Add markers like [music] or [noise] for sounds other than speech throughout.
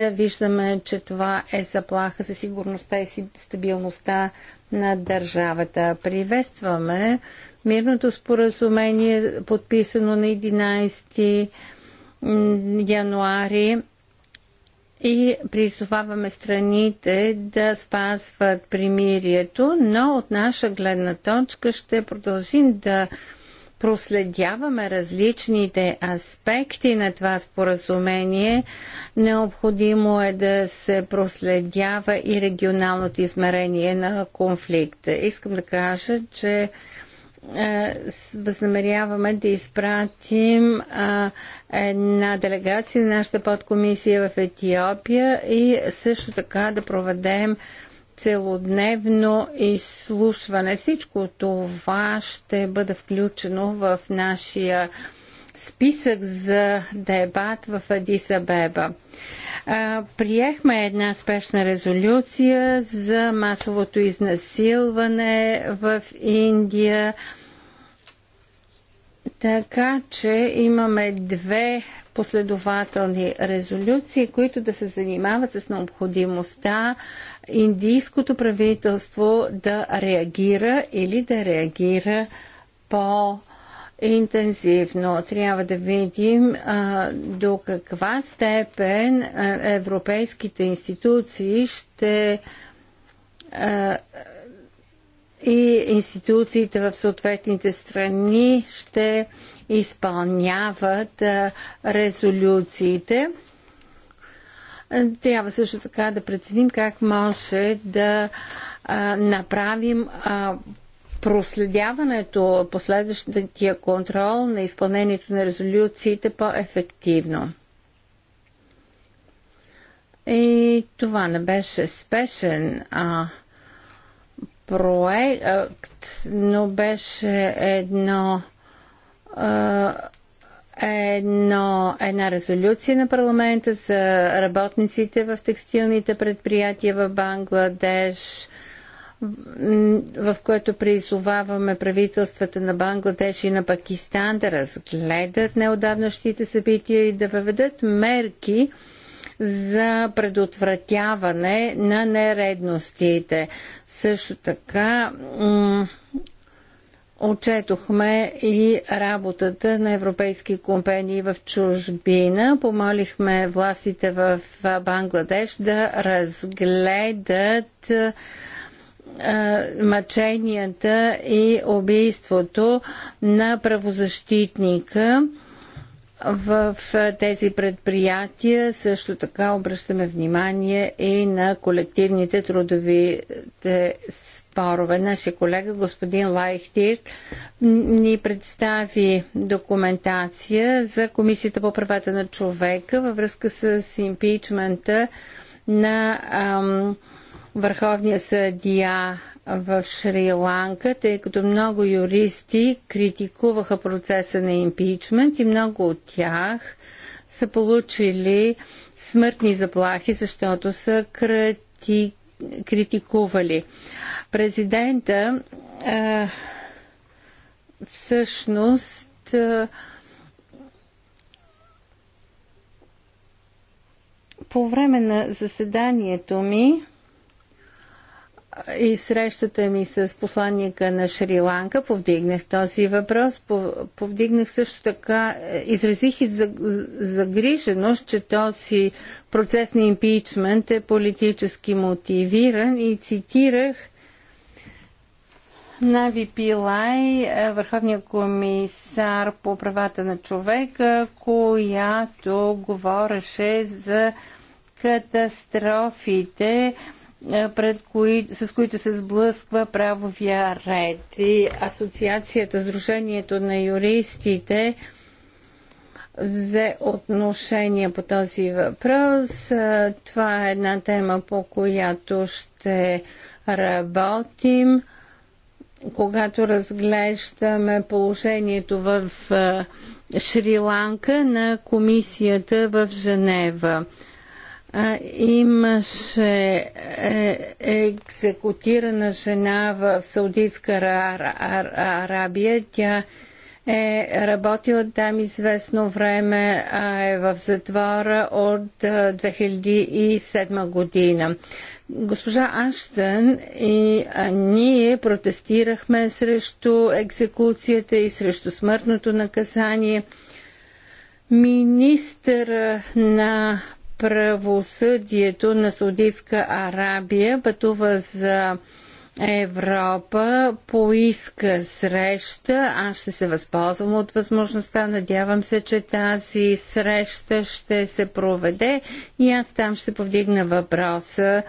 Виждаме, че това е заплаха за сигурността и стабилността на държавата. Приветстваме мирното споразумение, подписано на 11 януари и призоваваме страните да спазват примирието, но от наша гледна точка ще продължим да проследяваме различните аспекти на това споразумение, необходимо е да се проследява и регионалното измерение на конфликта. Искам да кажа, че е, възнамеряваме да изпратим е, една делегация на нашата подкомисия в Етиопия и също така да проведем целодневно изслушване. Всичко това ще бъде включено в нашия списък за дебат в Беба. Приехме една спешна резолюция за масовото изнасилване в Индия. Така че имаме две последователни резолюции, които да се занимават с необходимостта индийското правителство да реагира или да реагира по- интензивно. Трябва да видим а, до каква степен а, европейските институции ще а, и институциите в съответните страни ще а, изпълняват резолюциите. Трябва също така да преценим как може да направим проследяването, последващия контрол на изпълнението на резолюциите по-ефективно. И това не беше спешен а, проект, но беше едно едно, една резолюция на парламента за работниците в текстилните предприятия в Бангладеш, в което призоваваме правителствата на Бангладеш и на Пакистан да разгледат неодавнащите събития и да въведат мерки за предотвратяване на нередностите. Също така Отчетохме и работата на европейски компании в чужбина. Помолихме властите в Бангладеш да разгледат мъченията и убийството на правозащитника в тези предприятия също така обръщаме внимание и на колективните трудови спорове. Нашия колега господин Лайхтир ни представи документация за Комисията по правата на човека във връзка с импичмента на ам, Върховния съдия в Шри-Ланка, тъй като много юристи критикуваха процеса на импичмент и много от тях са получили смъртни заплахи, защото са крати... критикували. Президента е, всъщност е, по време на заседанието ми и срещата ми с посланника на Шри-Ланка повдигнах този въпрос. Повдигнах също така, е, изразих и загриженост, че този процес на импичмент е политически мотивиран и цитирах Нави Пилай, е, върховният комисар по правата на човека, която говореше за катастрофите, е, пред кои, с които се сблъсква правовия ред. И Асоциацията, Сдружението на юристите взе отношение по този въпрос. Е, това е една тема, по която ще работим, когато разглеждаме положението в е, Шри-Ланка на комисията в Женева имаше е, екзекутирана жена в Саудитска Арабия. Тя е работила там известно време, а е в затвора от 2007 година. Госпожа Аштън и ние протестирахме срещу екзекуцията и срещу смъртното наказание. Министър на правосъдието на Саудитска Арабия пътува за Европа поиска среща. Аз ще се възползвам от възможността. Надявам се, че тази среща ще се проведе и аз там ще повдигна въпроса.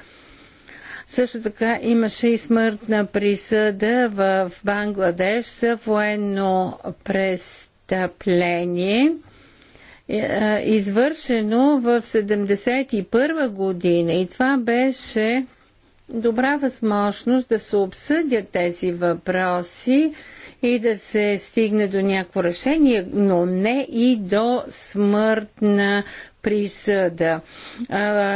Също така имаше и смъртна присъда в Бангладеш за военно престъпление. Е, извършено в 71 година и това беше добра възможност да се обсъдят тези въпроси и да се стигне до някакво решение, но не и до смъртна присъда.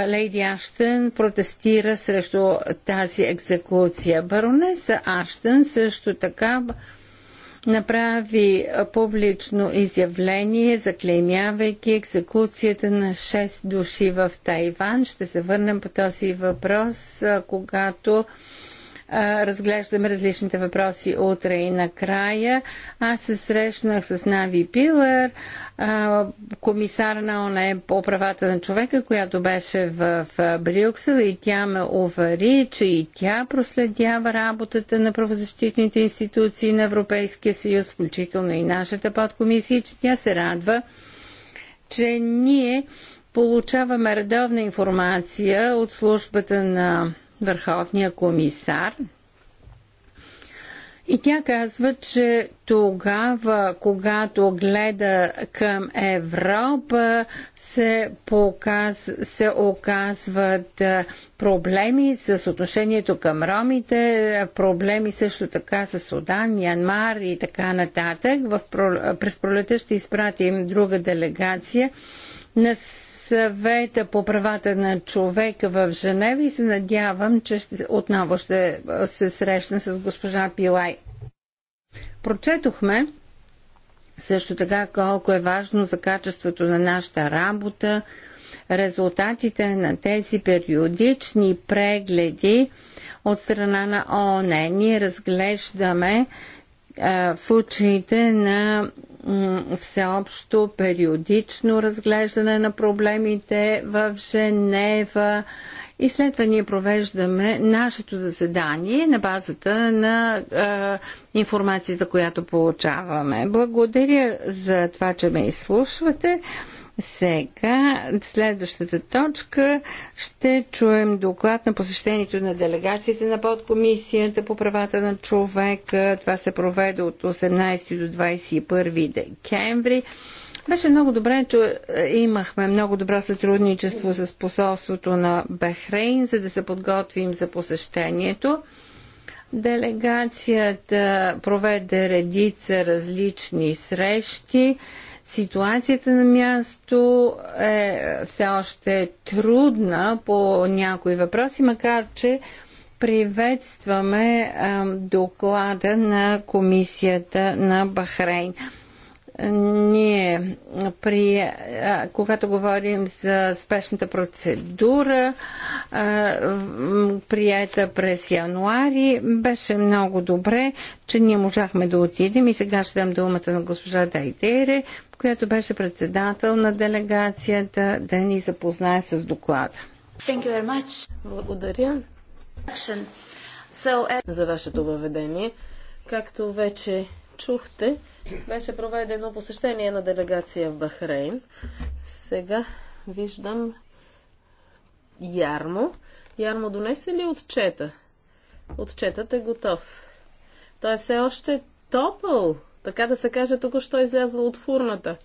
Лейди Аштън протестира срещу тази екзекуция. Баронеса Аштън също така направи публично изявление, заклеймявайки екзекуцията на 6 души в Тайван. Ще се върнем по този въпрос, когато разглеждаме различните въпроси утре и накрая. Аз се срещнах с Нави Пилър, комисар на ОНЕ по правата на човека, която беше в Брюксел и тя ме увари, че и тя проследява работата на правозащитните институции на Европейския съюз, включително и нашата подкомисия, че тя се радва, че ние получаваме редовна информация от службата на върховния комисар. И тя казва, че тогава, когато гледа към Европа, се, показ, се оказват проблеми с отношението към ромите, проблеми също така с Судан, Мянмар и така нататък. В, през пролета ще изпратим друга делегация на съвета по правата на човека в Женева и се надявам, че ще, отново ще се срещна с госпожа Пилай. Прочетохме също така колко е важно за качеството на нашата работа, резултатите на тези периодични прегледи от страна на ООН. Ние разглеждаме е, случаите на всеобщо периодично разглеждане на проблемите в Женева и след това ние провеждаме нашето заседание на базата на е, информацията, която получаваме. Благодаря за това, че ме изслушвате. Сега, следващата точка, ще чуем доклад на посещението на делегациите на подкомисията по правата на човека. Това се проведе от 18 до 21 декември. Беше много добре, че е, имахме много добро сътрудничество с посолството на Бехрейн, за да се подготвим за посещението. Делегацията проведе редица различни срещи Ситуацията на място е все още трудна по някои въпроси, макар че приветстваме доклада на комисията на Бахрейн. Ние, при, когато говорим за спешната процедура, приета прията през януари, беше много добре, че ние можахме да отидем и сега ще дам думата на госпожа Дайдере, която беше председател на делегацията, да ни запознае с доклада. Thank you very much. Благодаря so, uh, за вашето въведение. Както вече чухте, беше проведено посещение на делегация в Бахрейн. Сега виждам Ярмо. Ярмо донесе ли отчета? Отчетът е готов. Той е все още топъл така да се каже, току-що е излязъл от фурната.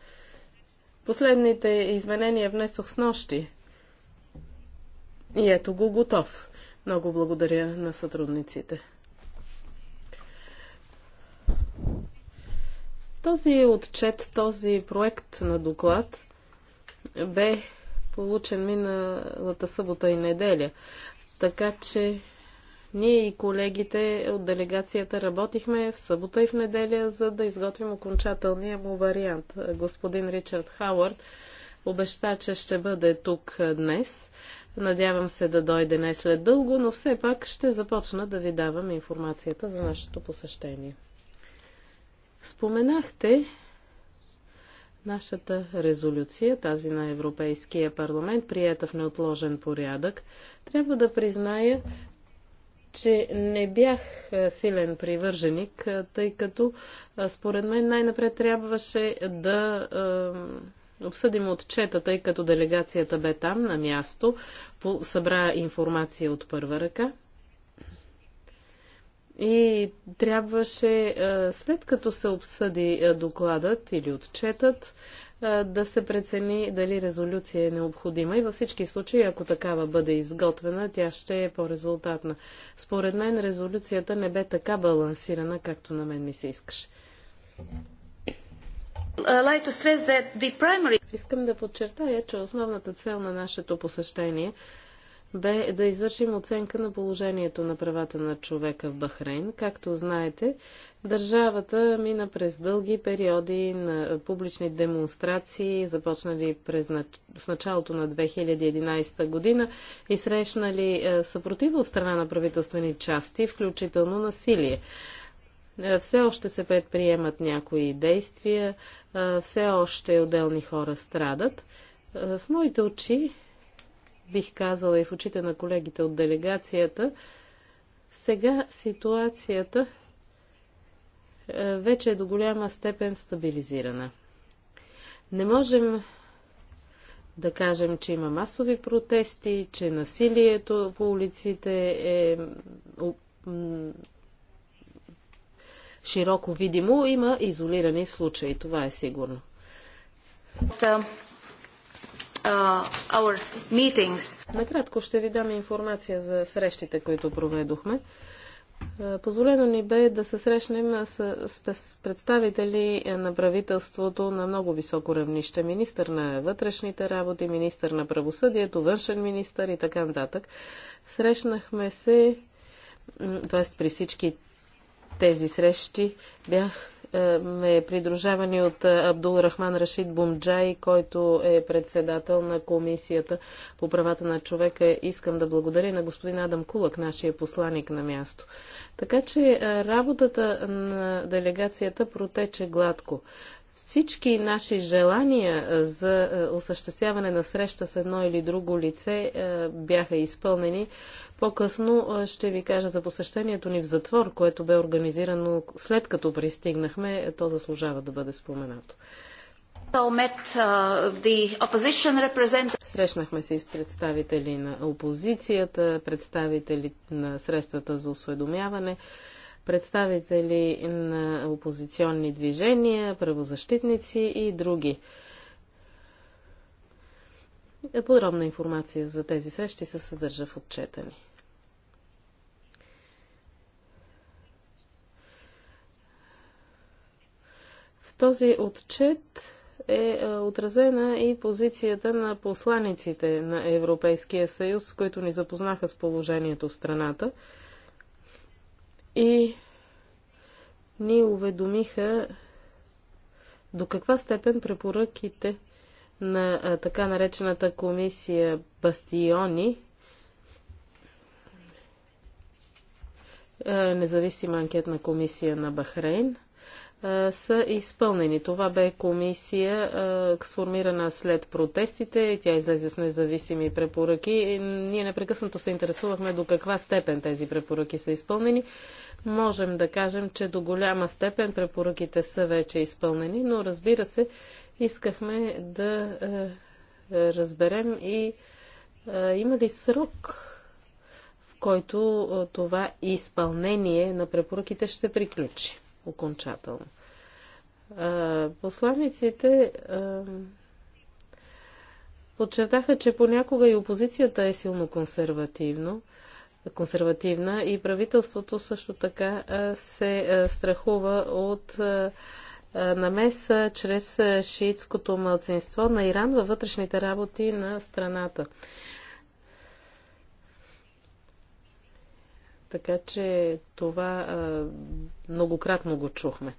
Последните изменения внесох с нощи. И ето го готов. Много благодаря на сътрудниците. Този отчет, този проект на доклад бе получен миналата събота и неделя. Така че ние и колегите от делегацията работихме в събота и в неделя, за да изготвим окончателния му вариант. Господин Ричард Хауърд обеща, че ще бъде тук днес. Надявам се да дойде не след дълго, но все пак ще започна да ви давам информацията за нашето посещение. Споменахте нашата резолюция, тази на Европейския парламент, прията в неотложен порядък. Трябва да призная, че не бях е, силен привърженик, е, тъй като е, според мен най-напред трябваше да е, обсъдим отчета, тъй като делегацията бе там на място, по, събра информация от първа ръка. И трябваше, след като се обсъди докладът или отчетът, да се прецени дали резолюция е необходима и във всички случаи, ако такава бъде изготвена, тя ще е по-резултатна. Според мен резолюцията не бе така балансирана, както на мен ми се искаше. Искам да подчертая, че основната цел на нашето посещение – бе да извършим оценка на положението на правата на човека в Бахрейн. Както знаете, държавата мина през дълги периоди на публични демонстрации, започнали през нач... в началото на 2011 година и срещнали е, съпротива от страна на правителствени части, включително насилие. Е, все още се предприемат някои действия, е, все още отделни хора страдат. В моите очи бих казала и в очите на колегите от делегацията, сега ситуацията е, вече е до голяма степен стабилизирана. Не можем да кажем, че има масови протести, че насилието по улиците е широко видимо. Има изолирани случаи, това е сигурно. Uh, our meetings. Накратко ще ви дам информация за срещите, които проведохме. Позволено ни бе да се срещнем с представители на правителството на много високо равнище. Министър на вътрешните работи, министър на правосъдието, външен министър и така нататък. Срещнахме се, т.е. при всички тези срещи бях е, ме придружавани от е, Абдул Рахман Рашид Бумджай, който е председател на Комисията по правата на човека. Искам да благодаря на господин Адам Кулак, нашия посланик на място. Така че е, работата на делегацията протече гладко. Всички наши желания за осъществяване на среща с едно или друго лице бяха изпълнени. По-късно ще ви кажа за посещението ни в затвор, което бе организирано след като пристигнахме. То заслужава да бъде споменато. Срещнахме се и с представители на опозицията, представители на средствата за осведомяване представители на опозиционни движения, правозащитници и други. Подробна информация за тези срещи се съдържа в отчета ни. В този отчет е, е отразена и позицията на посланиците на Европейския съюз, които ни запознаха с положението в страната и ни уведомиха до каква степен препоръките на а, така наречената комисия Бастиони, а, независима анкетна комисия на Бахрейн, са изпълнени. Това бе комисия, сформирана след протестите. Тя излезе с независими препоръки. Ние непрекъснато се интересувахме до каква степен тези препоръки са изпълнени. Можем да кажем, че до голяма степен препоръките са вече изпълнени, но разбира се, искахме да разберем и има ли срок в който това изпълнение на препоръките ще приключи окончателно. Посланиците подчертаха, че понякога и опозицията е силно консервативно, консервативна и правителството също така се страхува от намеса чрез шиитското мълцинство на Иран във вътрешните работи на страната. Така че това а, многократно го чухме.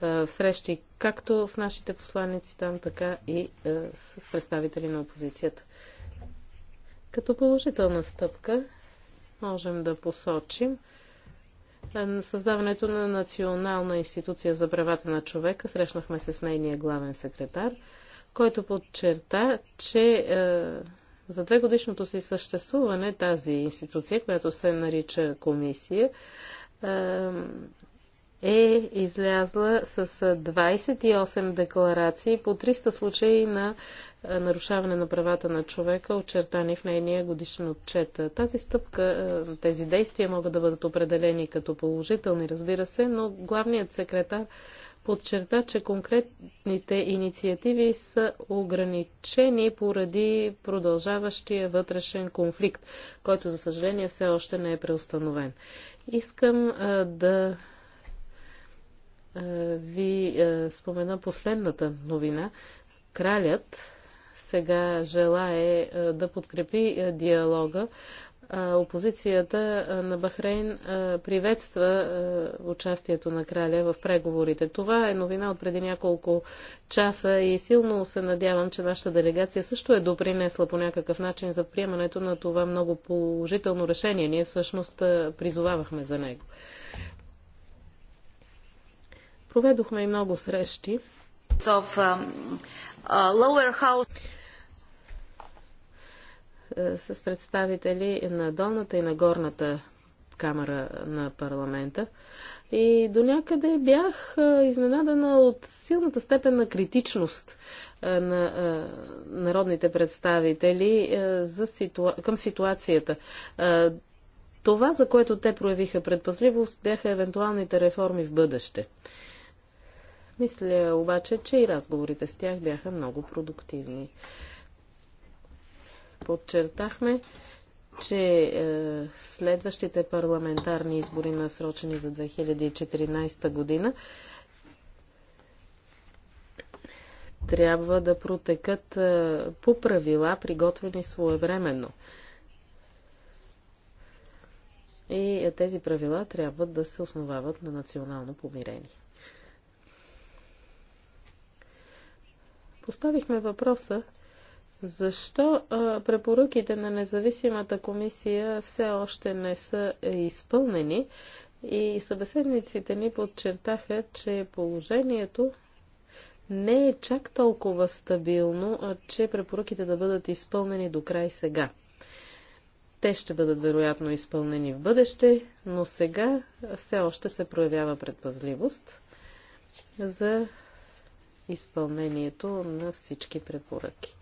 А, в срещи както с нашите посланици там, така и а, с представители на опозицията. Като положителна стъпка можем да посочим създаването на Национална институция за правата на човека. Срещнахме се с нейния главен секретар, който подчерта, че за две годишното си съществуване тази институция, която се нарича комисия, е излязла с 28 декларации по 300 случаи на нарушаване на правата на човека, очертани в нейния годишен отчет. Тази стъпка, тези действия могат да бъдат определени като положителни, разбира се, но главният секретар подчерта, че конкретните инициативи са ограничени поради продължаващия вътрешен конфликт, който, за съжаление, все още не е преустановен. Искам а, да а, ви а, спомена последната новина. Кралят сега желае да подкрепи диалога опозицията на Бахрейн приветства участието на краля в преговорите. Това е новина от преди няколко часа и силно се надявам, че нашата делегация също е допринесла по някакъв начин за приемането на това много положително решение. Ние всъщност призовавахме за него. Проведохме и много срещи. Of, um, uh, е, с представители на долната и на горната камера на парламента. И до някъде бях е, изненадана от силната степен на критичност е, на народните представители за ситуа... към ситуацията. Това, за което те проявиха предпазливост, бяха евентуалните реформи в бъдеще. Мисля обаче, че и разговорите с тях бяха много продуктивни подчертахме, че е, следващите парламентарни избори, насрочени за 2014 година, трябва да протекат е, по правила, приготвени своевременно. И е, тези правила трябва да се основават на национално помирение. Поставихме въпроса защо а, препоръките на независимата комисия все още не са е, изпълнени? И събеседниците ни подчертаха, че положението не е чак толкова стабилно, а, че препоръките да бъдат изпълнени до край сега. Те ще бъдат вероятно изпълнени в бъдеще, но сега все още се проявява предпазливост за изпълнението на всички препоръки.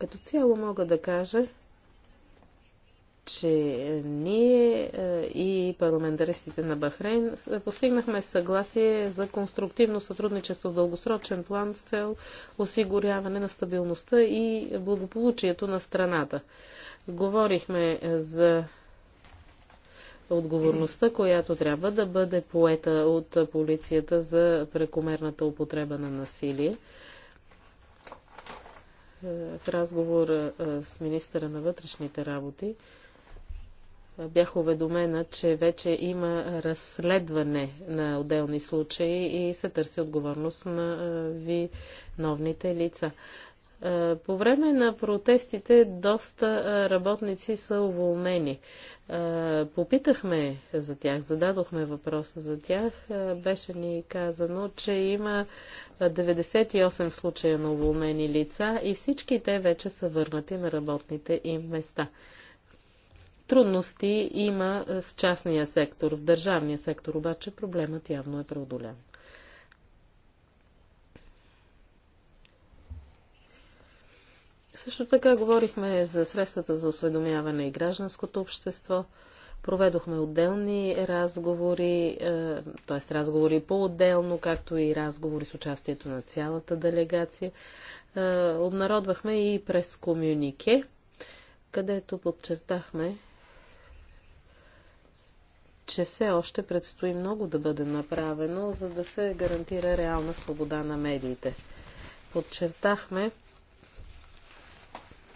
Като цяло мога да кажа, че ние е, и парламентаристите на Бахрейн постигнахме съгласие за конструктивно сътрудничество в дългосрочен план с цел осигуряване на стабилността и благополучието на страната. Говорихме е, за отговорността, която трябва да бъде поета от полицията за прекомерната употреба на насилие в разговор с министъра на вътрешните работи бях уведомена, че вече има разследване на отделни случаи и се търси отговорност на виновните лица. По време на протестите доста работници са уволнени. Попитахме за тях, зададохме въпроса за тях. Беше ни казано, че има 98 случая на уволнени лица и всички те вече са върнати на работните им места. Трудности има с частния сектор. В държавния сектор обаче проблемът явно е преодолян. Също така говорихме за средствата за осведомяване и гражданското общество – Проведохме отделни разговори, е, т.е. разговори по-отделно, както и разговори с участието на цялата делегация. Е, обнародвахме и през комюнике, където подчертахме, че все още предстои много да бъде направено, за да се гарантира реална свобода на медиите. Подчертахме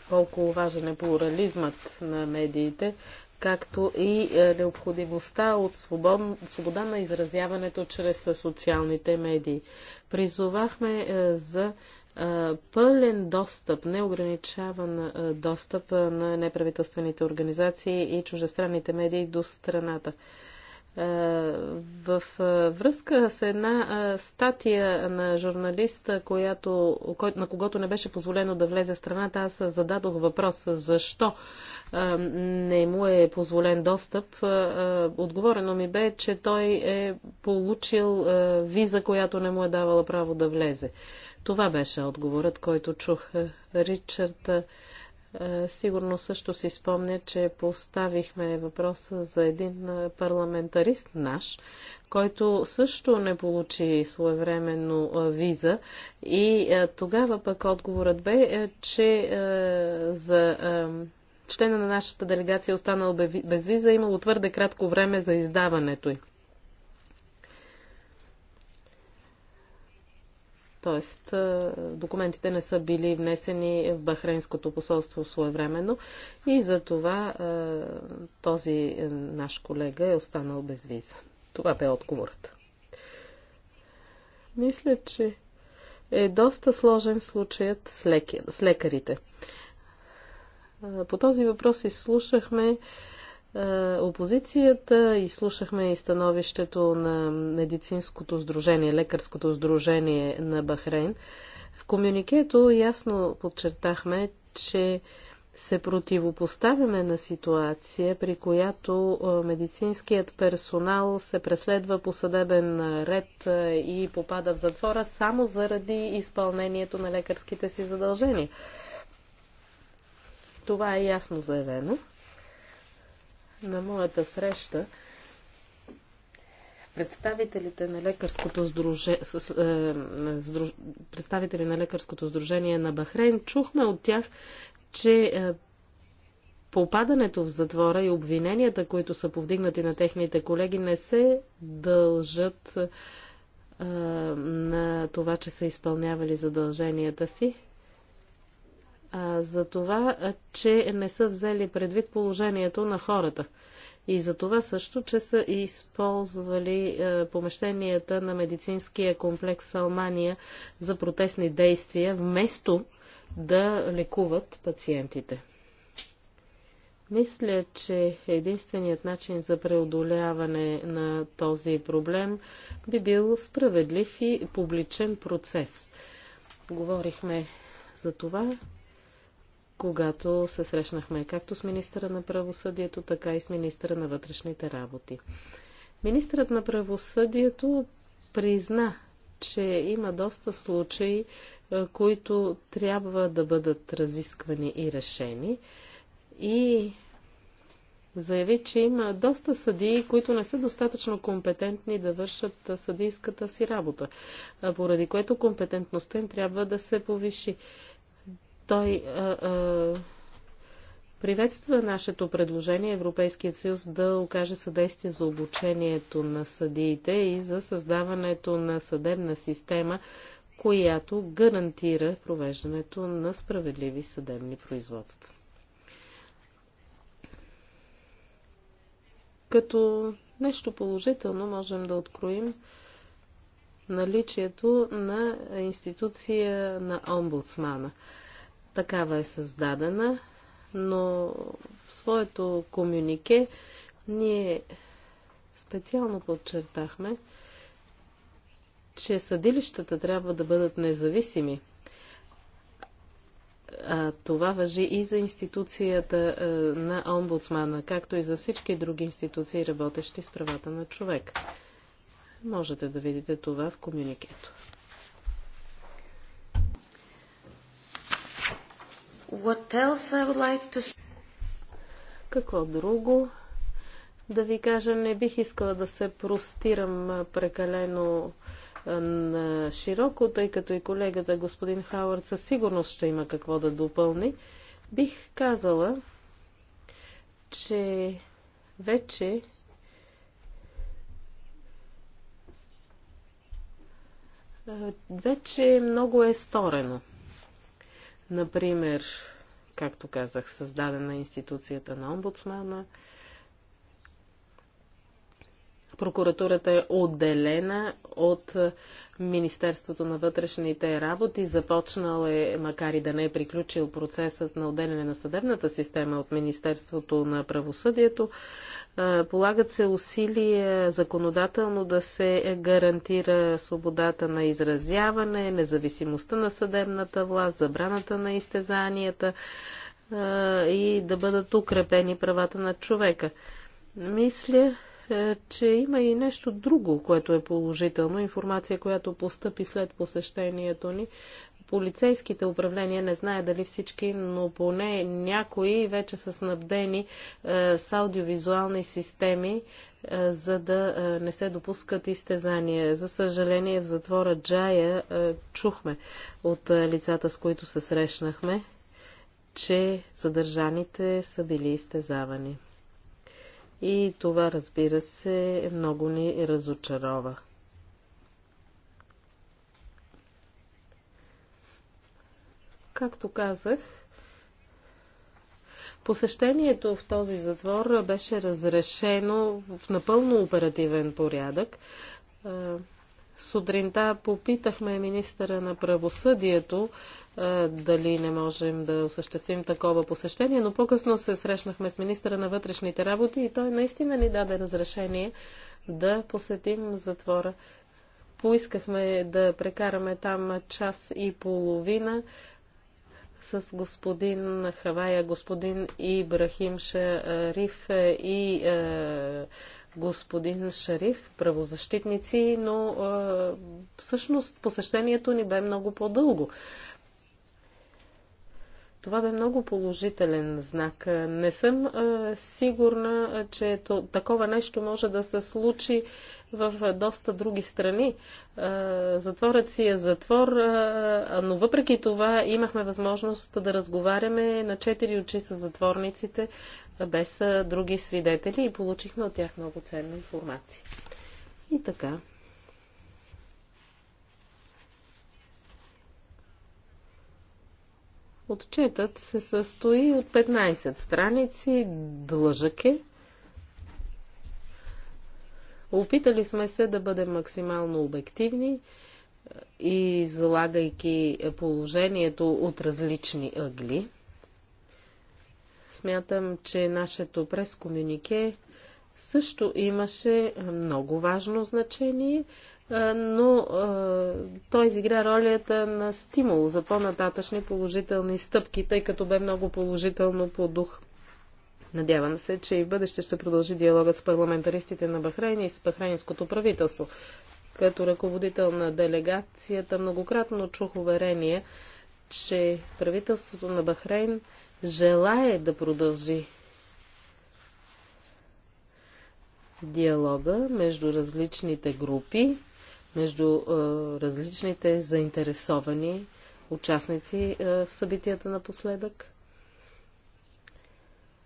колко важен е плурализмът на медиите, както и е, необходимостта от свобода на изразяването чрез социалните медии. Призовахме е, за е, пълен достъп, неограничаван достъп на неправителствените организации и чужестранните медии до страната. Е, в е, връзка с една е, статия на журналиста, която, на когото не беше позволено да влезе в страната, аз зададох въпрос защо не му е позволен достъп. Отговорено ми бе, че той е получил виза, която не му е давала право да влезе. Това беше отговорът, който чух. Ричард е, сигурно също си спомня, че поставихме въпроса за един е, парламентарист наш, който също не получи своевременно е, виза. И тогава пък отговорът бе, че за члена на нашата делегация останал без виза, имало твърде кратко време за издаването й. Тоест, документите не са били внесени в Бахрейнското посолство своевременно и за това този е, наш колега е останал без виза. Това бе отговорът. Мисля, че е доста сложен случаят с, леки, с лекарите. По този въпрос изслушахме е, опозицията и слушахме и становището на медицинското сдружение, лекарското сдружение на Бахрейн. В комюникето ясно подчертахме, че се противопоставяме на ситуация, при която е, медицинският персонал се преследва по съдебен ред е, и попада в затвора само заради изпълнението на лекарските си задължения. Това е ясно заявено на моята среща представителите на лекарското сдружение, представители на лекарското сдружение на Бахрейн, чухме от тях, че е, попадането в затвора и обвиненията, които са повдигнати на техните колеги, не се дължат е, на това, че са изпълнявали задълженията си, за това, че не са взели предвид положението на хората. И за това също, че са използвали помещенията на медицинския комплекс Салмания за протестни действия, вместо да лекуват пациентите. Мисля, че единственият начин за преодоляване на този проблем би бил справедлив и публичен процес. Говорихме за това, когато се срещнахме както с министъра на правосъдието, така и с министъра на вътрешните работи. Министърът на правосъдието призна, че има доста случаи, е, които трябва да бъдат разисквани и решени. И заяви, че има доста съдии, които не са достатъчно компетентни да вършат е, съдийската си работа, е, поради което компетентността им трябва да се повиши. Той а, а, приветства нашето предложение Европейският съюз да окаже съдействие за обучението на съдиите и за създаването на съдебна система, която гарантира провеждането на справедливи съдебни производства. Като нещо положително можем да откроим наличието на институция на омбудсмана – такава е създадена, но в своето комюнике ние специално подчертахме, че съдилищата трябва да бъдат независими. А, това въжи и за институцията а, на омбудсмана, както и за всички други институции, работещи с правата на човек. Можете да видите това в комюникето. What else I would like to... Какво друго? Да ви кажа, не бих искала да се простирам прекалено на широко, тъй като и колегата господин Хауърд със сигурност ще има какво да допълни. Бих казала, че вече вече много е сторено. Например, както казах, създадена е институцията на омбудсмана – Прокуратурата е отделена от е, Министерството на вътрешните работи. Започнал е, макар и да не е приключил процесът на отделяне на съдебната система от Министерството на правосъдието. Е, полагат се усилия законодателно да се гарантира свободата на изразяване, независимостта на съдебната власт, забраната на изтезанията е, и да бъдат укрепени правата на човека. Мисля, е, че има и нещо друго, което е положително. Информация, която постъпи след посещението ни. Полицейските управления не знае дали всички, но поне някои вече са снабдени е, с аудиовизуални системи, е, за да не се допускат изтезания. За съжаление, в затвора Джая чухме от лицата, с които се срещнахме, че задържаните са били изтезавани и това, разбира се, много ни разочарова. Както казах, Посещението в този затвор беше разрешено в напълно оперативен порядък. Е, сутринта попитахме министъра на правосъдието дали не можем да осъществим такова посещение, но по-късно се срещнахме с министра на вътрешните работи и той наистина ни даде разрешение да посетим затвора. Поискахме да прекараме там час и половина с господин Хавая, господин Ибрахим Шариф и е, господин Шариф, правозащитници, но е, всъщност посещението ни бе много по-дълго. Това бе много положителен знак. Не съм а, сигурна, че то, такова нещо може да се случи в а, доста други страни. А, затворът си е затвор, а, но въпреки това имахме възможност да разговаряме на четири очи с затворниците без а, други свидетели и получихме от тях много ценна информация. И така. Отчетът се състои от 15 страници, дължък е. Опитали сме се да бъдем максимално обективни, и е, излагайки положението от различни ъгли. Смятам, че нашето прескомюнике също имаше много важно значение. Е, но е, той изигра ролята на стимул за по-нататъчни положителни стъпки, тъй като бе много положително по дух. Надявам се, че и в бъдеще ще продължи диалогът с парламентаристите на Бахрейн и с бахрейнското правителство. Като ръководител на делегацията многократно чух уверение, че правителството на Бахрейн желае да продължи диалога между различните групи между различните заинтересовани участници в събитията напоследък.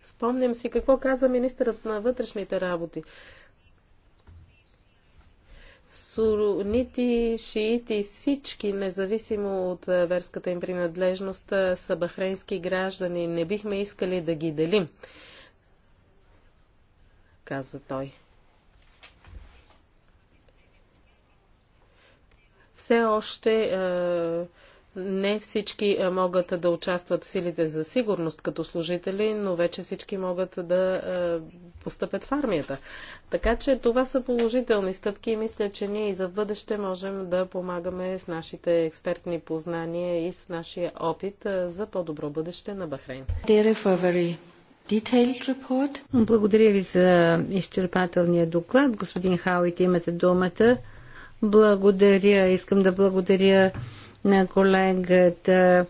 Спомням си какво каза министърът на вътрешните работи. Сунити, шиити, всички, независимо от верската им принадлежност, са бахрейнски граждани. Не бихме искали да ги делим, каза той. Все още е, не всички е, могат да участват в силите за сигурност като служители, но вече всички могат да е, постъпят в армията. Така че това са положителни стъпки и мисля, че ние и за бъдеще можем да помагаме с нашите експертни познания и с нашия опит за по-добро бъдеще на Бахрейн. Благодаря ви за изчерпателния доклад. Господин Хауит, имате думата. Благодаря. Искам да благодаря на колегата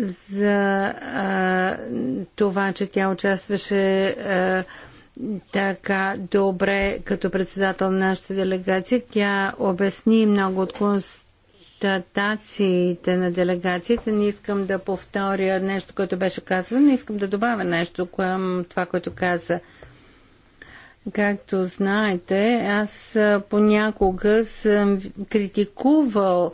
за а, това, че тя участваше а, така добре като председател на нашата делегация. Тя обясни много от констатациите на делегацията. Не искам да повторя нещо, което беше казано, не искам да добавя нещо към това, което каза Както знаете, аз понякога съм критикувал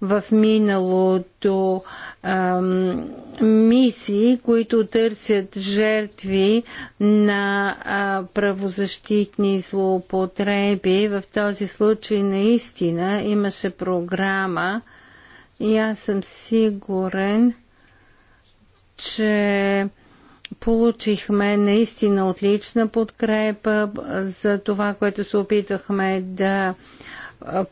в миналото ам, мисии, които търсят жертви на а, правозащитни злоупотреби. В този случай наистина имаше програма и аз съм сигурен, че Получихме наистина отлична подкрепа за това, което се опитвахме да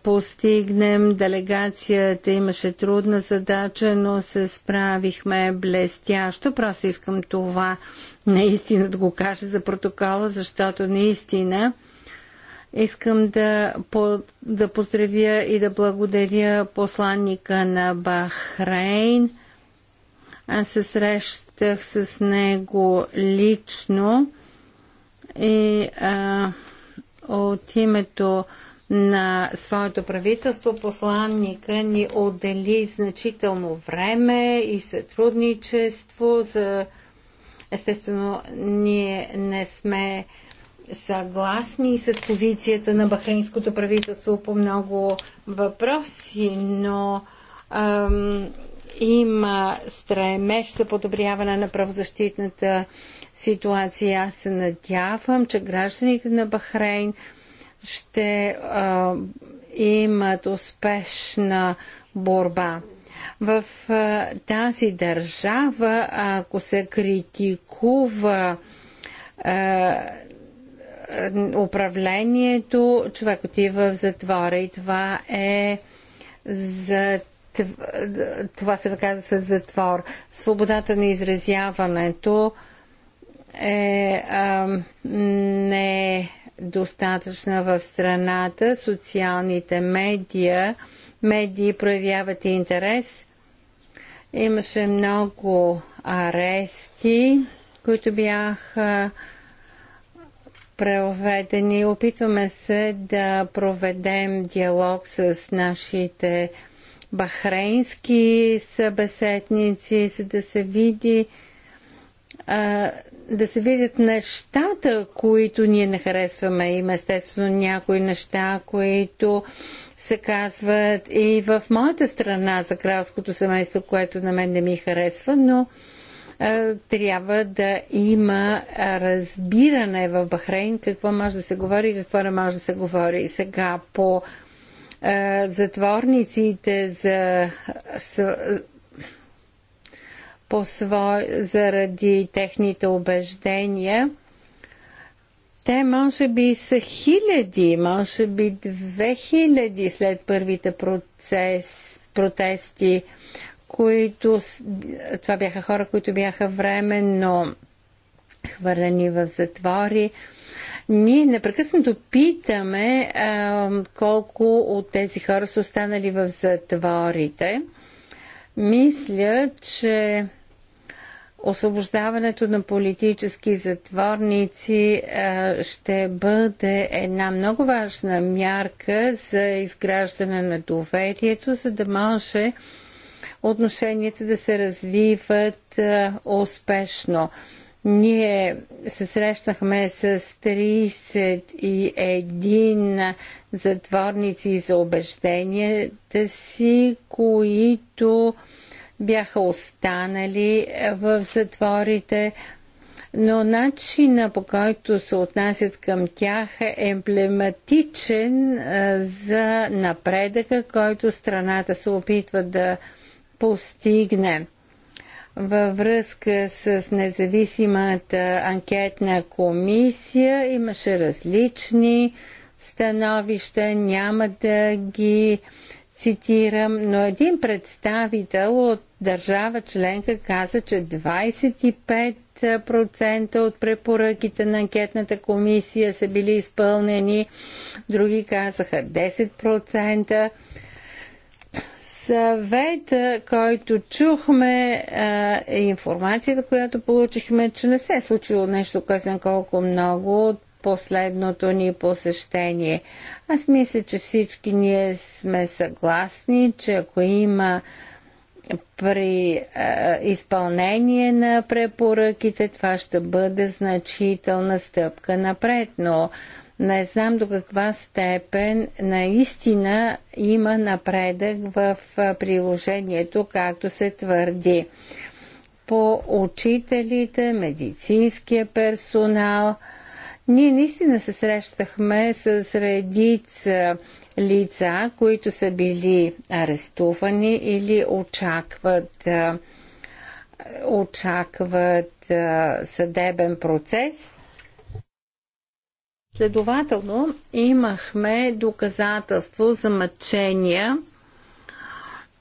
постигнем. Делегацията имаше трудна задача, но се справихме блестящо. Просто искам това наистина да го кажа за протокола, защото наистина искам да, по, да поздравя и да благодаря посланника на Бахрейн аз се срещах с него лично и а, от името на своето правителство посланника ни отдели значително време и сътрудничество за естествено ние не сме съгласни с позицията на бахрейнското правителство по много въпроси, но ам, има стремеж за подобряване на правозащитната ситуация. Аз се надявам, че гражданите на Бахрейн ще а, имат успешна борба. В а, тази държава, ако се критикува а, управлението, човек отива в затвора и това е за това се казва с затвор. Свободата на изразяването е а, не достатъчна в страната. Социалните медия, медии проявяват интерес. Имаше много арести, които бяха преведени. Опитваме се да проведем диалог с нашите бахрейнски събеседници, за да се види а, да се видят нещата, които ние не харесваме. Има естествено някои неща, които се казват и в моята страна за кралското семейство, което на мен не ми харесва, но трябва да има разбиране в Бахрейн какво може да се говори и какво не може да се говори. сега по затворниците за по сво, заради техните убеждения. Те може би са хиляди, може би две хиляди след първите процес, протести, които това бяха хора, които бяха временно хвърлени в затвори. Ние непрекъснато питаме а, колко от тези хора са останали в затворите. Мисля, че освобождаването на политически затворници ще бъде една много важна мярка за изграждане на доверието, за да може отношенията да се развиват успешно. Ние се срещнахме с 31 затворници за убежденията си, които бяха останали в затворите, но начина по който се отнасят към тях е емблематичен за напредъка, който страната се опитва да постигне във връзка с независимата анкетна комисия имаше различни становища, няма да ги цитирам, но един представител от държава членка каза, че 25% от препоръките на анкетната комисия са били изпълнени, други казаха 10% съвета, който чухме, е, информацията, която получихме, че не се е случило нещо късен колко много от последното ни посещение. Аз мисля, че всички ние сме съгласни, че ако има при е, изпълнение на препоръките, това ще бъде значителна стъпка напред, но не знам до каква степен наистина има напредък в приложението, както се твърди. По учителите, медицинския персонал, ние наистина се срещахме с редица лица, които са били арестувани или очакват, очакват съдебен процес Следователно, имахме доказателство за мъчения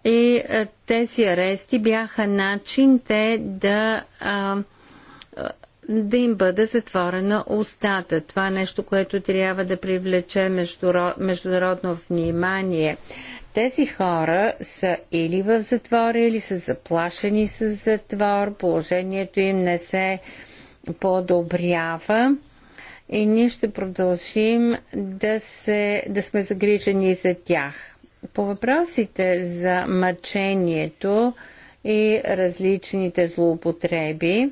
и е, тези арести бяха начин те да, а, да им бъде затворена устата. Това е нещо, което трябва да привлече международно внимание. Тези хора са или в затвора, или са заплашени с затвор, положението им не се подобрява и ние ще продължим да, се, да сме загрижени за тях. По въпросите за мъчението и различните злоупотреби,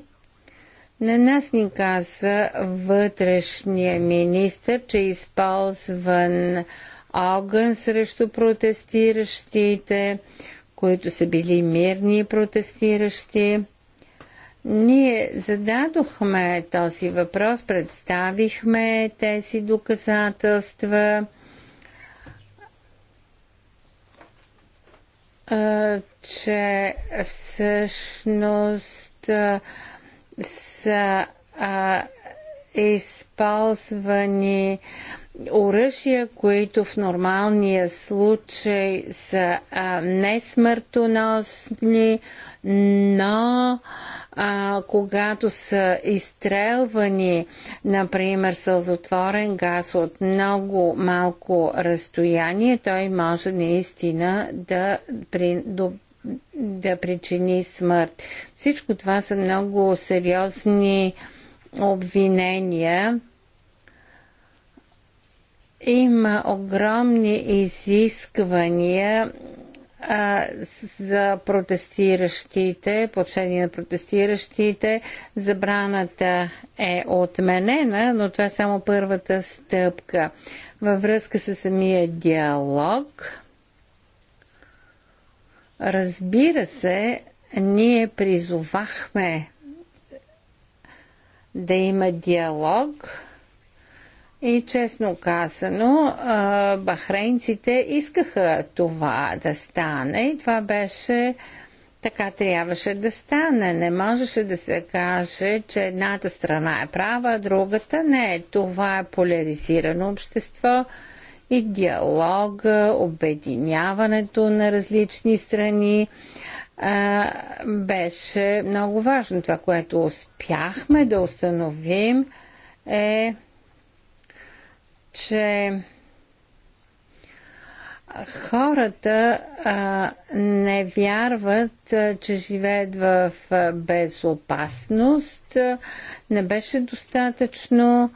на нас ни каза вътрешния министр, че е използван огън срещу протестиращите, които са били мирни протестиращи. Ние зададохме този въпрос, представихме тези доказателства. че всъщност са а, използвани оръжия, които в нормалния случай са а, не смъртоносни, но а, когато са изстрелвани, например, сълзотворен газ от много малко разстояние, той може наистина да, при, да причини смърт. Всичко това са много сериозни обвинения има огромни изисквания за протестиращите, подшение на протестиращите. Забраната е отменена, но това е само първата стъпка. Във връзка с самия диалог, разбира се, ние призовахме да има диалог и честно казано, бахрейнците искаха това да стане и това беше така трябваше да стане. Не можеше да се каже, че едната страна е права, а другата не. Това е поляризирано общество и диалога, обединяването на различни страни беше много важно. Това, което успяхме да установим е че хората а, не вярват, а, че живеят в а, безопасност. А, не беше достатъчно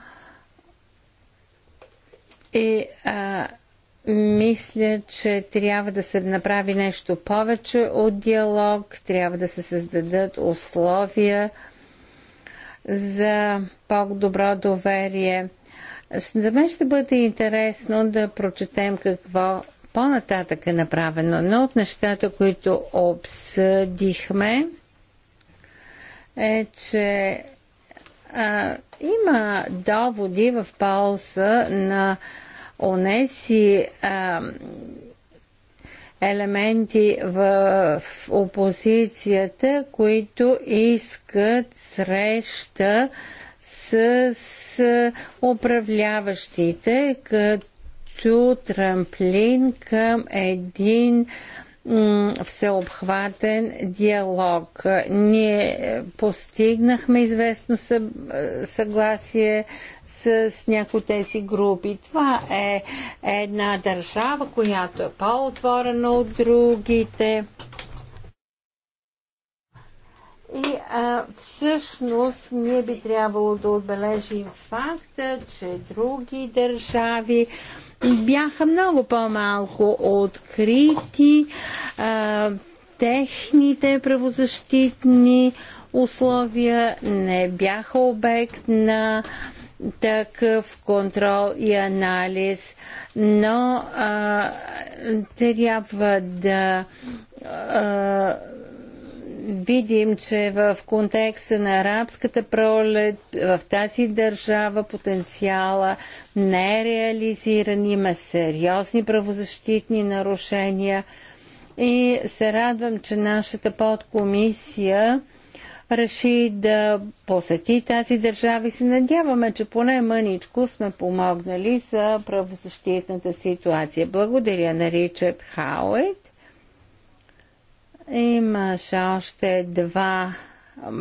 и а, мисля, че трябва да се направи нещо повече от диалог, трябва да се създадат условия за по-добро доверие за мен ще бъде интересно да прочетем какво по-нататък е направено. Но от нещата, които обсъдихме, е, че а, има доводи в полза на онеси а, елементи в, в опозицията, които искат среща с, с управляващите като трамплин към един всеобхватен диалог. Ние постигнахме известно съгласие с някои от тези групи. Това е една държава, която е по-отворена от другите. И а, всъщност ние би трябвало да отбележим факта, че други държави бяха много по-малко открити. А, техните правозащитни условия не бяха обект на такъв контрол и анализ, но а, трябва да а, видим, че в контекста на арабската пролет в тази държава потенциала не е реализиран, има сериозни правозащитни нарушения и се радвам, че нашата подкомисия реши да посети тази държава и се надяваме, че поне мъничко сме помогнали за правозащитната ситуация. Благодаря на Ричард Хаует. Имаше още два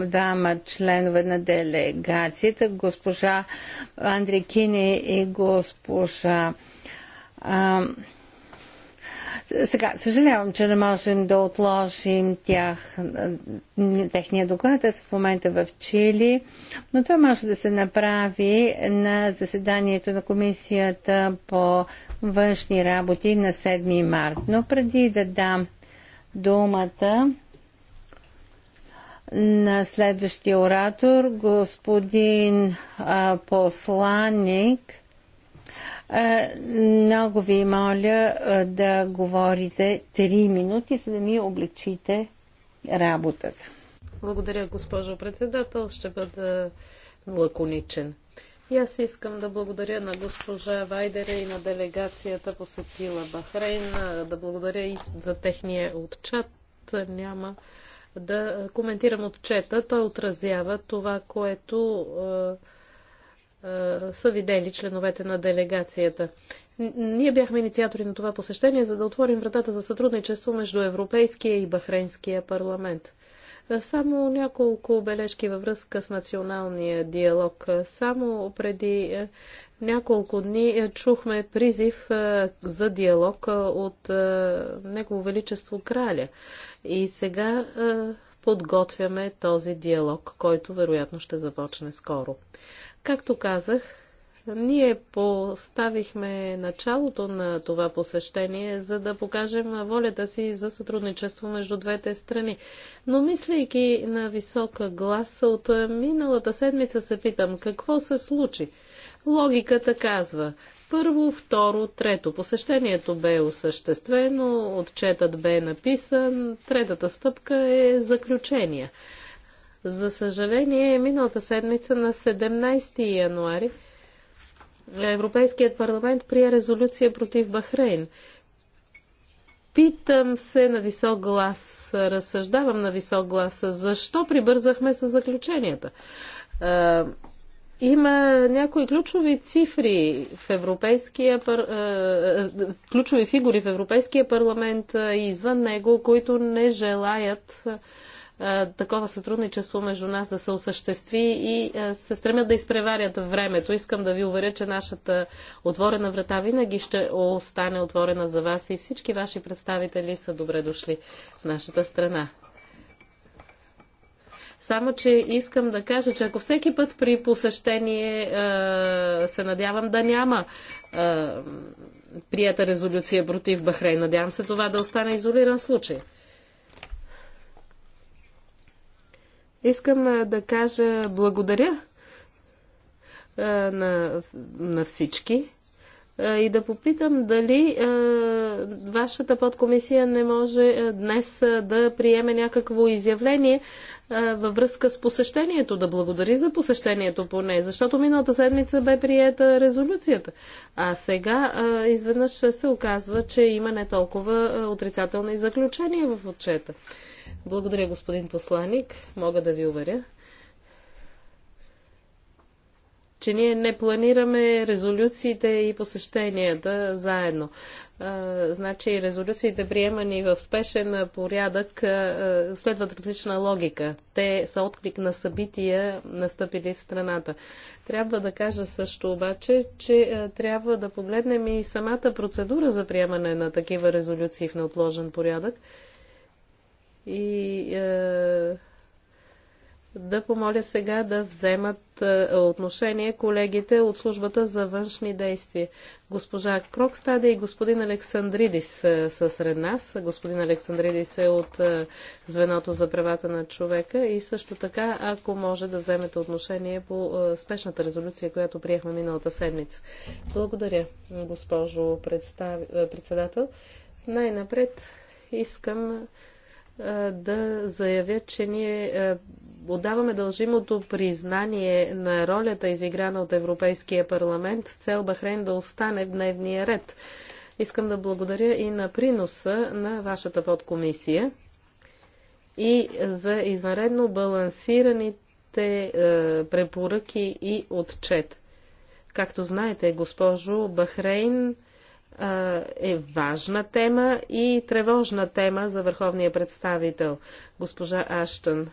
двама членове на делегацията, госпожа Андрекини и госпожа а, сега, съжалявам, че не можем да отложим тях, техния доклад. Аз в момента в Чили, но това може да се направи на заседанието на комисията по външни работи на 7 март. Но преди да дам думата на следващия оратор, господин а, посланник. А, много ви моля а, да говорите 3 минути, за да ми облегчите работата. Благодаря, госпожо председател. Ще бъда лаконичен. И аз искам да благодаря на госпожа Вайдера и на делегацията посетила Бахрейн, да благодаря и за техния отчет. Няма да коментирам отчета. Той отразява това, което са видели членовете на делегацията. Ние бяхме инициатори на това посещение, за да отворим вратата за сътрудничество между Европейския и Бахрейнския парламент. Само няколко бележки във връзка с националния диалог. Само преди е, няколко дни е, чухме призив е, за диалог от Негово Величество Краля. И сега подготвяме този диалог, който вероятно ще започне скоро. Както казах, ние поставихме началото на това посещение, за да покажем волята си за сътрудничество между двете страни. Но мислейки на висока глас, от миналата седмица се питам какво се случи. Логиката казва, първо, второ, трето. Посещението бе осъществено, отчетът бе написан, третата стъпка е заключение. За съжаление, миналата седмица на 17 януари Европейският парламент прие резолюция против Бахрейн. Питам се на висок глас, разсъждавам на висок глас, защо прибързахме с заключенията. А, има някои ключови цифри в европейския пар... А, ключови фигури в Европейския парламент и извън него, които не желаят такова сътрудничество между нас да се осъществи и се стремят да изпреварят времето. Искам да ви уверя, че нашата отворена врата винаги ще остане отворена за вас и всички ваши представители са добре дошли в нашата страна. Само, че искам да кажа, че ако всеки път при посещение се надявам да няма прията резолюция против Бахрей, надявам се това да остане изолиран случай. Искам да кажа благодаря на, на всички и да попитам дали вашата подкомисия не може днес да приеме някакво изявление във връзка с посещението, да благодари за посещението поне, защото миналата седмица бе приета резолюцията. А сега изведнъж се оказва, че има не толкова отрицателни заключения в отчета. Благодаря, господин посланник. Мога да ви уверя, че ние не планираме резолюциите и посещенията заедно. значи резолюциите, приемани в спешен порядък, следват различна логика. Те са отклик на събития, настъпили в страната. Трябва да кажа също обаче, че трябва да погледнем и самата процедура за приемане на такива резолюции в неотложен порядък и е, да помоля сега да вземат е, отношение колегите от службата за външни действия. Госпожа Крокстаде и господин Александридис е, са сред нас. Господин Александридис е от е, звеното за правата на човека и също така, ако може да вземете отношение по е, спешната резолюция, която приехме миналата седмица. Благодаря, госпожо представ... Е, председател. Най-напред искам е, да заявя, че ние е, отдаваме дължимото признание на ролята, изиграна от Европейския парламент, цел Бахрейн да остане в дневния ред. Искам да благодаря и на приноса на вашата подкомисия и за извънредно балансираните е, препоръки и отчет. Както знаете, госпожо Бахрейн, е важна тема и тревожна тема за върховния представител, госпожа Аштън.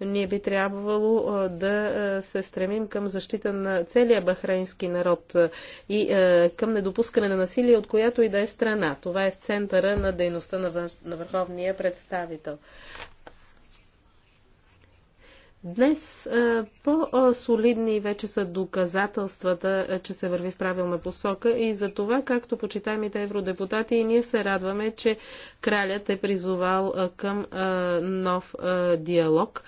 Ние би трябвало да се стремим към защита на целия бахрейнски народ и към недопускане на насилие, от която и да е страна. Това е в центъра на дейността на, на върховния представител. Днес е, по-солидни вече са доказателствата, е, че се върви в правилна посока и за това, както почитаемите евродепутати, и ние се радваме, че кралят е призовал е, към нов диалог.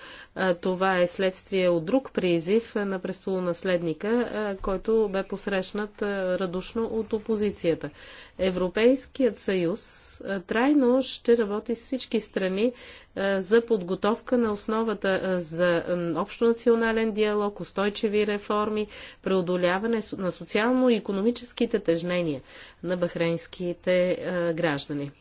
Това е следствие от друг призив на престолонаследника, който бе посрещнат радушно от опозицията. Европейският съюз трайно ще работи с всички страни за подготовка на основата за общонационален диалог, устойчиви реформи, преодоляване на социално-економическите тежнения на бахрейнските граждани.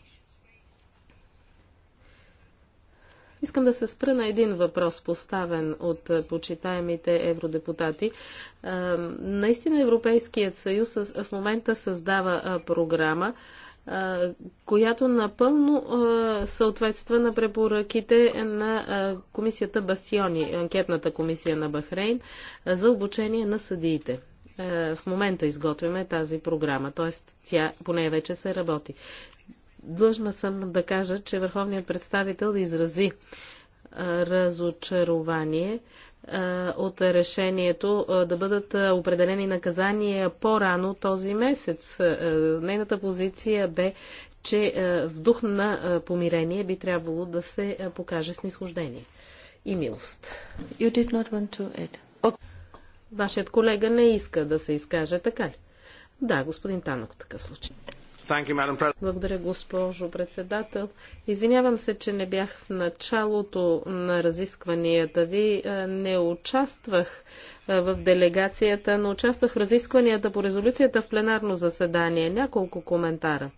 Искам да се спра на един въпрос, поставен от е, почитаемите евродепутати. Е, наистина Европейският съюз в момента създава е, програма, която напълно съответства на препоръките на комисията Басиони, анкетната комисия на Бахрейн, за обучение на съдиите. В момента изготвяме тази програма, т.е. тя поне вече се работи длъжна съм да кажа, че върховният представител изрази разочарование от решението да бъдат определени наказания по-рано този месец. Нейната позиция бе, че в дух на помирение би трябвало да се покаже снисхождение и милост. You did not want to add. Okay. Вашият колега не иска да се изкаже, така ли? Да, господин Танок, така такъв случай. Благодаря, госпожо председател. Извинявам се, че не бях в началото на разискванията ви. Е, не участвах е, в делегацията, но участвах в разискванията по резолюцията в пленарно заседание. Няколко коментара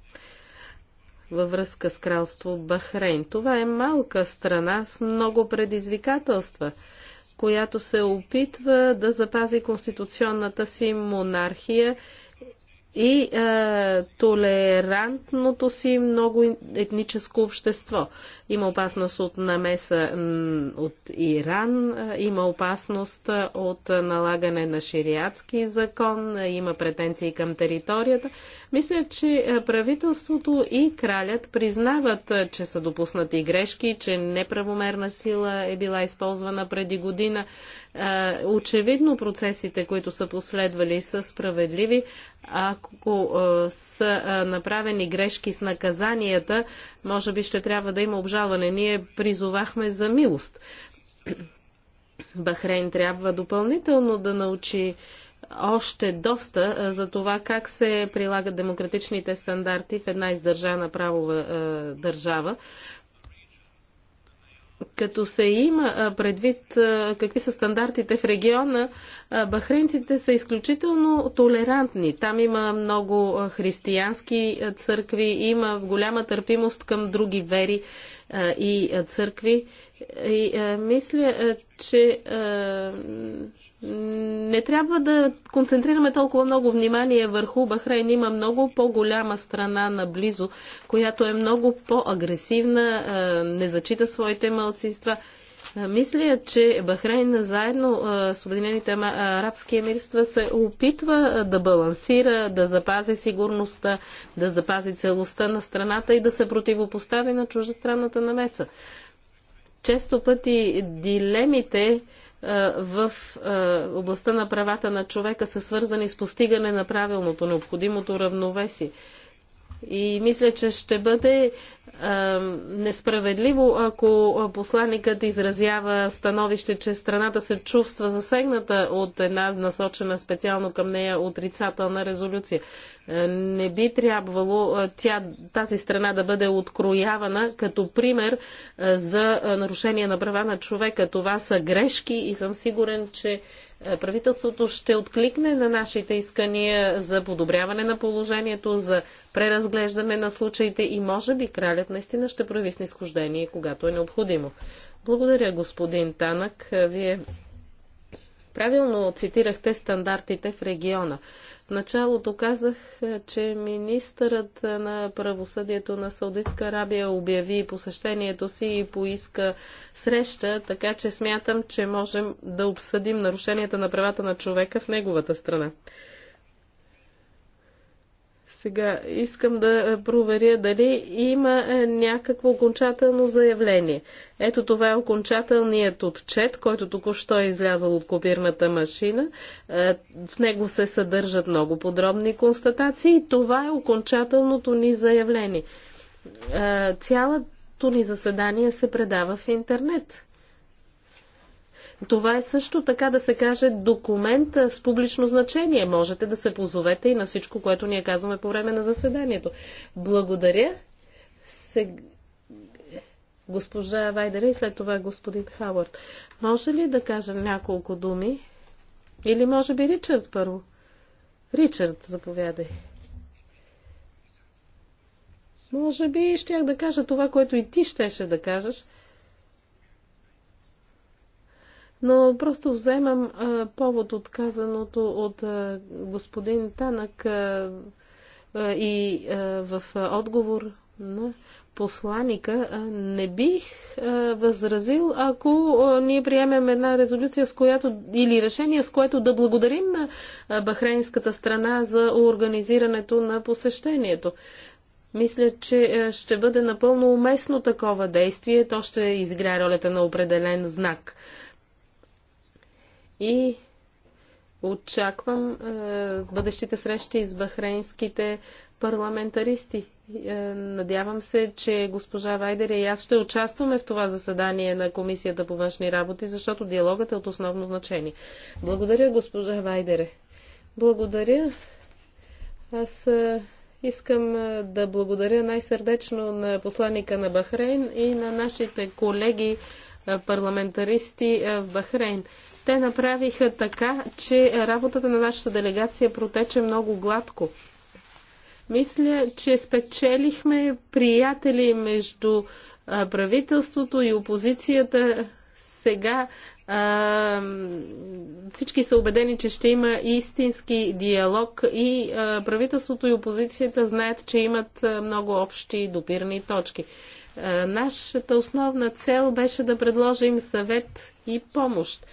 във връзка с кралство Бахрейн. Това е малка страна с много предизвикателства която се опитва да запази конституционната си монархия и е, толерантното си много етническо общество. Има опасност от намеса от Иран, е, има опасност е, от налагане на шириатски закон, е, има претенции към територията. Мисля, че правителството и кралят признават, че са допуснати грешки, че неправомерна сила е била използвана преди година. Очевидно процесите, които са последвали, са справедливи ако а, са а, направени грешки с наказанията, може би ще трябва да има обжалване. Ние призовахме за милост. [clears throat] Бахрейн трябва допълнително да научи още доста а, за това как се прилагат демократичните стандарти в една издържана правова държава. Като се има предвид какви са стандартите в региона, бахринците са изключително толерантни. Там има много християнски църкви, има голяма търпимост към други вери и църкви. И а, е, мисля, а, е, че а, е, не трябва да концентрираме толкова много внимание върху Бахрейн. Има много по-голяма страна наблизо, която е много по-агресивна, а, не зачита своите мълцинства. Мисля, че Бахрейн заедно с Обединените арабски емирства се опитва да балансира, да запази сигурността, да запази целостта на страната и да се противопостави на чужестранната намеса често пъти дилемите в областта на правата на човека са свързани с постигане на правилното, необходимото равновесие. И мисля, че ще бъде а, несправедливо, ако посланникът изразява становище, че страната се чувства засегната от една насочена специално към нея отрицателна резолюция. Не би трябвало тя, тази страна да бъде откроявана като пример за нарушение на права на човека. Това са грешки и съм сигурен, че правителството ще откликне на нашите искания за подобряване на положението, за преразглеждане на случаите и може би кралят наистина ще прояви снисхождение, когато е необходимо. Благодаря, господин Танък. Вие Правилно цитирахте стандартите в региона. В началото казах, е, че министърът е, на правосъдието на Саудитска Арабия обяви посещението си и поиска среща, така че смятам, че можем да обсъдим нарушенията на правата на човека в неговата страна. Сега искам да проверя дали има е, някакво окончателно заявление. Ето това е окончателният отчет, който току-що е излязъл от копирната машина. Е, в него се съдържат много подробни констатации. Това е окончателното ни заявление. Е, цялото ни заседание се предава в интернет. Това е също така да се каже документ с публично значение. Можете да се позовете и на всичко, което ние казваме по време на заседанието. Благодаря. Сега госпожа Вайдера и след това господин Хауърд. Може ли да кажа няколко думи? Или може би Ричард първо? Ричард, заповядай. Може би щях да кажа това, което и ти щеше да кажеш – но просто вземам а, повод от казаното от а, господин Танък а, а, и а, в а, отговор на посланика, а, не бих а, възразил, ако а, ние приемем една резолюция с която, или решение, с което да благодарим на а, бахрейнската страна за организирането на посещението. Мисля, че ще бъде напълно уместно такова действие. То ще изгря ролята на определен знак и очаквам е, бъдещите срещи с бахрейнските парламентаристи. Е, надявам се, че госпожа Вайдер и аз ще участваме в това заседание на Комисията по външни работи, защото диалогът е от основно значение. Благодаря, госпожа Вайдере. Благодаря. Аз е, искам е, да благодаря най-сърдечно на посланника на Бахрейн и на нашите колеги е, парламентаристи е, в Бахрейн. Те направиха така, че работата на нашата делегация протече много гладко. Мисля, че спечелихме приятели между правителството и опозицията. Сега а, всички са убедени, че ще има истински диалог и а, правителството и опозицията знаят, че имат много общи допирни точки. А, нашата основна цел беше да предложим съвет и помощ.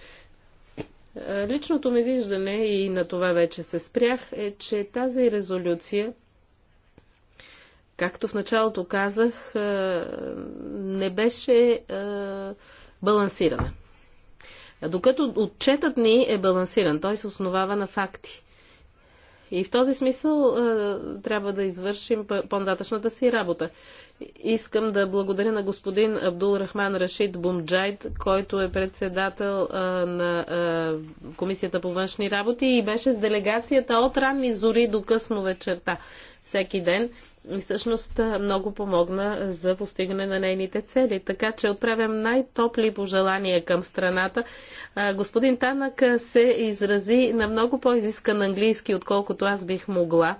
Личното ми виждане, и на това вече се спрях, е, че тази резолюция, както в началото казах, е, не беше е, балансирана. Докато отчетът ни е балансиран, той се основава на факти. И в този смисъл е, трябва да извършим по-нататъчната си работа. Искам да благодаря на господин Абдул Рахман Рашид Бумджайд, който е председател е, на е, Комисията по външни работи и беше с делегацията от ранни зори до късно вечерта всеки ден и всъщност много помогна за постигане на нейните цели. Така че отправям най-топли пожелания към страната. Господин Танък се изрази на много по-изискан английски, отколкото аз бих могла.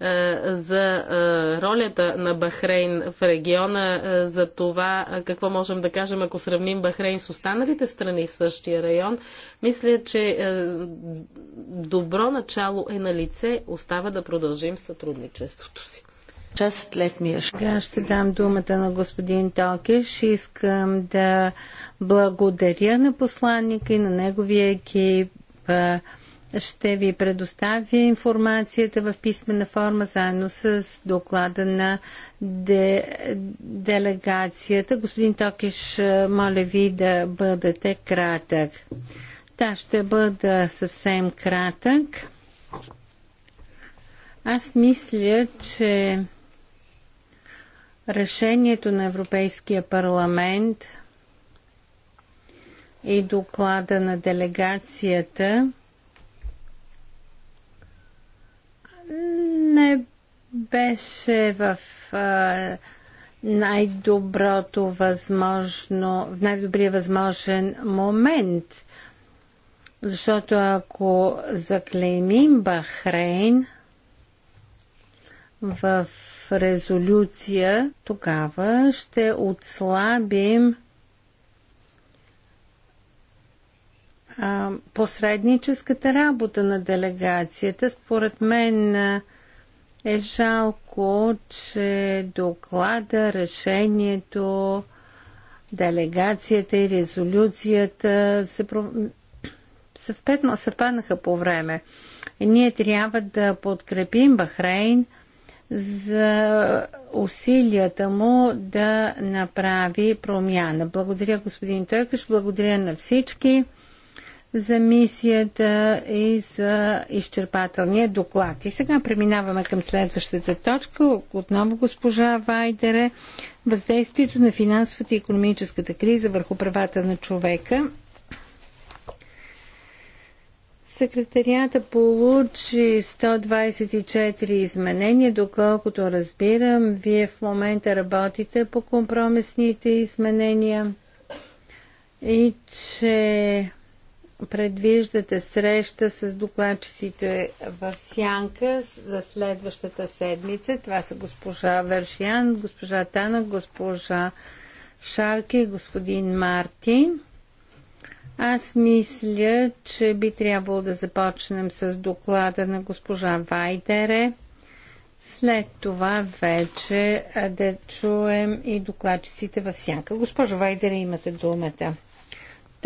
Е, за е, ролята на Бахрейн в региона, е, за това какво можем да кажем, ако сравним Бахрейн с останалите страни в същия район, мисля, че добро начало е на лице. Остава да продължим сътрудничеството си. Част Сега ще дам думата на господин Токеш. Искам да благодаря на посланника и на неговия екип ще ви предоставя информацията в писмена форма, заедно с доклада на де, делегацията. Господин Токиш, моля ви да бъдете кратък. Да, ще бъда съвсем кратък. Аз мисля, че решението на Европейския парламент и доклада на делегацията – не беше в а, най-доброто възможно, в най-добрия възможен момент. Защото ако заклеймим Бахрейн в резолюция, тогава ще отслабим а, посредническата работа на делегацията. Според мен е жалко, че доклада, решението, делегацията и резолюцията се съвпетно съвпаднаха по време. И ние трябва да подкрепим Бахрейн за усилията му да направи промяна. Благодаря господин Тойкаш, благодаря на всички за мисията и за изчерпателния доклад. И сега преминаваме към следващата точка. Отново госпожа Вайдере. Въздействието на финансовата и економическата криза върху правата на човека. Секретарията получи 124 изменения, доколкото разбирам, вие в момента работите по компромисните изменения и че предвиждате среща с докладчиците в Сянка за следващата седмица. Това са госпожа Вершиян, госпожа Тана, госпожа Шарки, господин Марти. Аз мисля, че би трябвало да започнем с доклада на госпожа Вайдере. След това вече да чуем и докладчиците в сянка. Госпожо Вайдере, имате думата.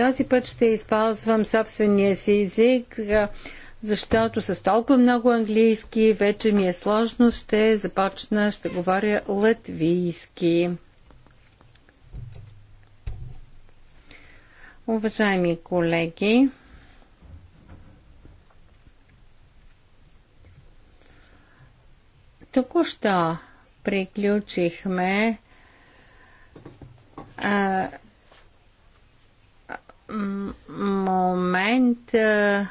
Този път ще използвам собствения си език, защото с толкова много английски вече ми е сложно. Ще започна, ще говоря латвийски. Уважаеми колеги, току-що приключихме а, момент а,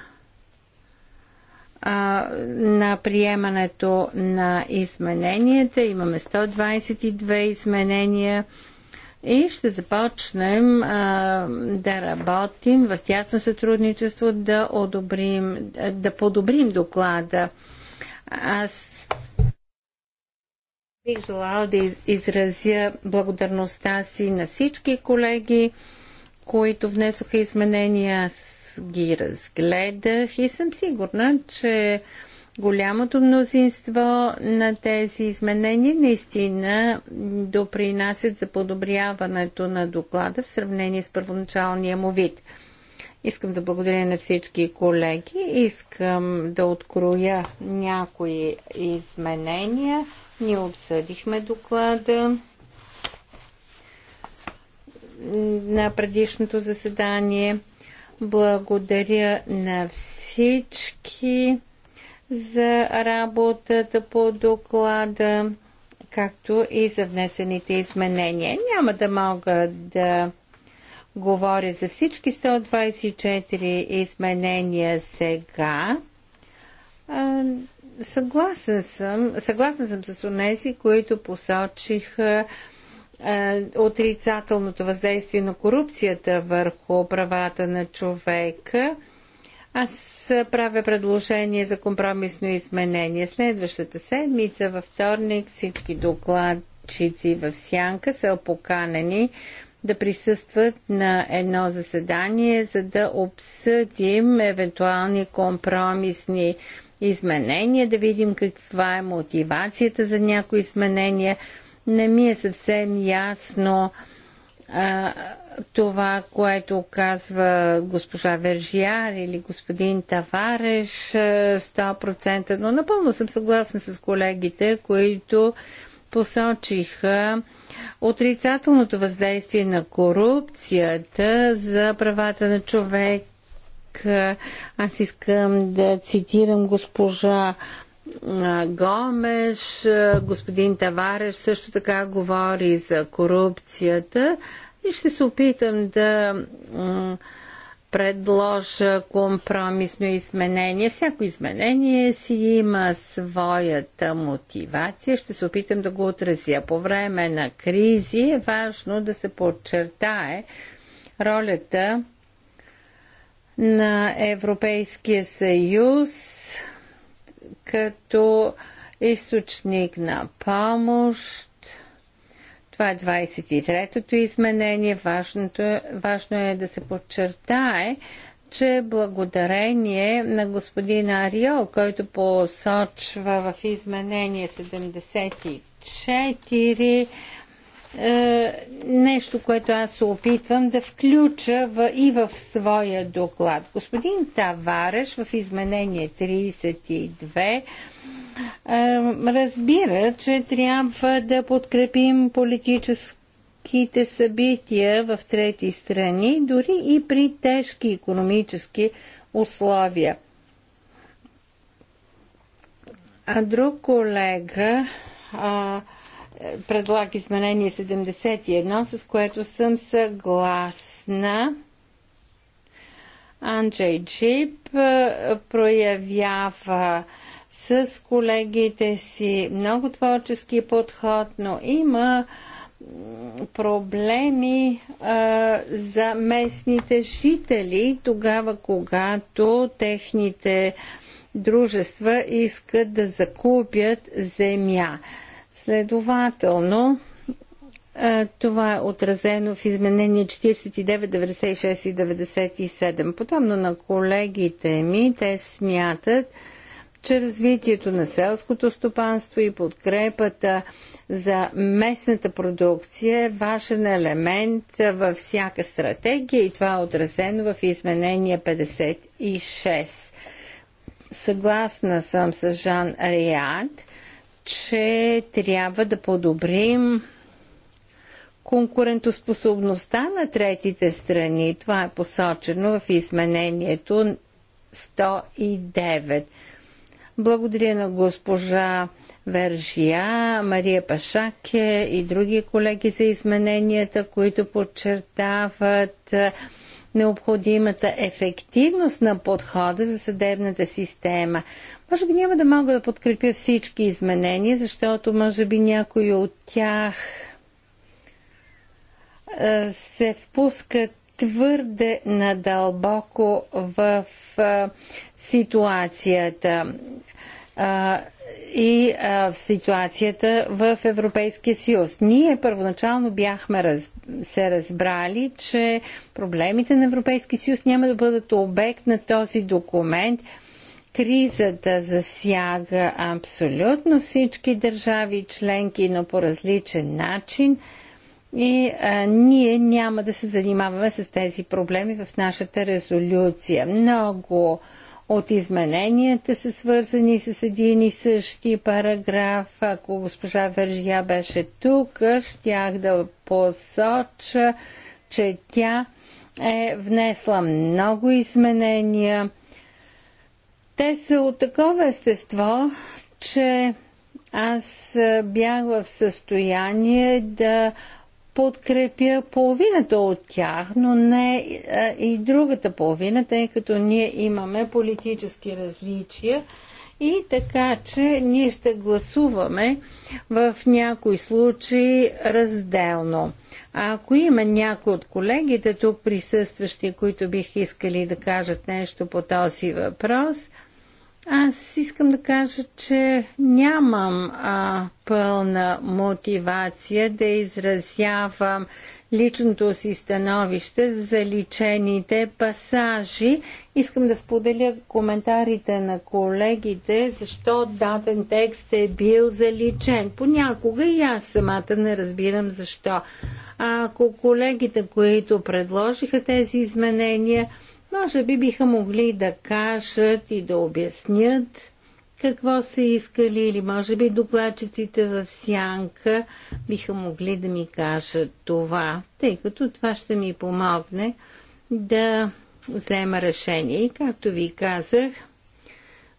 а, на приемането на измененията. Имаме 122 изменения и ще започнем а, да работим в тясно сътрудничество да, одобрим, да подобрим доклада. Аз бих желала да изразя благодарността си на всички колеги които внесоха изменения. Аз ги разгледах и съм сигурна, че голямото мнозинство на тези изменения наистина допринасят за подобряването на доклада в сравнение с първоначалния му вид. Искам да благодаря на всички колеги. Искам да откроя някои изменения. Ние обсъдихме доклада на предишното заседание. Благодаря на всички за работата по доклада, както и за внесените изменения. Няма да мога да говоря за всички 124 изменения сега. Съгласен съм, съгласен съм с онези, които посочиха е, отрицателното въздействие на корупцията върху правата на човека. Аз правя предложение за компромисно изменение. Следващата седмица, във вторник, всички докладчици в Сянка са поканени да присъстват на едно заседание, за да обсъдим евентуални компромисни изменения, да видим каква е мотивацията за някои изменения – не ми е съвсем ясно а, това, което казва госпожа Вержияр или господин Тавареш 100%, но напълно съм съгласна с колегите, които посочиха отрицателното въздействие на корупцията за правата на човек. Аз искам да цитирам госпожа Гомеш, господин Тавареш също така говори за корупцията и ще се опитам да предложа компромисно изменение. Всяко изменение си има своята мотивация. Ще се опитам да го отразя. По време на кризи е важно да се подчертае ролята на Европейския съюз като източник на помощ. Това е 23-тото изменение. Важното е- важно е да се подчертае, че благодарение на господин Ариол, който посочва в изменение 74, е, нещо, което аз се опитвам да включа в, и в своя доклад. Господин Тавареш в изменение 32 е, разбира, че трябва да подкрепим политическите събития в трети страни, дори и при тежки економически условия. А друг колега а, предлага изменение 71, с което съм съгласна. Анджей Джип е, проявява с колегите си много творчески подход, но има проблеми а, е, за местните жители тогава, когато техните дружества искат да закупят земя. Следователно, е, това е отразено в изменение 49, 96 и 97. Подобно на колегите ми, те смятат, че развитието на селското стопанство и подкрепата за местната продукция е важен елемент във всяка стратегия и това е отразено в изменение 56. Съгласна съм с Жан Риад – че трябва да подобрим конкурентоспособността на третите страни. Това е посочено в изменението 109. Благодаря на госпожа Вержия, Мария Пашаке и други колеги за измененията, които подчертават необходимата ефективност на подхода за съдебната система. Може би няма да мога да подкрепя всички изменения, защото може би някои от тях е, се впускат твърде надълбоко в е, ситуацията е, и в ситуацията в Европейския съюз. Ние първоначално бяхме раз, се разбрали, че проблемите на Европейския съюз няма да бъдат обект на този документ – Кризата засяга абсолютно всички държави членки, но по различен начин. И а, ние няма да се занимаваме с тези проблеми в нашата резолюция. Много от измененията са свързани с един и същи параграф. Ако госпожа Вержия беше тук, щях да посоча, че тя е внесла много изменения те са от такова естество, че аз бях в състояние да подкрепя половината от тях, но не и другата половина, тъй като ние имаме политически различия. И така, че ние ще гласуваме в някои случаи разделно. А ако има някои от колегите тук присъстващи, които бих искали да кажат нещо по този въпрос – аз искам да кажа, че нямам а, пълна мотивация да изразявам личното си становище за личените пасажи. Искам да споделя коментарите на колегите, защо даден текст е бил заличен. Понякога и аз самата не разбирам защо. А Ако колегите, които предложиха тези изменения, може би биха могли да кажат и да обяснят какво са искали или може би докладчиците в сянка биха могли да ми кажат това, тъй като това ще ми помогне да взема решение. И както ви казах,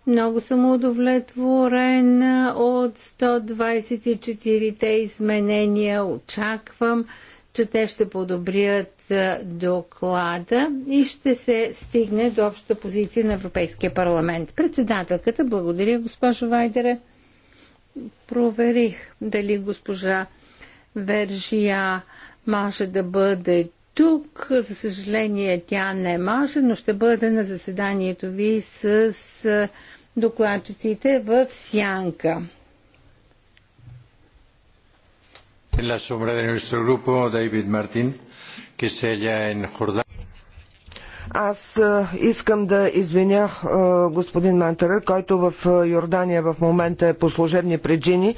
много съм удовлетворена от 124-те изменения. Очаквам че те ще подобрят доклада и ще се стигне до общата позиция на Европейския парламент. Председателката, благодаря госпожо Вайдере. Проверих дали госпожа Вержия може да бъде тук. За съжаление тя не може, но ще бъде на заседанието ви с докладчиците в Сянка. en la sombra de nuestro grupo, David Martín, que se halla en Jordania. Аз е, искам да извиня е, господин Мантера, който в е, Йордания в момента е по служебни причини.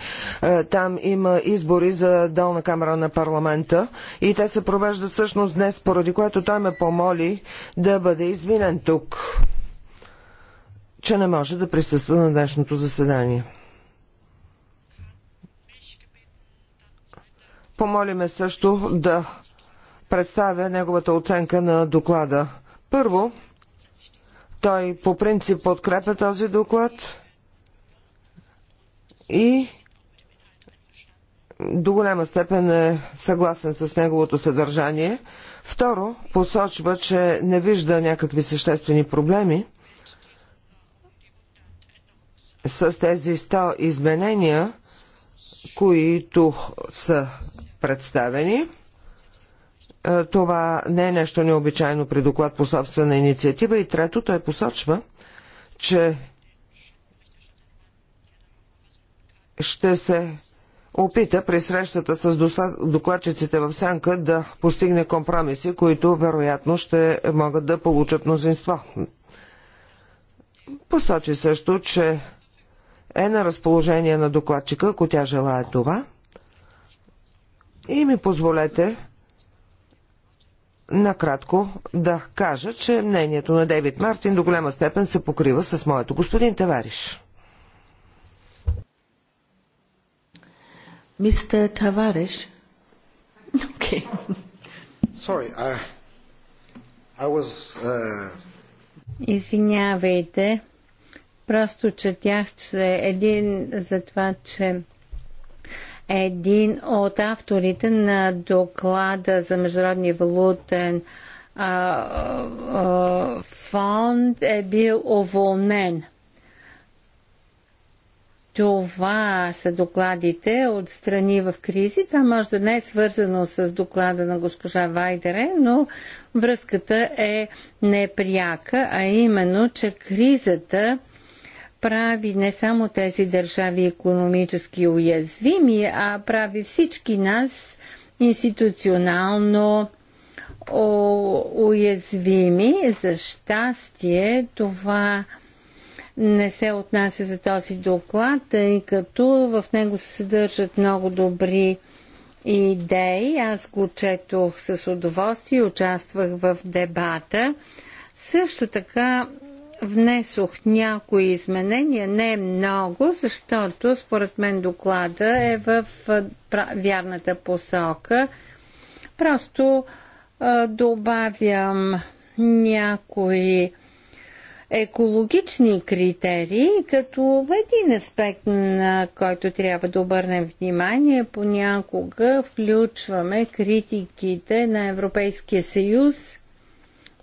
Там има избори за долна камера на парламента и те се провеждат всъщност днес, поради което той ме помоли да бъде извинен тук, че не може да присъства на днешното заседание. помолиме също да представя неговата оценка на доклада. Първо, той по принцип подкрепя този доклад и до голяма степен е съгласен с неговото съдържание. Второ, посочва, че не вижда някакви съществени проблеми с тези 100 изменения, които са представени. Е, това не е нещо необичайно при доклад по собствена инициатива. И трето, той посочва, че ще се опита при срещата с докладчиците в Сянка да постигне компромиси, които вероятно ще могат да получат мнозинство. Посочи също, че е на разположение на докладчика, ако тя желая това – и ми позволете накратко да кажа, че мнението на Дейвид Мартин до голяма степен се покрива с моето. Господин Тавариш. Мистер Тавариш. Окей. Sorry, I, I was, uh... Извинявайте, просто четях, че един за това, че един от авторите на доклада за Международния валутен а, а, фонд е бил уволнен. Това са докладите от страни в кризи. Това може да не е свързано с доклада на госпожа Вайдере, но връзката е непряка, а именно, че кризата – прави не само тези държави економически уязвими, а прави всички нас институционално уязвими. За щастие това не се отнася за този доклад, тъй като в него се съдържат много добри идеи. Аз го четох с удоволствие, и участвах в дебата. Също така внесох някои изменения, не много, защото според мен доклада е в вярната посока. Просто добавям някои екологични критерии, като един аспект, на който трябва да обърнем внимание, понякога включваме критиките на Европейския съюз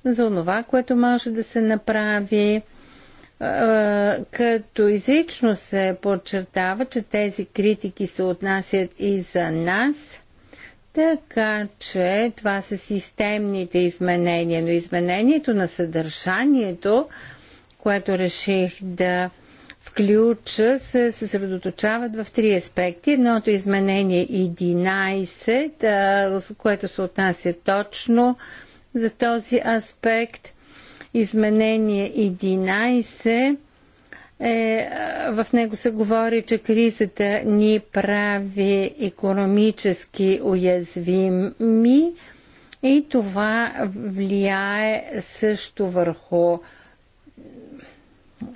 за това, което може да се направи, като изрично се подчертава, че тези критики се отнасят и за нас, така че това са системните изменения, но изменението на съдържанието, което реших да включа, се съсредоточават в три аспекти. Едното изменение 11, е което се отнася точно за този аспект. Изменение 11 е, в него се говори, че кризата ни прави економически уязвими и това влияе също върху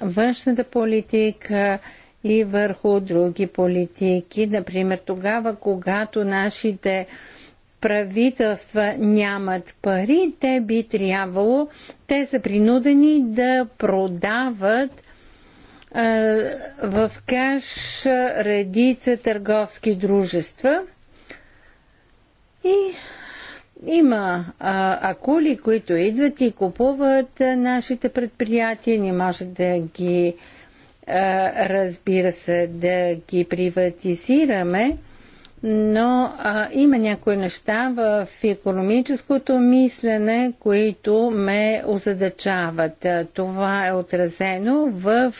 външната политика и върху други политики. Например, тогава, когато нашите правителства нямат пари, те би трябвало, те са принудени да продават а, в каш редица търговски дружества и има а, акули, които идват и купуват а, нашите предприятия, не може да ги а, разбира се, да ги приватизираме но а, има някои неща в економическото мислене, които ме озадачават. Това е отразено в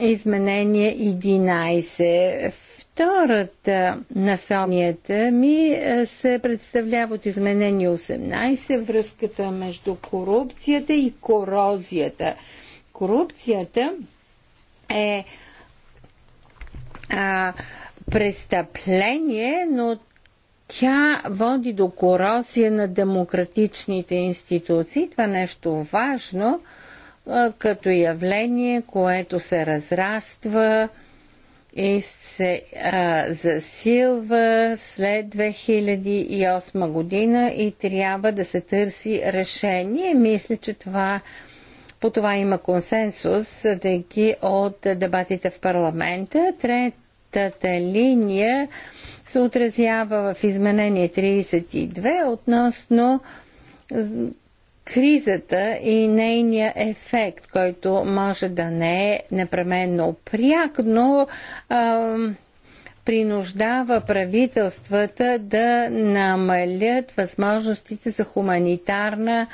изменение 11. Втората насонията ми се представлява от изменение 18, връзката между корупцията и корозията. Корупцията е а, престъпление, но тя води до корозия на демократичните институции. Това нещо важно като явление, което се разраства и се а, засилва след 2008 година и трябва да се търси решение. Мисля, че това, по това има консенсус, съдейки от дебатите в парламента. Трет, Същата линия се отразява в изменение 32 относно кризата и нейния ефект, който може да не е непременно пряк, но а, принуждава правителствата да намалят възможностите за хуманитарна а,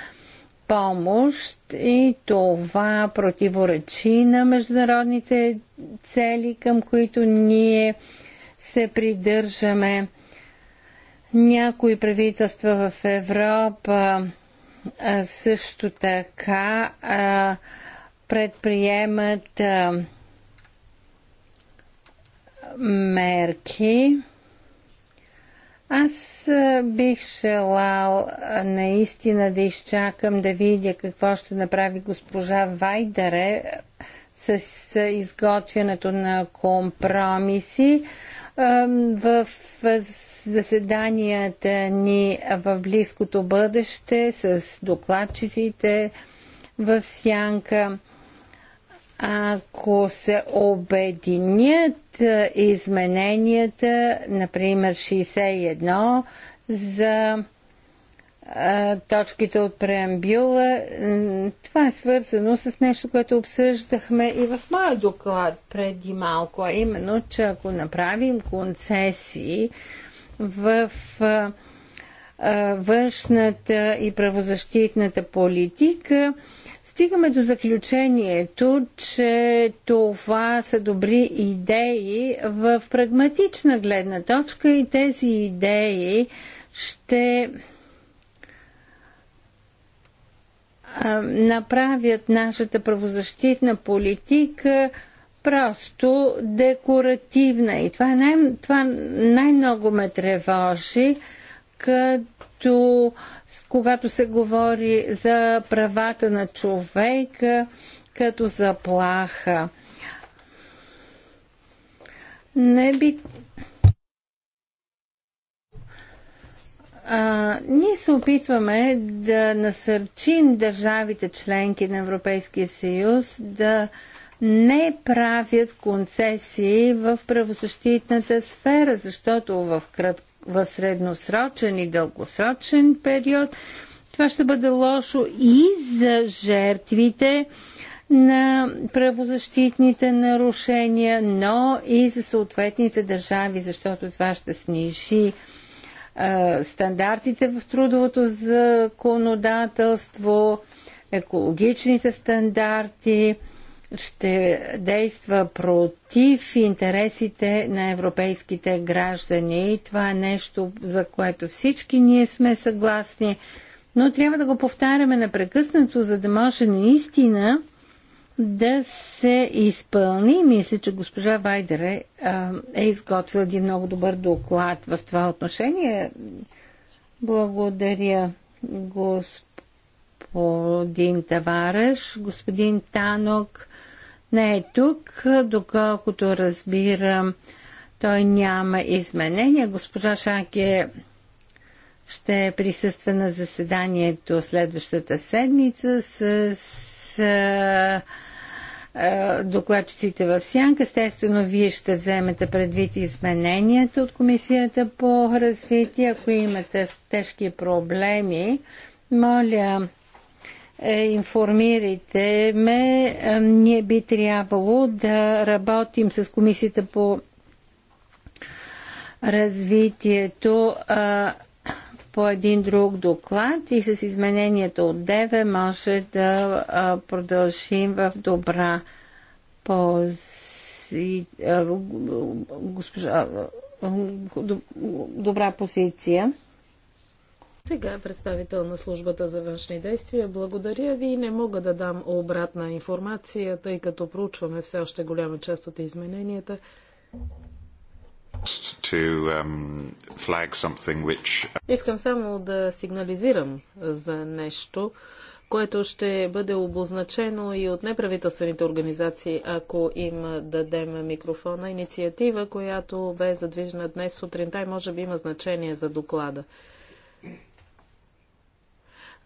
помощ и това противоречи на международните цели, към които ние се придържаме. Някои правителства в Европа също така предприемат мерки аз бих желал наистина да изчакам да видя какво ще направи госпожа Вайдаре с изготвянето на компромиси в заседанията ни в близкото бъдеще с докладчиците в Сянка ако се обединят е, измененията, например 61 за е, точките от преамбюла. Е, това е свързано с нещо, което обсъждахме и в моя доклад преди малко, а именно, че ако направим концесии в външната и правозащитната политика, Стигаме до заключението, че това са добри идеи в прагматична гледна точка и тези идеи ще направят нашата правозащитна политика просто декоративна. И това, най- това най-много ме тревожи, като както когато се говори за правата на човека като заплаха. Не би А, ние се опитваме да насърчим държавите членки на Европейския съюз да не правят концесии в правозащитната сфера, защото в кратко в средносрочен и дългосрочен период. Това ще бъде лошо и за жертвите на правозащитните нарушения, но и за съответните държави, защото това ще снижи е, стандартите в трудовото законодателство, екологичните стандарти, ще действа против интересите на европейските граждани. И това е нещо, за което всички ние сме съгласни, но трябва да го повтаряме непрекъснато, за да може наистина да се изпълни. Мисля, че госпожа Вайдере е изготвила един много добър доклад в това отношение. Благодаря, господин Тавареш, господин Танок не е тук. Доколкото разбирам, той няма изменения. Госпожа Шаке ще присъства на заседанието следващата седмица с, с е, е, докладчиците в сянка. Естествено, вие ще вземете предвид измененията от Комисията по развитие. Ако имате тежки проблеми, моля, информирате ме. Ние би трябвало да работим с комисията по развитието по един друг доклад и с изменението от 9 може да продължим в добра пози... госпожа... добра позиция. Сега е представител на службата за външни действия. Благодаря ви. Не мога да дам обратна информация, тъй като проучваме все още голяма част от измененията. Um, which... Uh, Искам само да сигнализирам за нещо, което ще бъде обозначено и от неправителствените организации, ако им дадем микрофона. Инициатива, която бе задвижена днес сутринта и може би има значение за доклада.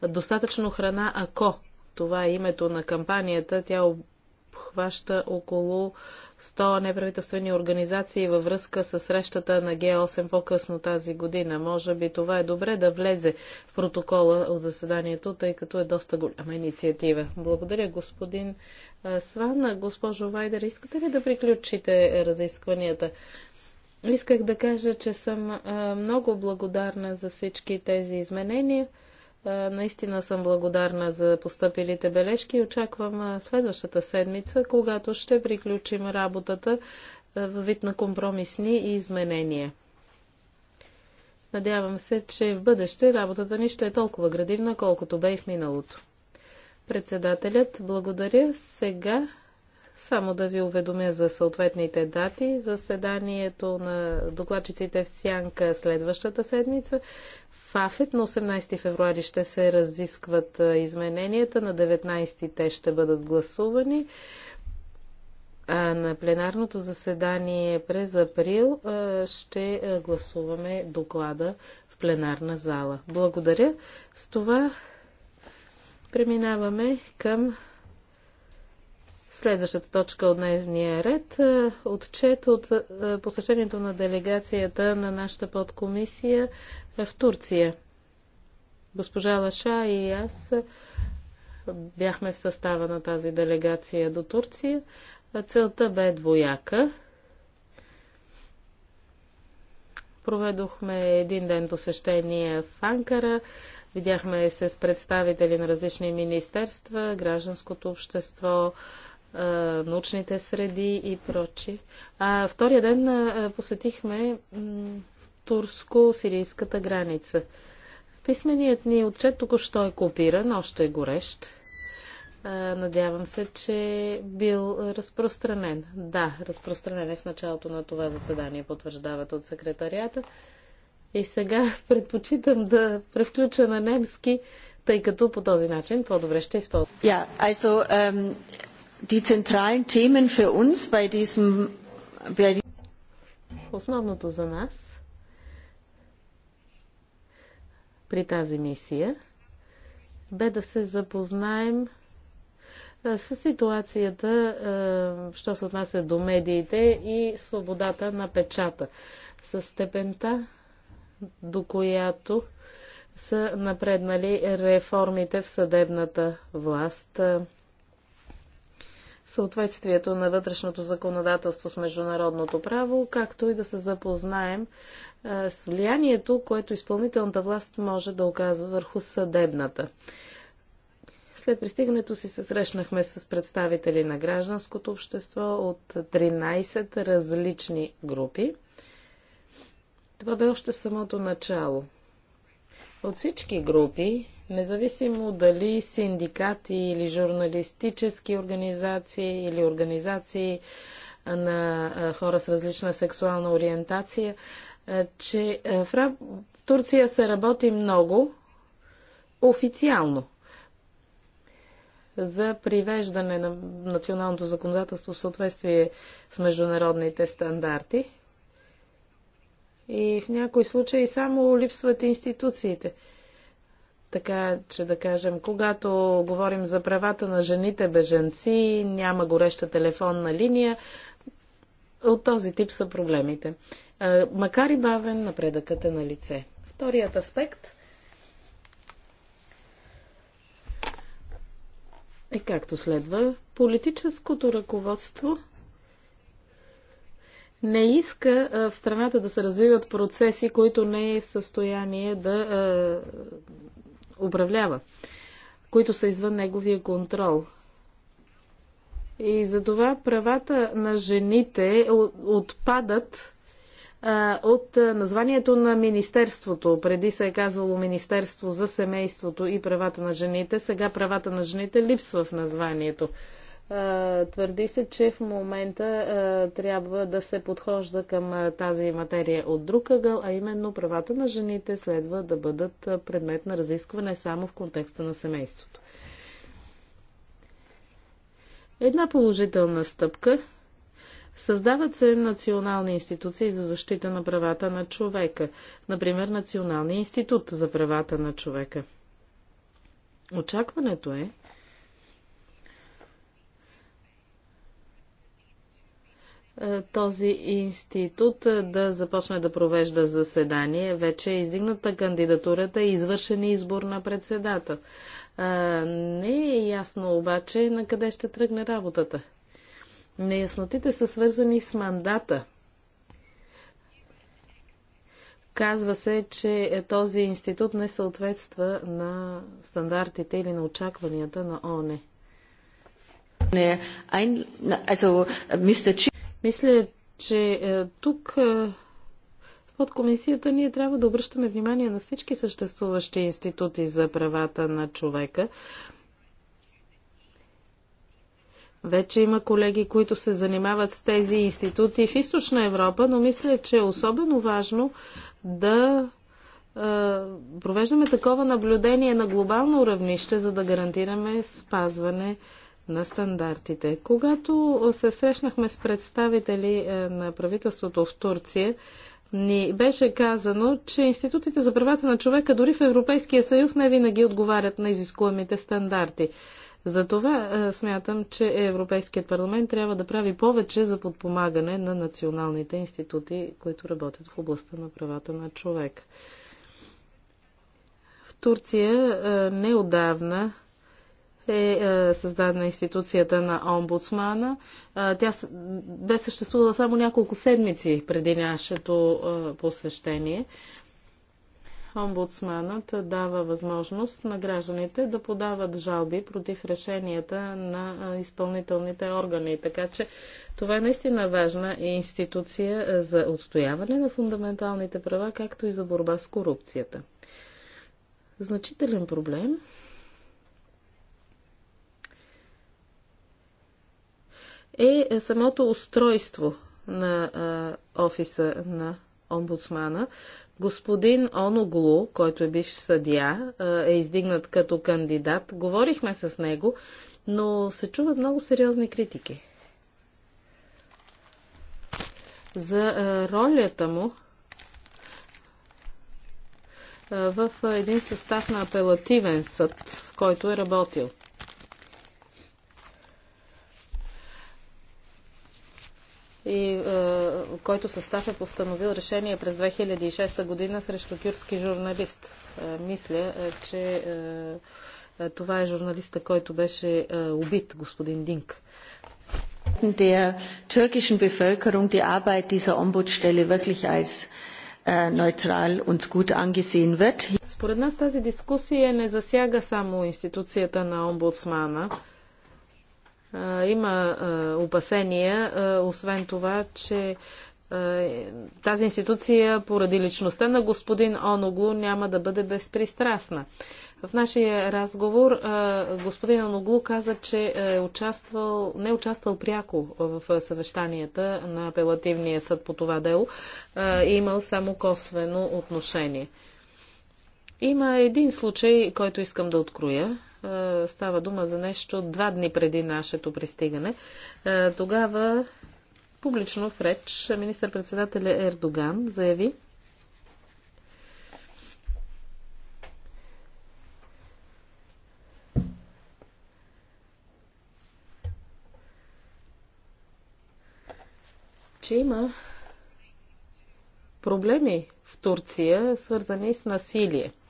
Достатъчно храна, ако това е името на кампанията, тя обхваща около 100 неправителствени организации във връзка с срещата на Г8 по-късно тази година. Може би това е добре да влезе в протокола от заседанието, тъй като е доста голяма инициатива. Благодаря, господин Сван. Госпожо Вайдер, искате ли да приключите разискванията? Исках да кажа, че съм много благодарна за всички тези изменения. Е, наистина съм благодарна за поступилите бележки и очаквам е, следващата седмица, когато ще приключим работата е, в вид на компромисни и изменения. Надявам се, че в бъдеще работата ни ще е толкова градивна, колкото бе и в миналото. Председателят, благодаря. Сега само да ви уведомя за съответните дати. Заседанието на докладчиците в Сянка следващата седмица. В Афет на 18 февруари ще се разискват измененията. На 19 те ще бъдат гласувани. А на пленарното заседание през април ще гласуваме доклада в пленарна зала. Благодаря. С това преминаваме към Следващата точка от дневния ред е, – отчет от е, посещението на делегацията на нашата подкомисия в Турция. Госпожа Лаша и аз бяхме в състава на тази делегация до Турция. Целта бе двояка. Проведохме един ден посещение в Анкара. Видяхме се с представители на различни министерства, гражданското общество, научните среди и прочи. А втория ден посетихме турско-сирийската граница. Писменият ни отчет току-що е копиран, още е горещ. Надявам се, че е бил разпространен. Да, разпространен е в началото на това заседание, потвърждават от секретарията. И сега [laughs] предпочитам да превключа на немски, тъй като по този начин по-добре ще използвам. Yeah, I saw, um die zentralen Themen für uns bei diesem bei Основното за нас при тази мисия бе да се запознаем с ситуацията, що се отнася до медиите и свободата на печата, с степента, до която са напреднали реформите в съдебната власт съответствието на вътрешното законодателство с международното право, както и да се запознаем е, с влиянието, което изпълнителната власт може да оказва върху съдебната. След пристигането си се срещнахме с представители на гражданското общество от 13 различни групи. Това бе още в самото начало от всички групи, независимо дали синдикати или журналистически организации или организации на хора с различна сексуална ориентация, че в Турция се работи много официално за привеждане на националното законодателство в съответствие с международните стандарти и в някои случаи само липсват институциите. Така че да кажем, когато говорим за правата на жените беженци, няма гореща телефонна линия, от този тип са проблемите. Макар и бавен, напредъкът е на лице. Вторият аспект е както следва. Политическото ръководство – не иска в страната да се развиват процеси, които не е в състояние да управлява, които са извън неговия контрол. И затова правата на жените отпадат от названието на Министерството. Преди се е казвало Министерство за семейството и правата на жените. Сега правата на жените липсва в названието. Твърди се, че в момента трябва да се подхожда към тази материя от друг ъгъл, а именно правата на жените следва да бъдат предмет на разискване само в контекста на семейството. Една положителна стъпка Създават се национални институции за защита на правата на човека, например Националния институт за правата на човека. Очакването е този институт да започне да провежда заседание. Вече е издигната кандидатурата и извършен избор на председател. Не е ясно обаче на къде ще тръгне работата. Неяснотите са свързани с мандата. Казва се, че този институт не съответства на стандартите или на очакванията на ОНЕ. Мисля, че е, тук е, под комисията ние трябва да обръщаме внимание на всички съществуващи институти за правата на човека. Вече има колеги, които се занимават с тези институти в Източна Европа, но мисля, че е особено важно да е, провеждаме такова наблюдение на глобално равнище, за да гарантираме спазване на стандартите. Когато се срещнахме с представители е, на правителството в Турция, ни беше казано, че институтите за правата на човека дори в Европейския съюз не винаги отговарят на изискуемите стандарти. Затова е, смятам, че Европейският парламент трябва да прави повече за подпомагане на националните институти, които работят в областта на правата на човек. В Турция е, неодавна е, е, създадена институцията на омбудсмана. тя бе съществувала само няколко седмици преди нашето посещение. Омбудсманът дава възможност на гражданите да подават жалби против решенията на изпълнителните органи. Така че това е наистина важна институция за отстояване на фундаменталните права, както и за борба с корупцията. Значителен проблем е самото устройство на а, офиса на омбудсмана. Господин Оноглу, който е бивш съдия, е издигнат като кандидат. Говорихме с него, но се чуват много сериозни критики. За а, ролята му в един състав на апелативен съд, в който е работил. и е, който състав е постановил решение през 2006 година срещу кюрдски журналист. Е, мисля, е, че е, е, това е журналиста, който беше е, убит, господин Динк. Der türkischen Bevölkerung die Arbeit dieser Ombudsstelle wirklich als äh, neutral und gut angesehen wird. Според нас тази дискусия не засяга само институцията на омбудсмана, има опасения, освен това, че тази институция поради личността на господин Оноглу няма да бъде безпристрастна. В нашия разговор господин Оноглу каза, че е участвал, не е участвал пряко в съвещанията на апелативния съд по това дело и е имал само косвено отношение. Има един случай, който искам да откроя. Е, става дума за нещо два дни преди нашето пристигане. Е, тогава публично в реч министър-председателя Ердоган заяви, че има проблеми в Турция, свързани с насилие –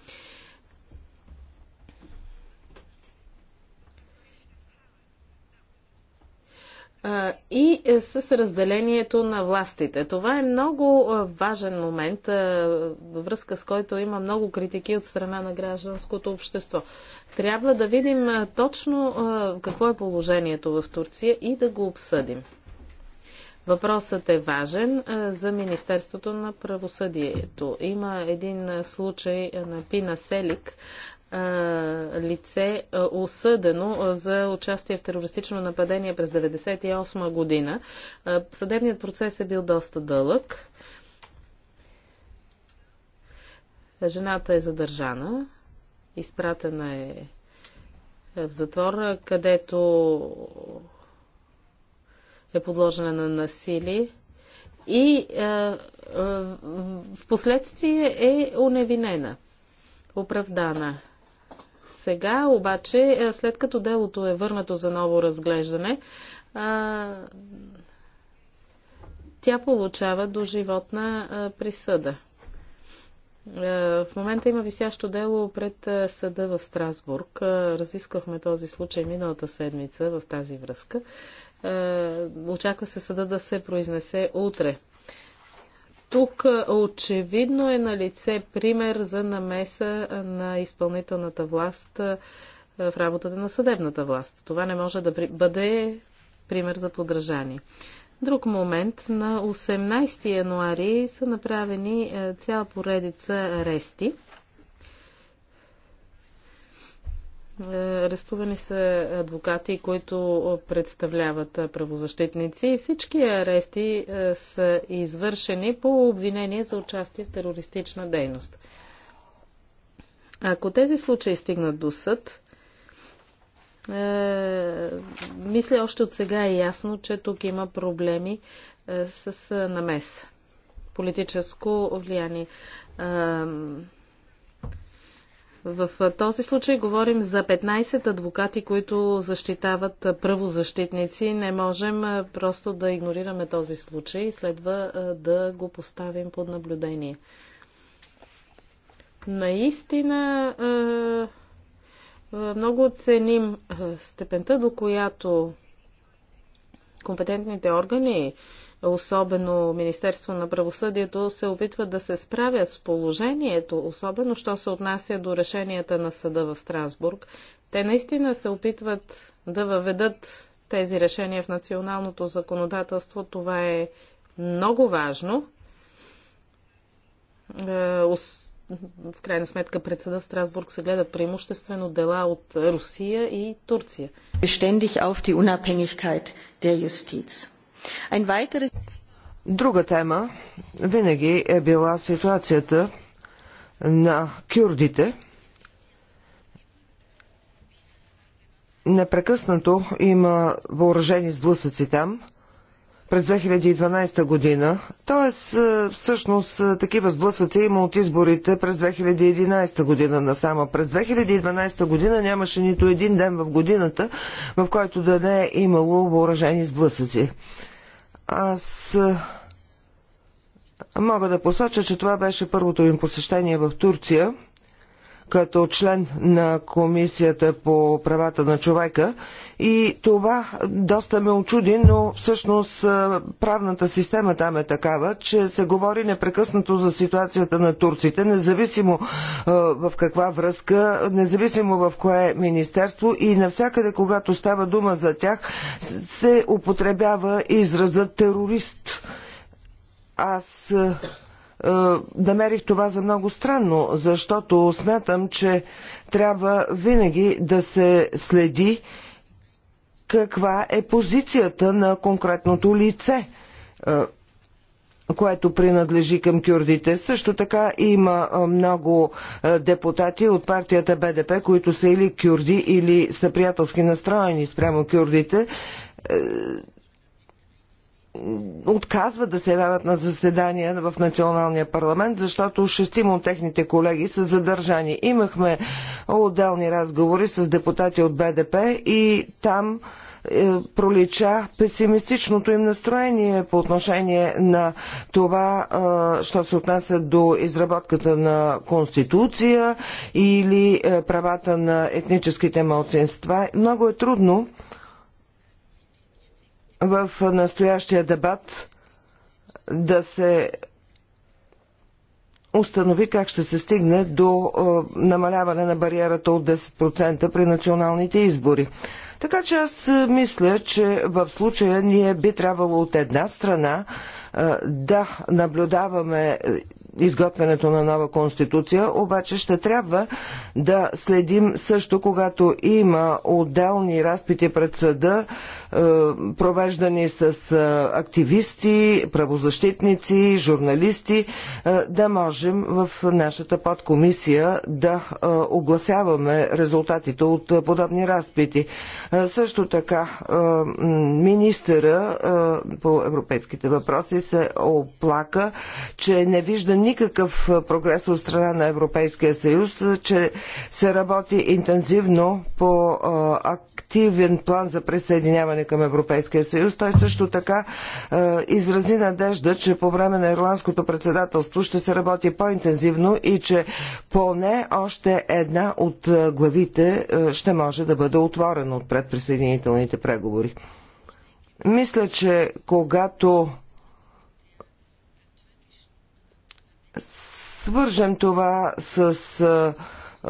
и е, с разделението на властите. Това е много важен момент, във връзка с който има много критики от страна на гражданското общество. Трябва да видим точно какво е положението в Турция и да го обсъдим. Въпросът е важен за Министерството на правосъдието. Има един случай на Пина Селик, лице осъдено за участие в терористично нападение през 1998 година. Съдебният процес е бил доста дълъг. Жената е задържана, изпратена е в затвор, където е подложена на насилие и е, е, в последствие е уневинена, оправдана. Сега обаче, е, след като делото е върнато за ново разглеждане, тя получава доживотна присъда. В момента има висящо дело пред съда в Страсбург. Разисквахме този случай миналата седмица в тази връзка. Очаква се съда да се произнесе утре. Тук очевидно е на лице пример за намеса на изпълнителната власт в работата на съдебната власт. Това не може да бъде пример за подражание. Друг момент. На 18 януари са направени цяла поредица арести Е, арестувани са адвокати, които представляват правозащитници. Всички арести е, са извършени по обвинение за участие в терористична дейност. Ако тези случаи стигнат до съд, е, мисля още от сега е ясно, че тук има проблеми с намес, политическо влияние. В този случай говорим за 15 адвокати, които защитават правозащитници. Не можем просто да игнорираме този случай. Следва да го поставим под наблюдение. Наистина много оценим степента, до която компетентните органи особено Министерство на правосъдието, се опитват да се справят с положението, особено що се отнася до решенията на съда в Страсбург. Те наистина се опитват да въведат тези решения в националното законодателство. Това е много важно. Е, в крайна сметка пред съда Страсбург се гледат преимуществено дела от Русия и Турция. Beständig auf die Unabhängigkeit der Justiz. Друга тема винаги е била ситуацията на кюрдите. Непрекъснато има въоръжени сблъсъци там – през 2012 година. Тоест, е, всъщност, е, такива сблъсъци има от изборите през 2011 година насама. През 2012 година нямаше нито един ден в годината, в който да не е имало въоръжени сблъсъци. Аз мога да посоча, че това беше първото им посещение в Турция – като член на Комисията по правата на човека и това доста ме очуди, но всъщност правната система там е такава, че се говори непрекъснато за ситуацията на турците, независимо в каква връзка, независимо в кое министерство и навсякъде, когато става дума за тях, се употребява израза терорист. Аз е, намерих това за много странно, защото смятам, че трябва винаги да се следи каква е позицията на конкретното лице, е, което принадлежи към кюрдите. Също така има е, много депутати от партията БДП, които са или кюрди, или са приятелски настроени спрямо кюрдите отказват да се явяват на заседания в националния парламент, защото шестима от техните колеги са задържани. Имахме отделни разговори с депутати от БДП и там е, пролича песимистичното им настроение по отношение на това, е, що се отнася до изработката на конституция или е, правата на етническите малцинства. Много е трудно в настоящия дебат да се установи как ще се стигне до е, намаляване на бариерата от 10% при националните избори. Така че аз е, мисля, че в случая ние би трябвало от една страна е, да наблюдаваме изготвянето на нова конституция, обаче ще трябва да следим също, когато има отделни разпити пред съда е, провеждани с е, активисти, правозащитници, журналисти, е, да можем в нашата подкомисия да огласяваме резултатите от подобни разпити. Също така, министъра по европейските въпроси се оплака, че не вижда никакъв прогрес от страна на Европейския съюз, че се работи интензивно по активен план за присъединяване отношение към Европейския съюз. Той също така е, изрази надежда, че по време на ирландското председателство ще се работи по-интензивно и че поне още една от е, главите е, ще може да бъде отворена от предприсъединителните преговори. Мисля, че когато свържем това с е,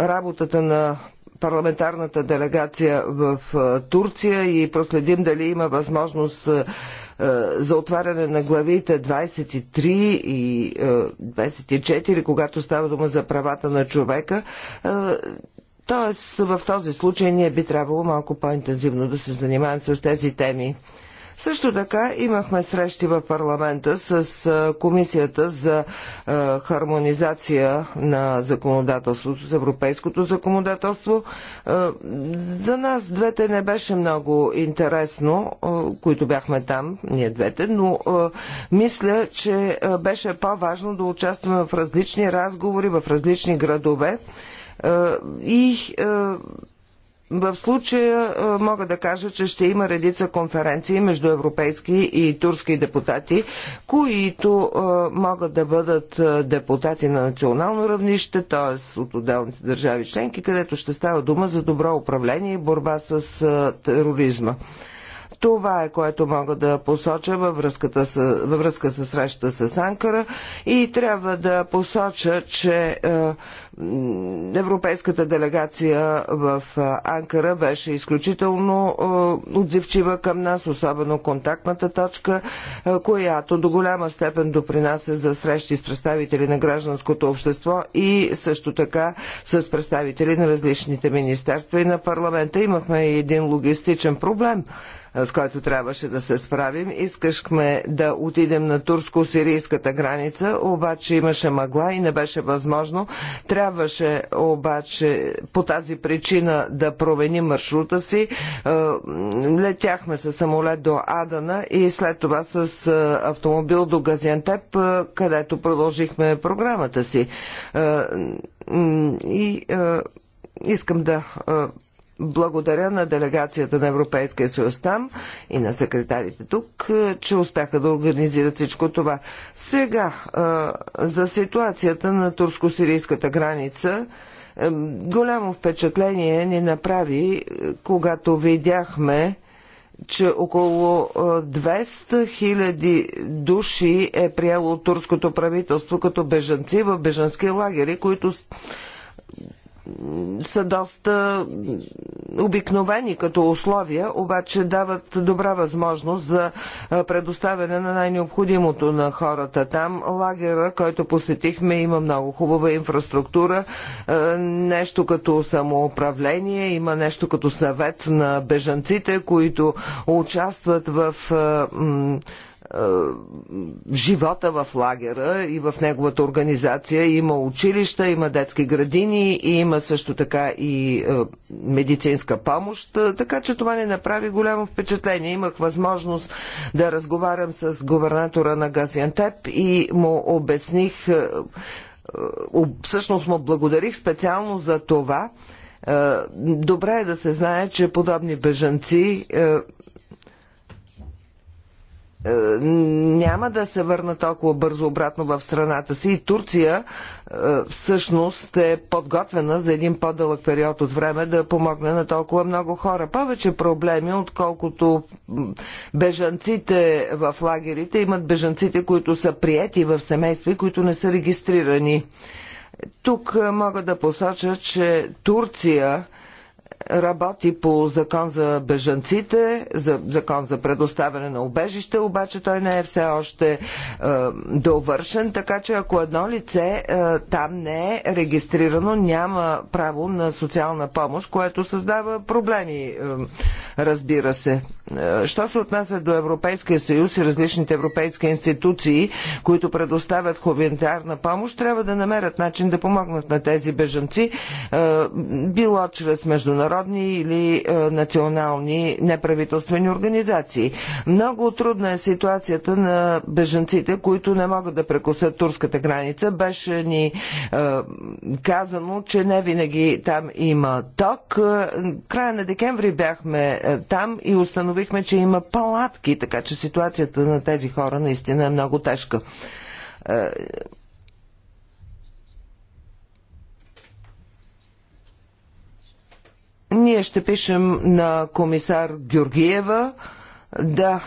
е работата на парламентарната делегация в Турция и проследим дали има възможност за отваряне на главите 23 и 24, когато става дума за правата на човека. Тоест, в този случай ние би трябвало малко по-интензивно да се занимаем с тези теми. Също така имахме срещи в парламента с Комисията за хармонизация на законодателството с европейското законодателство. За нас двете не беше много интересно, които бяхме там, ние двете, но мисля, че беше по-важно да участваме в различни разговори в различни градове и в случая е, мога да кажа, че ще има редица конференции между европейски и турски депутати, които е, могат да бъдат е, депутати на национално равнище, т.е. от отделните държави членки, където ще става дума за добро управление и борба с тероризма. Това е което мога да посоча във, връзката с, във връзка с срещата с Анкара и трябва да посоча, че е, европейската делегация в е, Анкара беше изключително е, отзивчива към нас, особено контактната точка, е, която до голяма степен допринася за срещи с представители на гражданското общество и също така с представители на различните министерства и на парламента. Имахме и един логистичен проблем – с който трябваше да се справим. Искахме да отидем на турско-сирийската граница, обаче имаше мъгла и не беше възможно. Трябваше обаче по тази причина да променим маршрута си. Е, летяхме с самолет до Адана и след това с е, автомобил до Газиантеп, е, където продължихме програмата си. И искам да благодаря на делегацията на Европейския съюз там и на секретарите тук, е, че успяха да организират всичко това. Сега, е, за ситуацията на турско-сирийската граница, е, голямо впечатление ни направи, когато видяхме че около 200 000 души е приело турското правителство като бежанци в бежански лагери, които са доста обикновени като условия, обаче дават добра възможност за предоставяне на най-необходимото на хората там. Лагера, който посетихме, има много хубава инфраструктура, нещо като самоуправление, има нещо като съвет на бежанците, които участват в е, живота в лагера и в неговата организация. Има училища, има детски градини, и има също така и е, медицинска помощ, е, така че това не направи голямо впечатление. Имах възможност да разговарям с губернатора на Газиантеп и му обясних, всъщност му благодарих специално за това, Добре е да се знае, че подобни бежанци е, няма да се върна толкова бързо обратно в страната си и Турция е, всъщност е подготвена за един по-дълъг период от време да помогне на толкова много хора. Повече проблеми, отколкото бежанците в лагерите имат бежанците, които са приети в семейства и които не са регистрирани. Тук е, мога да посоча, че Турция работи по закон за бежанците, за закон за предоставяне на убежище, обаче той не е все още е, довършен, така че ако едно лице е, там не е регистрирано, няма право на социална помощ, което създава проблеми, е, разбира се. Е, що се отнася до Европейския съюз и различните европейски институции, които предоставят хуманитарна помощ, трябва да намерят начин да помогнат на тези бежанци, е, било чрез международни международни или е, национални неправителствени организации. Много трудна е ситуацията на бежанците, които не могат да прекусят турската граница. Беше ни е, казано, че не винаги там има ток. Е, края на декември бяхме там и установихме, че има палатки, така че ситуацията на тези хора наистина е много тежка. Ние ще пишем на комисар Георгиева да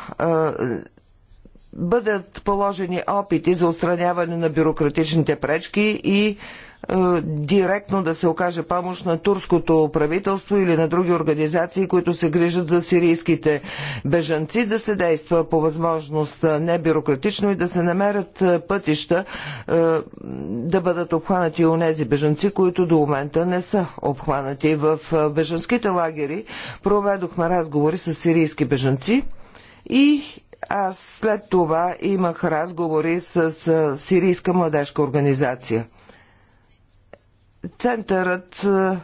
бъдат положени опити за устраняване на бюрократичните пречки и е, директно да се окаже помощ на турското правителство или на други организации, които се грижат за сирийските бежанци, да се действа по възможност е, небюрократично и да се намерят е, пътища да бъдат обхванати и онези бежанци, които до момента не са обхванати. В бежанските лагери проведохме разговори с сирийски бежанци и аз след това имах разговори с сирийска младежка организация. Центърът е,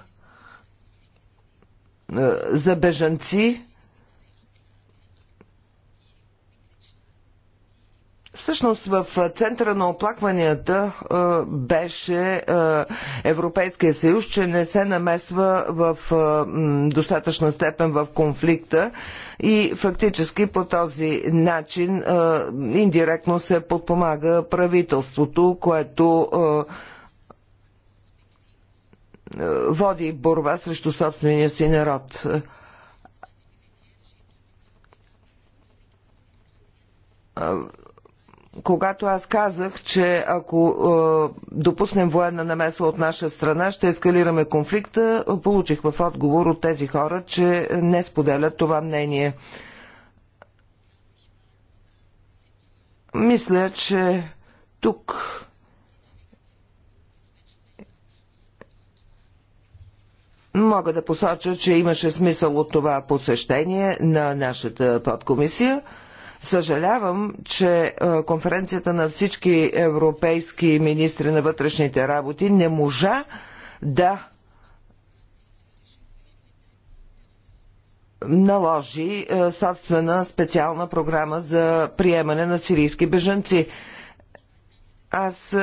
е, за бежанци Всъщност в центъра на оплакванията е, беше Европейския съюз, че не се намесва в достатъчна степен в конфликта и фактически по този начин индиректно се подпомага правителството, което е, води борба срещу собствения си народ. Е, когато аз казах, че ако е, допуснем военна намеса от наша страна, ще ескалираме конфликта, получих в отговор от тези хора, че не споделят това мнение. Мисля, че тук Мога да посоча, че имаше смисъл от това посещение на нашата подкомисия. Съжалявам, че е, конференцията на всички европейски министри на вътрешните работи не можа да наложи е, собствена специална програма за приемане на сирийски бежанци. Аз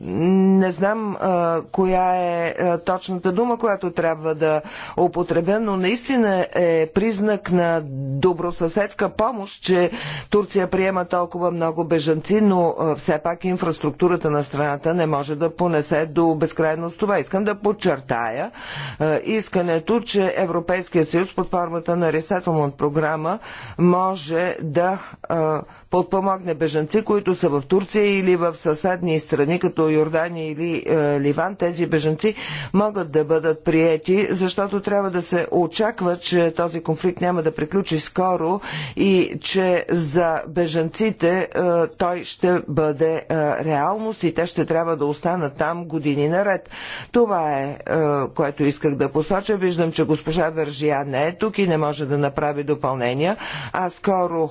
не знам а, коя е а, точната дума, която трябва да употребя, но наистина е признак на добросъседска помощ, че Турция приема толкова много бежанци, но а, все пак инфраструктурата на страната не може да понесе до безкрайност това. Искам да подчертая а, искането, че Европейския съюз под формата на Resettlement програма може да а, подпомогне бежанци, които са в Турция или в съседната съседни страни, като Йордания или е, Ливан, тези бежанци могат да бъдат приети, защото трябва да се очаква, че този конфликт няма да приключи скоро и че за бежанците е, той ще бъде е, реалност и те ще трябва да останат там години наред. Това е, което исках да посоча. Виждам, че госпожа Вържия не е тук и не може да направи допълнения. А скоро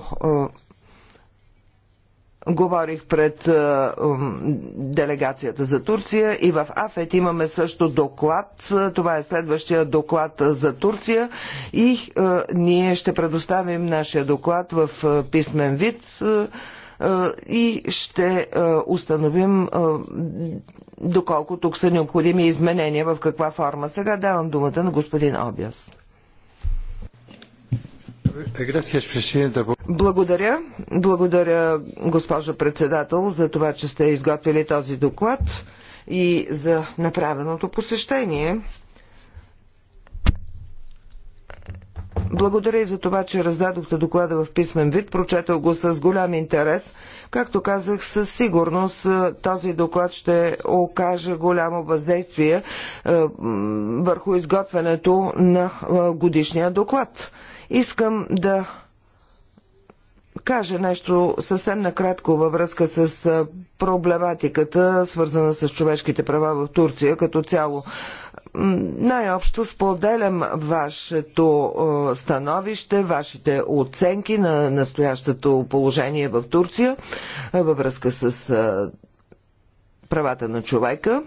Говорих пред е, делегацията за Турция и в АФЕТ имаме също доклад. Това е следващия доклад за Турция и е, ние ще предоставим нашия доклад в е, писмен вид и ще установим доколко тук са необходими изменения, в каква форма. Сега давам думата на господин Обяс. Благодаря. Благодаря, госпожа председател, за това, че сте изготвили този доклад и за направеното посещение. Благодаря и за това, че раздадохте доклада в писмен вид. Прочетал го с голям интерес. Както казах, със сигурност е, този доклад ще окаже голямо въздействие е, върху изготвянето на е, годишния доклад. Искам да кажа нещо съвсем накратко във връзка с проблематиката, свързана с човешките права в Турция като цяло. Най-общо споделям вашето становище, вашите оценки на настоящото положение в Турция във връзка с правата на човека.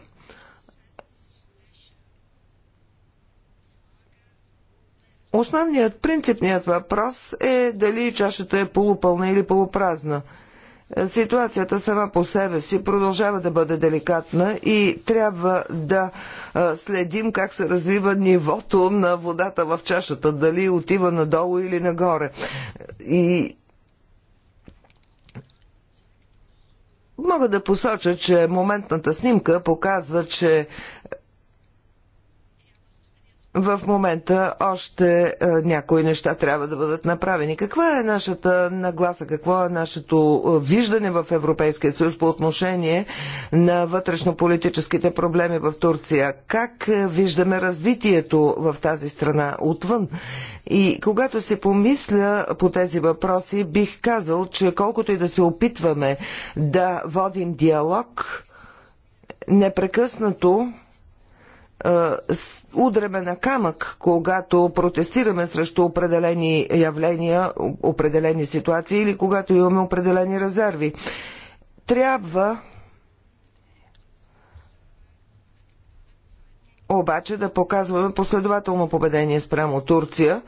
Основният принципният въпрос е дали чашата е полупълна или полупразна. Е, ситуацията сама по себе си продължава да бъде деликатна и трябва да е, следим как се развива нивото на водата в чашата, дали отива надолу или нагоре. И мога да посоча, че моментната снимка показва, че е, в момента още е, някои неща трябва да бъдат направени. Каква е нашата нагласа, какво е нашето е, виждане в Европейския съюз по отношение на вътрешно-политическите проблеми в Турция? Как е, виждаме развитието в тази страна отвън? И когато се помисля по тези въпроси, бих казал, че колкото и да се опитваме да водим диалог, непрекъснато Удреме на камък, когато протестираме срещу определени явления, определени ситуации или когато имаме определени резерви. Трябва обаче да показваме последователно поведение спрямо Турция.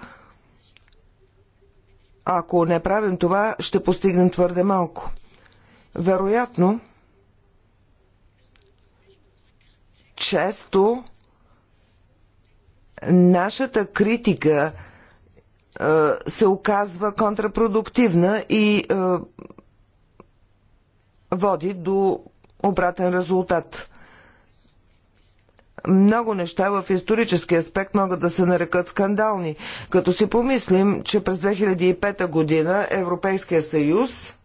Ако не правим това, ще постигнем твърде малко. Вероятно, често нашата критика е, се оказва контрапродуктивна и е, води до обратен резултат. Много неща в исторически аспект могат да се нарекат скандални, като си помислим, че през 2005 година Европейския съюз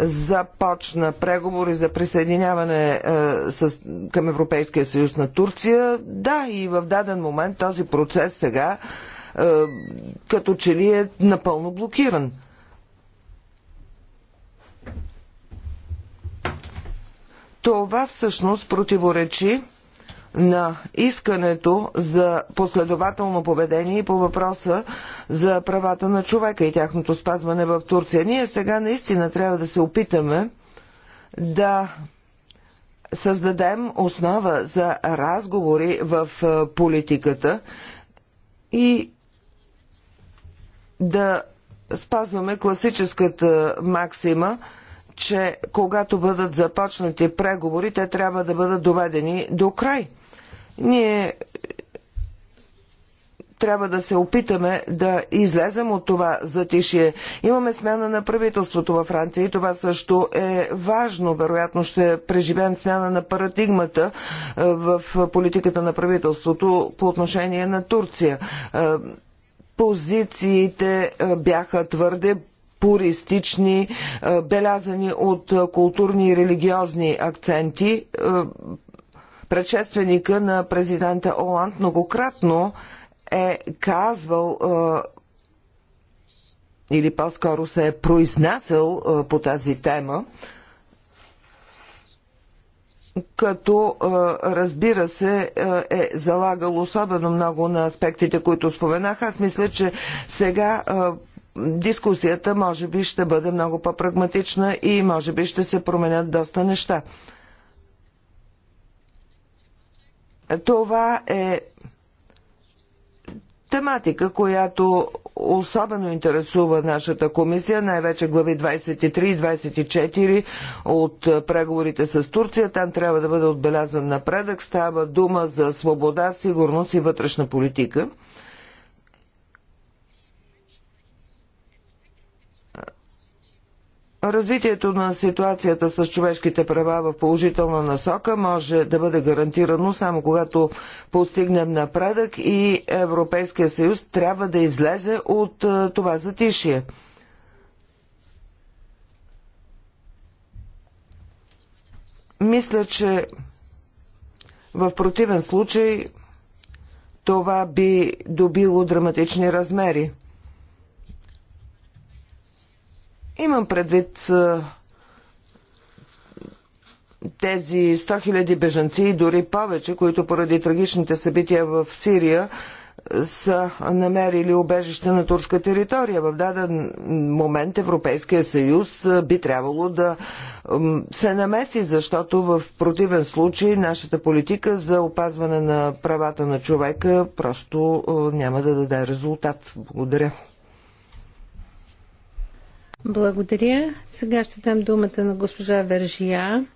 започна преговори за присъединяване е, с, към Европейския съюз на Турция. Да, и в даден момент този процес сега е, като че ли е напълно блокиран. Това всъщност противоречи на искането за последователно поведение по въпроса за правата на човека и тяхното спазване в Турция. Ние сега наистина трябва да се опитаме да създадем основа за разговори в политиката и да спазваме класическата максима, че когато бъдат започнати преговори, те трябва да бъдат доведени до край – ние трябва да се опитаме да излезем от това затишие. Имаме смяна на правителството във Франция и това също е важно. Вероятно ще преживеем смяна на парадигмата е, в политиката на правителството по отношение на Турция. Е, позициите е, бяха твърде пуристични, белязани от културни и религиозни акценти предшественика на президента Оланд многократно е казвал е, или по-скоро се е произнасял е, по тази тема, като е, разбира се е залагал особено много на аспектите, които споменах. Аз мисля, че сега дискусията може би ще бъде много по-прагматична и може би ще се променят доста неща. Това е тематика, която особено интересува нашата комисия, най-вече глави 23 и 24 от преговорите с Турция. Там трябва да бъде отбелязан напредък. Става дума за свобода, сигурност и вътрешна политика. Развитието на ситуацията с човешките права в положителна насока може да бъде гарантирано само когато постигнем напредък и Европейския съюз трябва да излезе от е, това затишие. Мисля, че в противен случай това би добило драматични размери. Имам предвид тези 100 000 бежанци и дори повече, които поради трагичните събития в Сирия са намерили убежище на турска територия. В даден момент Европейския съюз би трябвало да се намеси, защото в противен случай нашата политика за опазване на правата на човека просто няма да даде резултат. Благодаря. Благодаря. Сега ще дам думата на госпожа Вержия.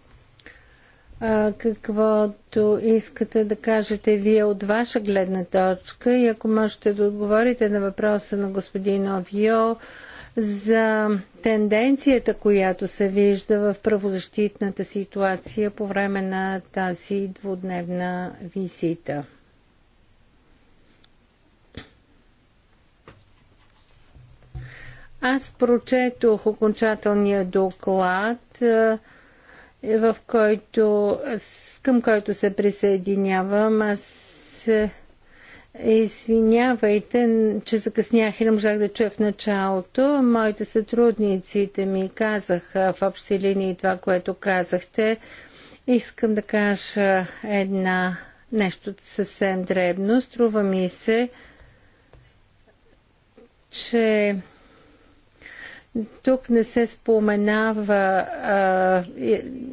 А, каквото искате да кажете вие от ваша гледна точка и ако можете да отговорите на въпроса на господин Овио за тенденцията, която се вижда в правозащитната ситуация по време на тази двудневна визита. Аз прочетох окончателния доклад, е, в който, към който се присъединявам. Аз се извинявайте, че закъснях и не можах да чуя в началото. Моите сътрудниците ми казаха в общи линии това, което казахте. Искам да кажа една нещо съвсем дребно. Струва ми се, че тук не се споменава а,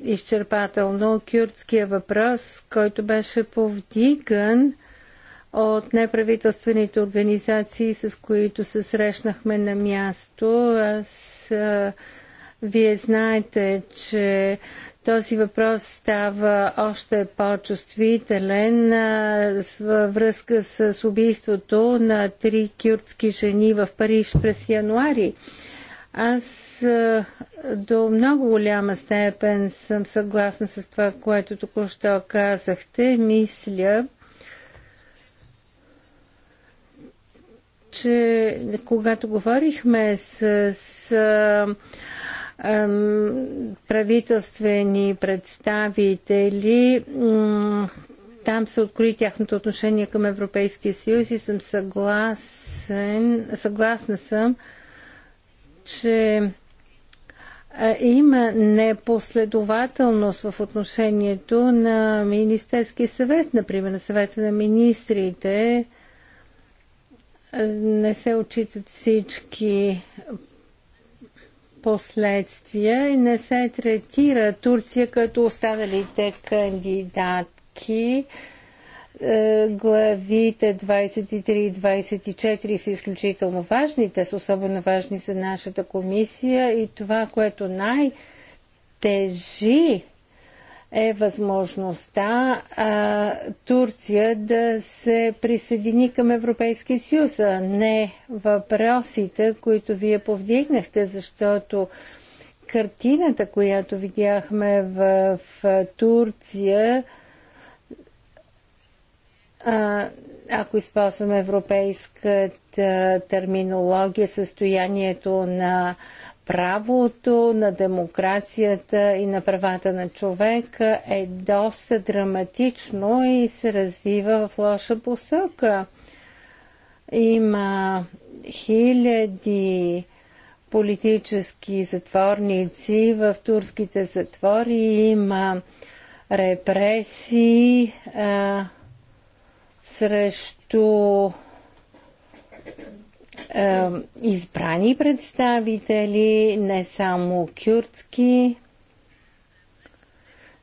изчерпателно кюртския въпрос, който беше повдиган от неправителствените организации, с които се срещнахме на място. Аз, а, вие знаете, че този въпрос става още по-чувствителен във връзка с убийството на три кюртски жени в Париж през януари аз до много голяма степен съм съгласна с това, което току-що казахте. Мисля, че когато говорихме с, с правителствени представители, там се открои тяхното отношение към Европейския съюз и съм съгласен, съгласна съм, че има непоследователност в отношението на Министерски съвет, например, на съвета на министрите. Не се отчитат всички последствия и не се третира Турция като останалите кандидатки е, главите 23 и 24 са изключително важни. Те са особено важни за нашата комисия и това, което най-тежи е възможността а, Турция да се присъедини към Европейския съюз, а не въпросите, които вие повдигнахте, защото картината, която видяхме в, в Турция, ако използваме европейската терминология, състоянието на правото, на демокрацията и на правата на човека е доста драматично и се развива в лоша посока. Има хиляди политически затворници в турските затвори, има репресии. А, срещу е, избрани представители, не само кюртски.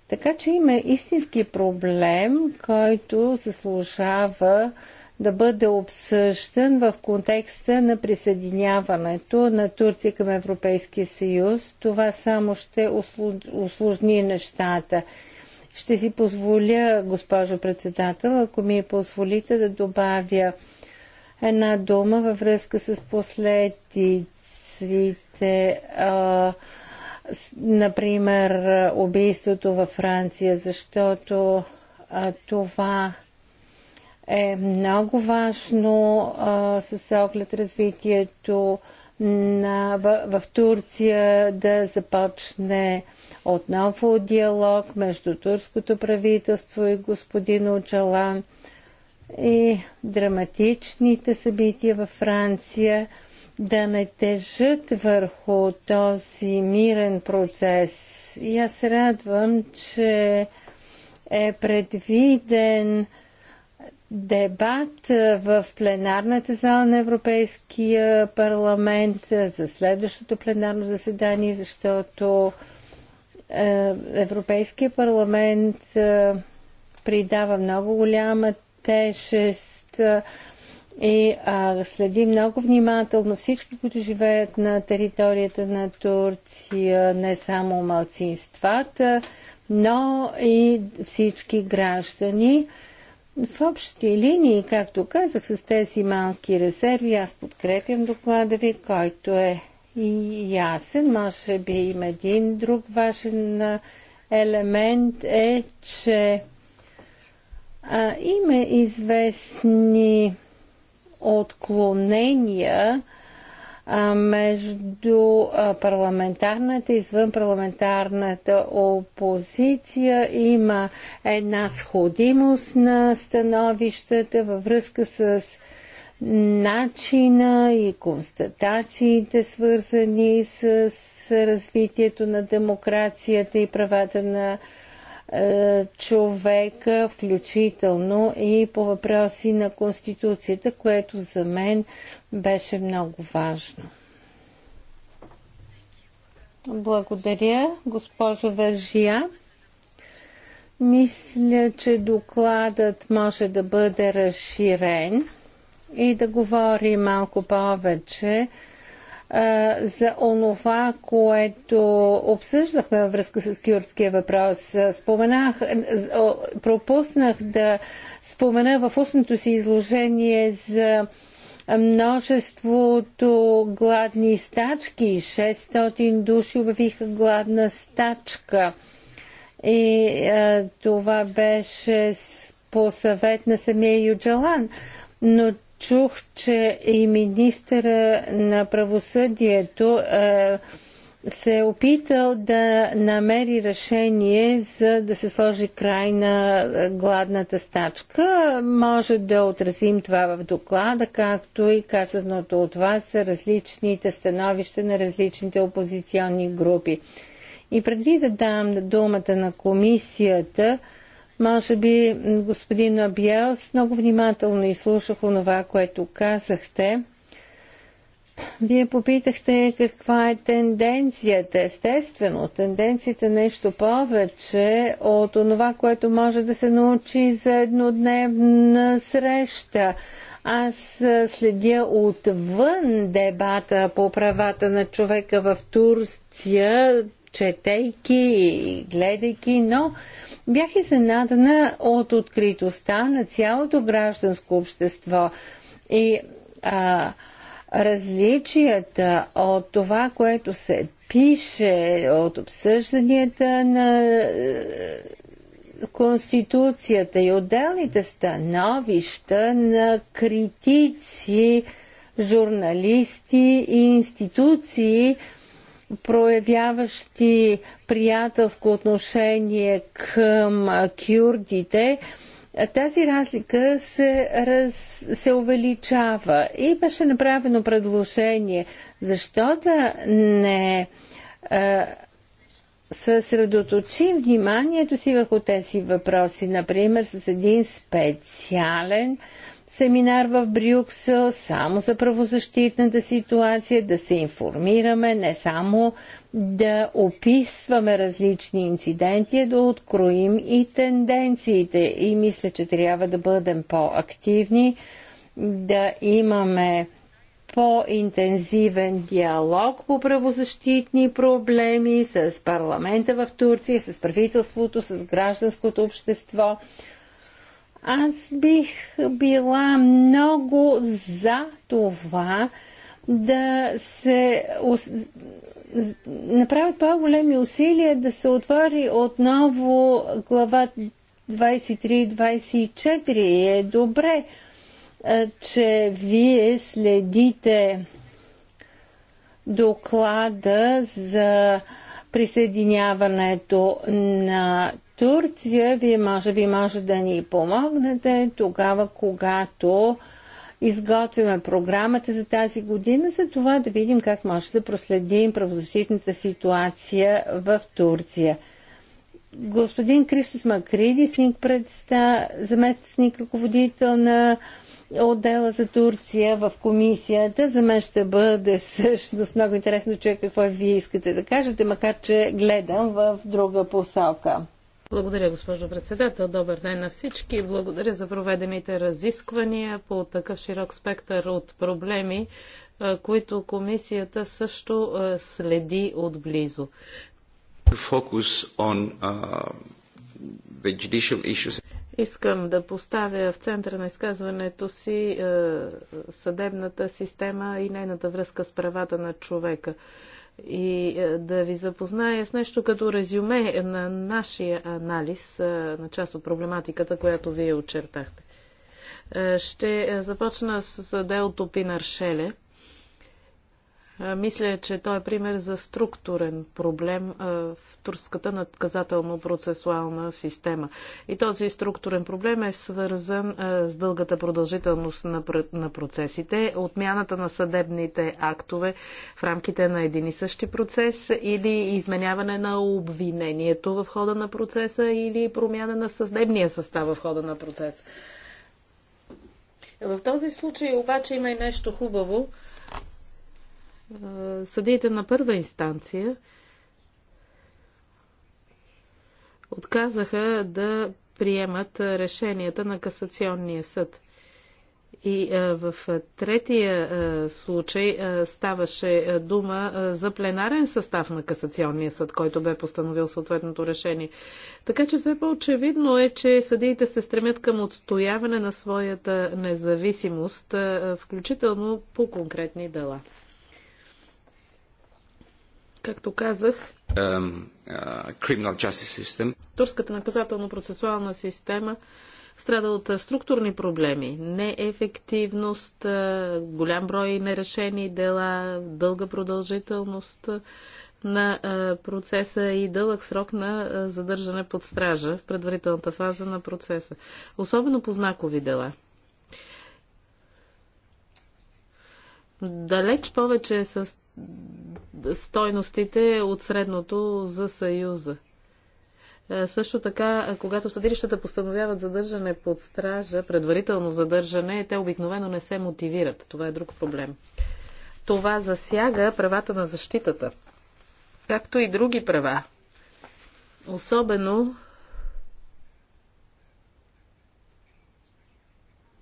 Така че има истински проблем, който заслужава да бъде обсъждан в контекста на присъединяването на Турция към Европейския съюз. Това само ще усложни нещата. Ще си позволя, госпожо председател, ако ми е позволите да добавя една дума във връзка с последиците. А, с, например, убийството във Франция, защото а, това е много важно а, с оглед развитието на, в, в Турция да започне а, отново диалог между турското правителство и господин Очалан и драматичните събития във Франция да не тежат върху този мирен процес. И аз се радвам, че е предвиден дебат в пленарната зала на Европейския парламент за следващото пленарно заседание, защото е, Европейския парламент е, придава много голяма тежест е, и а, следи много внимателно всички, които живеят на територията на Турция, не само малцинствата, но и всички граждани. В общи линии, както казах, с тези малки резерви, аз подкрепям доклада ви, който е ясен. Може би има един друг важен елемент е, че а, има известни отклонения а, между парламентарната и извънпарламентарната опозиция. Има една сходимост на становищата във връзка с начина и констатациите, свързани с развитието на демокрацията и правата на е, човека, включително и по въпроси на Конституцията, което за мен беше много важно. Благодаря, госпожо Вържия. Мисля, че докладът може да бъде разширен и да говори малко повече а, за онова, което обсъждахме във връзка с кюртския въпрос. Споменах, пропуснах да спомена в устното си изложение за множеството гладни стачки. 600 души обявиха гладна стачка. И а, това беше по съвет на самия Юджалан. Но Чух, че и министъра на правосъдието е, се е опитал да намери решение за да се сложи край на гладната стачка. Може да отразим това в доклада, както и казаното от вас за различните становища на различните опозиционни групи. И преди да дам думата на комисията, може би, господин Абиелс, много внимателно изслушах онова, което казахте. Вие попитахте каква е тенденцията. Естествено, тенденцията е нещо повече от това, което може да се научи за еднодневна среща. Аз следя отвън дебата по правата на човека в Турция, четейки и гледайки, но Бях изненадана от откритостта на цялото гражданско общество и а, различията от това, което се пише от обсъжданията на е, Конституцията и отделните становища на критици, журналисти и институции – проявяващи приятелско отношение към кюрдите, тази разлика се, раз, се увеличава. И беше направено предложение, защо да не съсредоточи съсредоточим вниманието си върху тези въпроси, например с един специален семинар в Брюксел само за правозащитната ситуация, да се информираме, не само да описваме различни инциденти, а да откроим и тенденциите. И мисля, че трябва да бъдем по-активни, да имаме по-интензивен диалог по правозащитни проблеми с парламента в Турция, с правителството, с гражданското общество. Аз бих била много за това да се направят по-големи усилия да се отвори отново глава 23-24. Е добре, че вие следите доклада за присъединяването на Турция, вие може би може да ни помогнете тогава, когато изготвяме програмата за тази година, за това да видим как може да проследим правозащитната ситуация в Турция. Господин Кристос Макридисник, предста, заместник ръководител на отдела за Турция в комисията. За мен ще бъде всъщност много интересно чуя какво вие искате да кажете, макар че гледам в друга посока. Благодаря, госпожо председател. Добър ден на всички. Благодаря за проведените разисквания по такъв широк спектър от проблеми, които комисията също следи отблизо. On, uh, Искам да поставя в центъра на изказването си е, съдебната система и нейната връзка с правата на човека и е, да ви запозная с нещо като резюме на нашия анализ е, на част от проблематиката, която вие очертахте. Е, ще започна с делото Пинаршеле. Мисля, че той е пример за структурен проблем в турската наказателно-процесуална система. И този структурен проблем е свързан с дългата продължителност на процесите, отмяната на съдебните актове в рамките на един и същи процес или изменяване на обвинението в хода на процеса или промяна на съдебния състав в хода на процеса. В този случай обаче има и нещо хубаво. Е, съдиите на първа инстанция отказаха да приемат решенията на касационния съд. И е, в третия е, случай ставаше дума за пленарен състав на касационния съд, който бе постановил съответното решение. Така че все по-очевидно е, че съдиите се стремят към отстояване на своята независимост, включително по конкретни дела. Както казах, um, uh, турската наказателно-процесуална система страда от структурни проблеми, неефективност, голям брой нерешени дела, дълга продължителност на процеса и дълъг срок на задържане под стража в предварителната фаза на процеса. Особено по знакови дела. Далеч повече е с стойностите от средното за Съюза. Е, също така, когато съдилищата постановяват задържане под стража, предварително задържане, те обикновено не се мотивират. Това е друг проблем. Това засяга правата на защитата, както и други права. Особено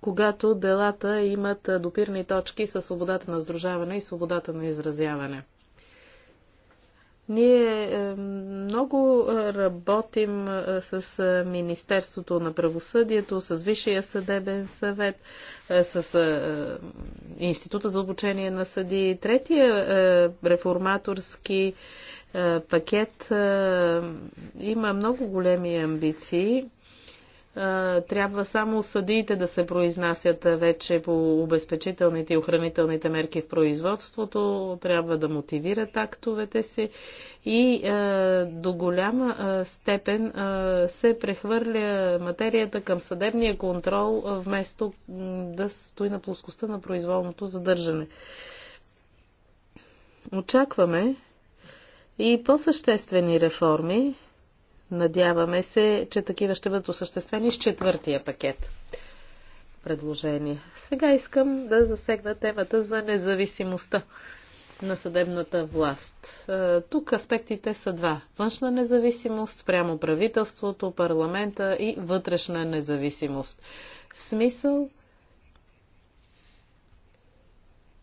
когато делата имат допирни точки със свободата на сдружаване и свободата на изразяване. Ние е, много е, работим е, с Министерството на правосъдието, с Висшия съдебен съвет, с Института за обучение на съди. Третия реформаторски пакет има много големи амбиции трябва само съдиите да се произнасят вече по обезпечителните и охранителните мерки в производството, трябва да мотивират актовете си и до голяма степен се прехвърля материята към съдебния контрол, вместо да стои на плоскостта на произволното задържане. Очакваме и по-съществени реформи, Надяваме се, че такива ще бъдат осъществени с четвъртия пакет предложения. Сега искам да засегна темата за независимостта на съдебната власт. Е, тук аспектите са два. Външна независимост спрямо правителството, парламента и вътрешна независимост. В смисъл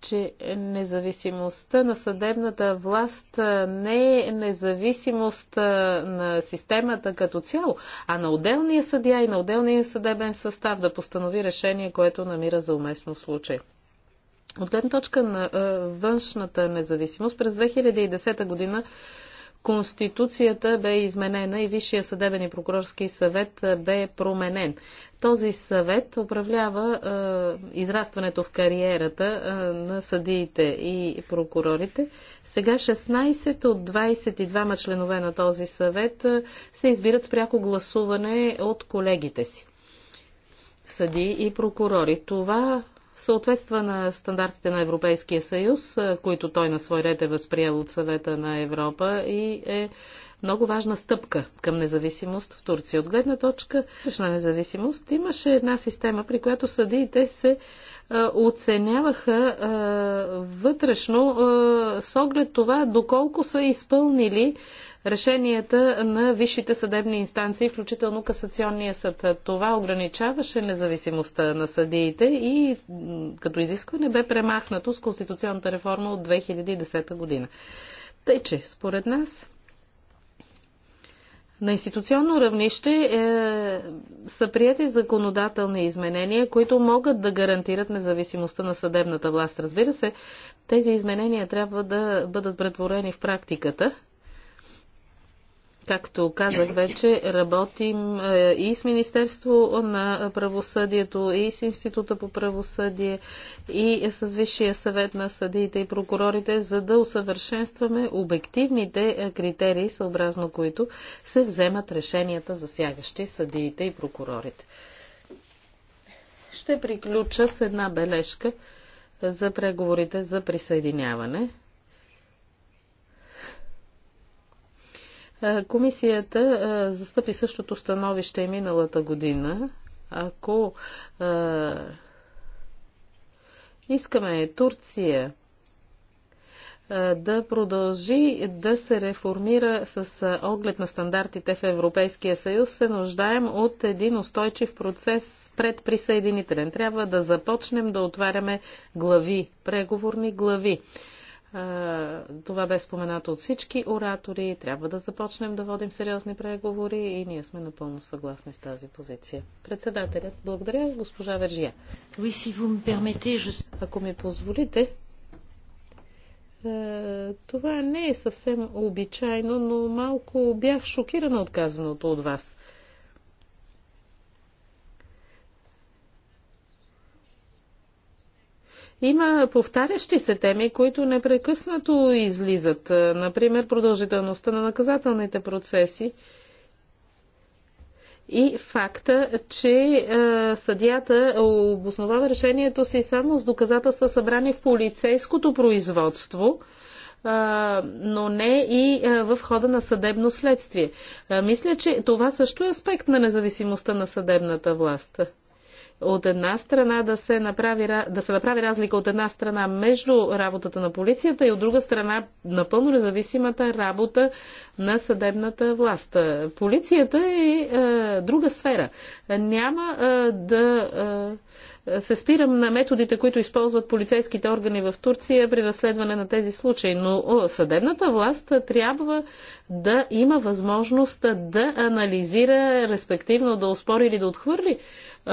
че независимостта на съдебната власт не е независимост на системата като цяло, а на отделния съдия и на отделния съдебен състав да постанови решение, което намира за уместно в случай. От гледна точка на външната независимост, през 2010 година Конституцията бе изменена и Висшия съдебен и прокурорски съвет бе променен. Този съвет управлява е, израстването в кариерата е, на съдиите и прокурорите. Сега 16 от 22 ма членове на този съвет е, се избират с пряко гласуване от колегите си съди и прокурори. Това съответства на стандартите на Европейския съюз, които той на свой ред е възприел от съвета на Европа и е много важна стъпка към независимост в Турция. От гледна точка на независимост имаше една система, при която съдиите се оценяваха вътрешно с оглед това доколко са изпълнили решенията на висшите съдебни инстанции, включително касационния съд. Това ограничаваше независимостта на съдиите и като изискване бе премахнато с конституционната реформа от 2010 година. Тъй, че според нас на институционно равнище е, са прияти законодателни изменения, които могат да гарантират независимостта на съдебната власт. Разбира се, тези изменения трябва да бъдат претворени в практиката Както казах вече, работим е, и с Министерство на правосъдието, и с Института по правосъдие, и с Висшия съвет на съдиите и прокурорите, за да усъвършенстваме обективните е, критерии, съобразно които се вземат решенията, засягащи съдиите и прокурорите. Ще приключа с една бележка за преговорите за присъединяване. Комисията застъпи същото становище и миналата година. Ако искаме Турция да продължи да се реформира с оглед на стандартите в Европейския съюз, се нуждаем от един устойчив процес предприсъединителен. Трябва да започнем да отваряме глави, преговорни глави. Това бе споменато от всички оратори. Трябва да започнем да водим сериозни преговори и ние сме напълно съгласни с тази позиция. Председателят, благодаря, госпожа Вержия. Ако ми позволите, това не е съвсем обичайно, но малко бях шокирана от казаното от вас. Има повтарящи се теми, които непрекъснато излизат. Е, например, продължителността на наказателните процеси и факта, че е, съдята обосновава решението си само с доказателства събрани в полицейското производство, е, но не и е, в хода на съдебно следствие. мисля, че това също е аспект на независимостта на съдебната власт от една страна да се, направи, да се направи разлика от една страна между работата на полицията и от друга страна напълно независимата работа на съдебната власт. Полицията е, е друга сфера. Няма е, да е, се спирам на методите, които използват полицейските органи в Турция при разследване на тези случаи, но съдебната власт трябва да има възможност да анализира, респективно да успори или да отхвърли е,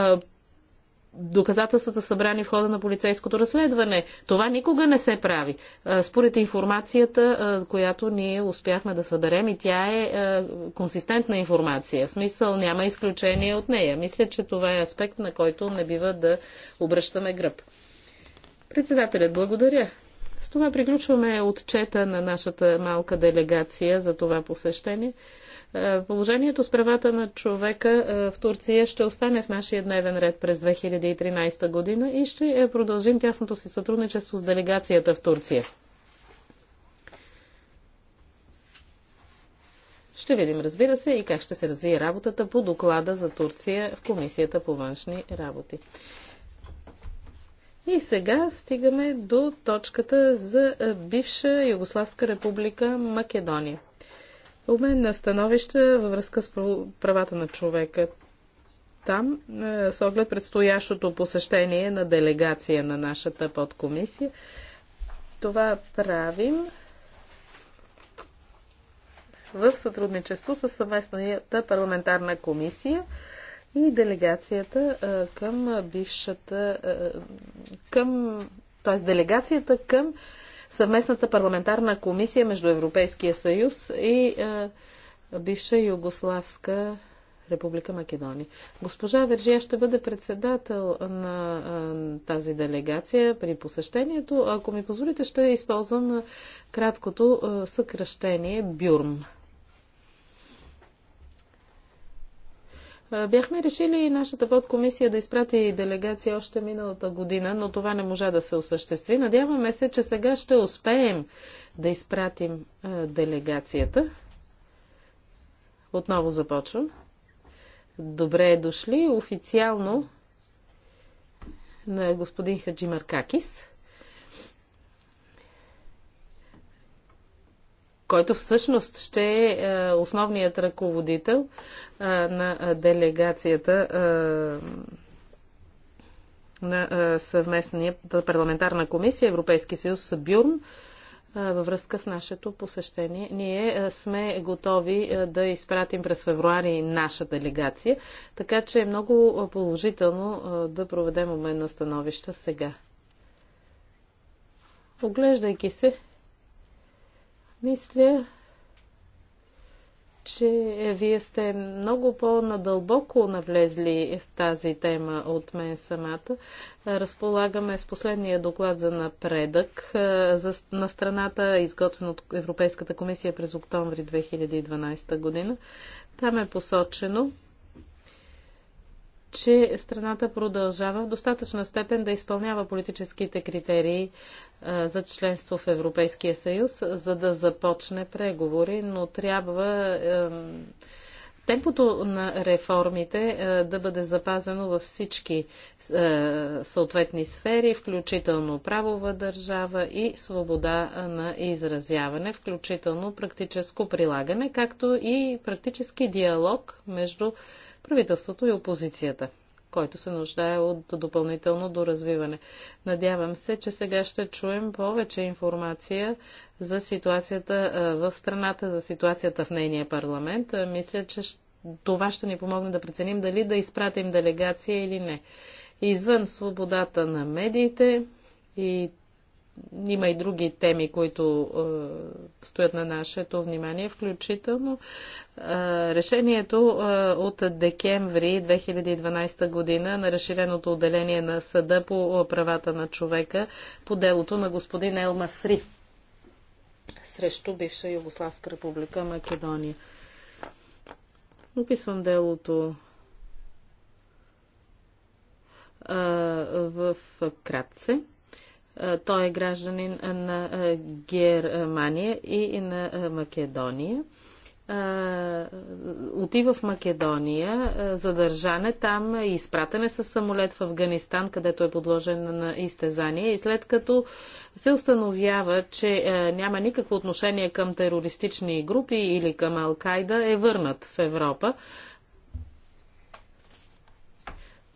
доказателствата събрани в хода на полицейското разследване. Това никога не се прави. Според информацията, която ние успяхме да съберем и тя е консистентна информация. В смисъл няма изключение от нея. Мисля, че това е аспект, на който не бива да обръщаме гръб. Председателят, благодаря. С това приключваме отчета на нашата малка делегация за това посещение. Е, положението с правата на човека е, в Турция ще остане в нашия дневен ред през 2013 година и ще е, продължим тясното си сътрудничество с делегацията в Турция. Ще видим, разбира се, и как ще се развие работата по доклада за Турция в Комисията по външни работи. И сега стигаме до точката за бивша Югославска република Македония обмен на становища във връзка с правата на човека. Там, е, с оглед предстоящото посещение на делегация на нашата подкомисия, това правим в сътрудничество с съвместната парламентарна комисия и делегацията е, към бившата, е, към, т.е. делегацията към съвместната парламентарна комисия между Европейския съюз и е, бивша Югославска Република Македония. Госпожа Вержия ще бъде председател на е, тази делегация при посещението. Ако ми позволите, ще използвам е, краткото е, съкръщение БЮРМ. Бяхме решили нашата подкомисия да изпрати делегация още миналата година, но това не можа да се осъществи. Надяваме се, че сега ще успеем да изпратим делегацията. Отново започвам. Добре дошли официално на господин Хаджи Какис. който всъщност ще е, е основният ръководител е, на е, делегацията на съвместната парламентарна комисия Европейски съюз Бюрн във връзка с нашето посещение. Ние сме готови да изпратим през февруари наша делегация, така че е много положително да проведем обмен на становища сега. Оглеждайки се, мисля, че вие сте много по-надълбоко навлезли в тази тема от мен самата. Разполагаме с последния доклад за напредък на страната, изготвен от Европейската комисия през октомври 2012 година. Там е посочено, че страната продължава в достатъчна степен да изпълнява политическите критерии за членство в Европейския съюз, за да започне преговори, но трябва темпото на реформите е, да бъде запазено във всички е, съответни сфери, включително правова държава и свобода на изразяване, включително практическо прилагане, както и практически диалог между правителството и опозицията който се нуждае от допълнително доразвиване. Надявам се, че сега ще чуем повече информация за ситуацията в страната, за ситуацията в нейния парламент. Мисля, че това ще ни помогне да преценим дали да изпратим делегация или не. Извън свободата на медиите и има и други теми, които е, стоят на нашето внимание, включително е, решението е, от декември 2012 година на разширеното отделение на съда по е, правата на човека по делото на господин Елма Сри, срещу бивша Югославска република Македония. Описвам делото е, в кратце. Е, той е гражданин е, на е, Германия и на Македония отива в Македония, задържан е там, изпратен е с самолет в Афганистан, където е подложен на изтезание и след като се установява, че няма никакво отношение към терористични групи или към Алкайда, е върнат в Европа.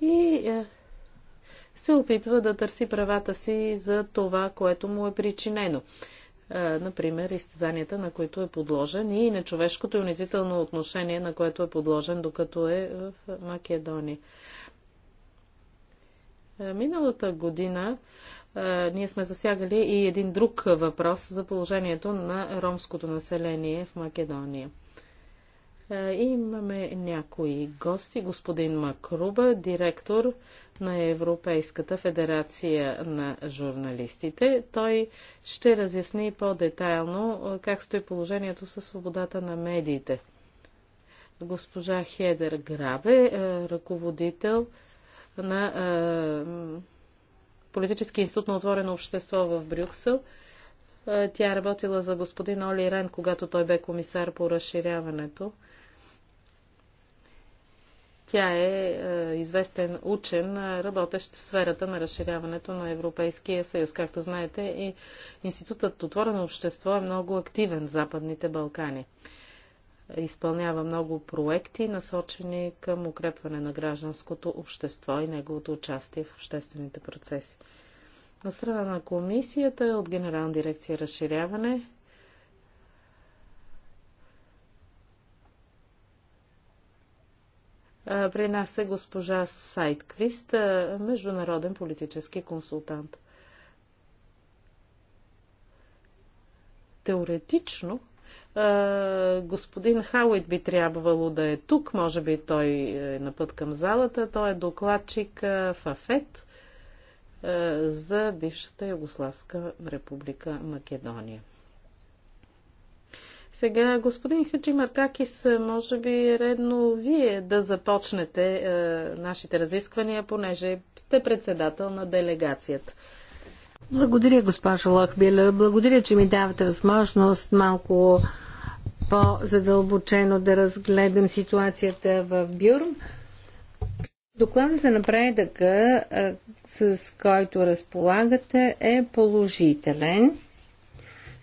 И се опитва да търси правата си за това, което му е причинено. Е, например, изтезанията, на които е подложен и нечовешкото и унизително отношение, на което е подложен, докато е в Македония. Е, миналата година е, ние сме засягали и един друг въпрос за положението на ромското население в Македония. Е, имаме някои гости. Господин Макруба, директор на Европейската федерация на журналистите. Той ще разясни по-детайлно е, как стои положението със свободата на медиите. Госпожа Хедер Грабе, е, ръководител на Политически институт на отворено общество в Брюксел. Е, тя е работила за господин Оли Рен, когато той бе комисар по разширяването. Тя е, е известен учен, е, работещ в сферата на разширяването на Европейския съюз. Както знаете, и Институтът Отворено общество е много активен в Западните Балкани. Изпълнява много проекти, насочени към укрепване на гражданското общество и неговото участие в обществените процеси. На страна на комисията от Генерална дирекция разширяване При нас е госпожа Сайтквист, международен политически консултант. Теоретично, господин Хауит би трябвало да е тук, може би той е на път към залата, той е докладчик в АФЕТ. Е, за бившата Югославска република Македония. Сега, господин Хаджи Маркакис, може би е редно вие да започнете е, нашите разисквания, понеже сте председател на делегацията. Благодаря, госпожо Лахбиле, Благодаря, че ми давате възможност малко по-задълбочено да разгледам ситуацията в Бюрм. Доклада за напредъка, с който разполагате, е положителен.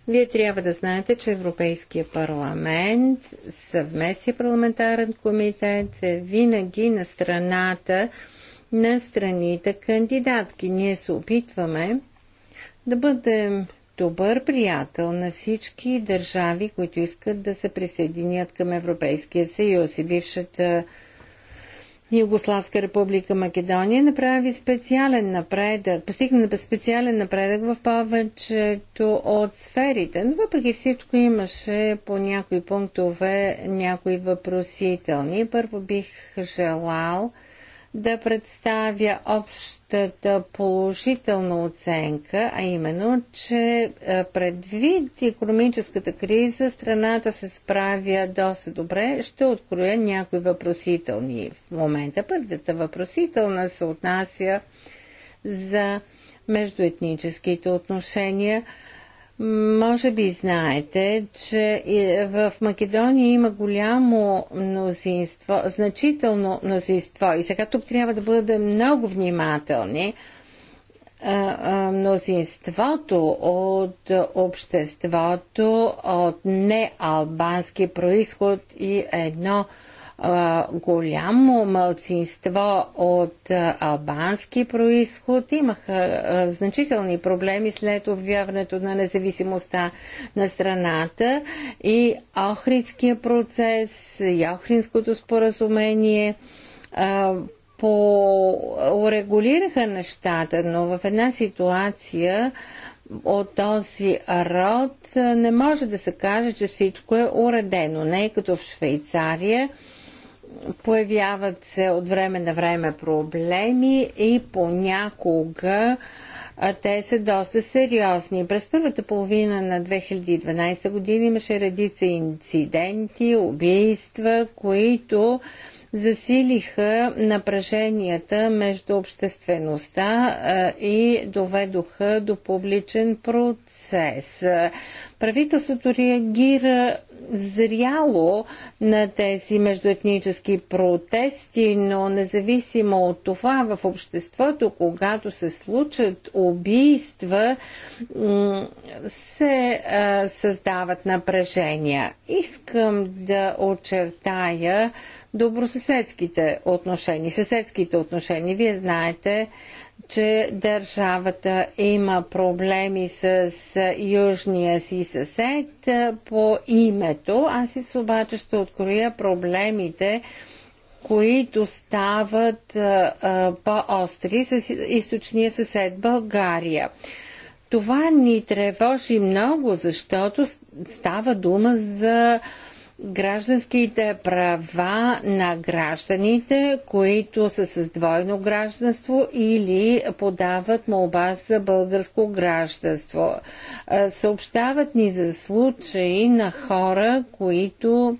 Вие трябва да знаете, че Европейския парламент, съвместния парламентарен комитет е винаги на страната на страните кандидатки. Ние се опитваме да бъдем добър приятел на всички държави, които искат да се присъединят към Европейския съюз и бившата Югославска република Македония направи специален напредък, постигна специален напредък в повечето от сферите, но въпреки всичко имаше по някои пунктове някои въпросителни. Първо бих желал да представя общата положителна оценка, а именно, че е, предвид економическата криза страната се справя доста добре. Ще откроя някои въпросителни в момента. Първата въпросителна се отнася за междуетническите отношения – може би знаете, че в Македония има голямо мнозинство, значително мнозинство. И сега тук трябва да бъдем много внимателни. Мнозинството от обществото от неалбански происход и едно голямо мълцинство от албански происход имаха значителни проблеми след обявяването на независимостта на страната и Охридския процес и Охридското споразумение по урегулираха нещата, но в една ситуация от този род не може да се каже, че всичко е уредено. Не е като в Швейцария, Появяват се от време на време проблеми и понякога а те са доста сериозни. През първата половина на 2012 година имаше редица инциденти, убийства, които засилиха напреженията между обществеността и доведоха до публичен процес. Правителството реагира зряло на тези междуетнически протести, но независимо от това в обществото, когато се случат убийства, се създават напрежения. Искам да очертая добросъседските отношения, съседските отношения. Вие знаете, че държавата има проблеми с южния си съсед по името. Аз и обаче ще откроя проблемите, които стават по-остри с източния съсед България. Това ни тревожи много, защото става дума за гражданските права на гражданите, които са с двойно гражданство или подават молба за българско гражданство. Е, съобщават ни за случаи на хора, които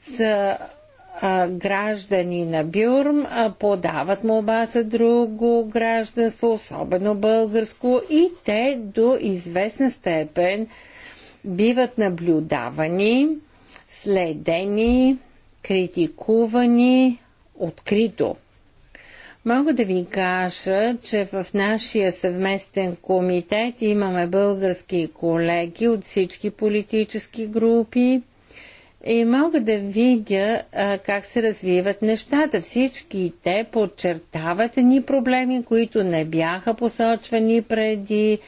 са граждани на Бюрм подават молба за друго гражданство, особено българско, и те до известна степен биват наблюдавани следени, критикувани открито. Мога да ви кажа, че в нашия съвместен комитет имаме български колеги от всички политически групи и мога да видя а, как се развиват нещата. Всички те подчертават ни проблеми, които не бяха посочвани преди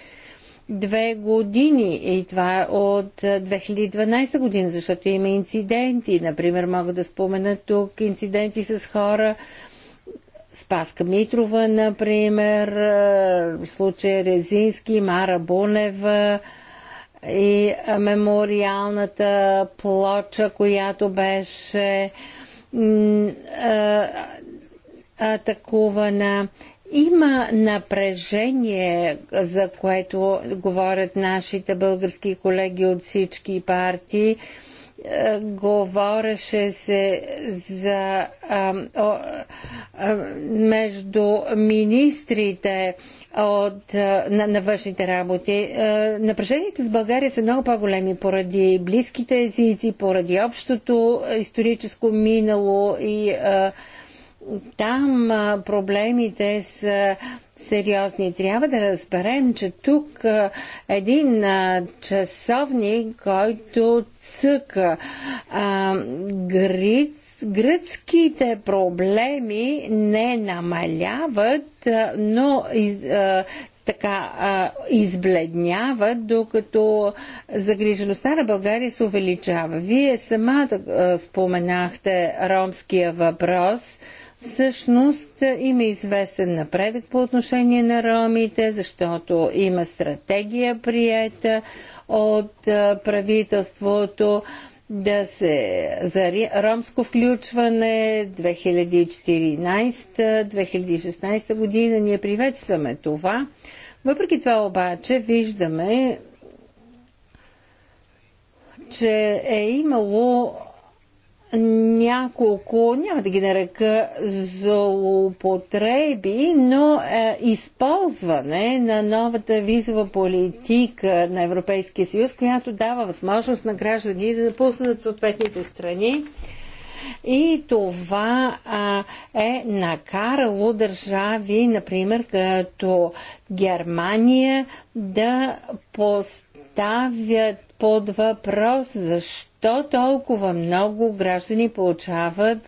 две години и това е от 2012 е, година, защото има инциденти. Например, мога да спомена тук инциденти с хора, Спаска Митрова, например, в е, случая Резински, Мара Бунева и мемориалната плоча, която беше е, атакувана. Има напрежение, за което говорят нашите български колеги от всички партии. Е, говореше се за а, о, а, между министрите от, на, на външните работи. Е, Напрежението с България са много по-големи поради близките езици, поради общото историческо минало и а, там проблемите са сериозни. Трябва да разберем, че тук един часовник, който цъка а, грит, гръцките проблеми не намаляват, но из, а, така а, докато загрижеността на България се увеличава. Вие сама споменахте ромския въпрос. Всъщност е, има известен напредък по отношение на ромите, защото има стратегия приета от е, правителството да се за ромско включване 2014-2016 година. Ние приветстваме това. Въпреки това обаче виждаме, че е имало няколко, няма да ги нарека злоупотреби, но е, използване на новата визова политика на Европейския съюз, която дава възможност на граждани да напуснат съответните страни. И това а, е накарало държави, например, като Германия, да поставят под въпрос защо то толкова много граждани получават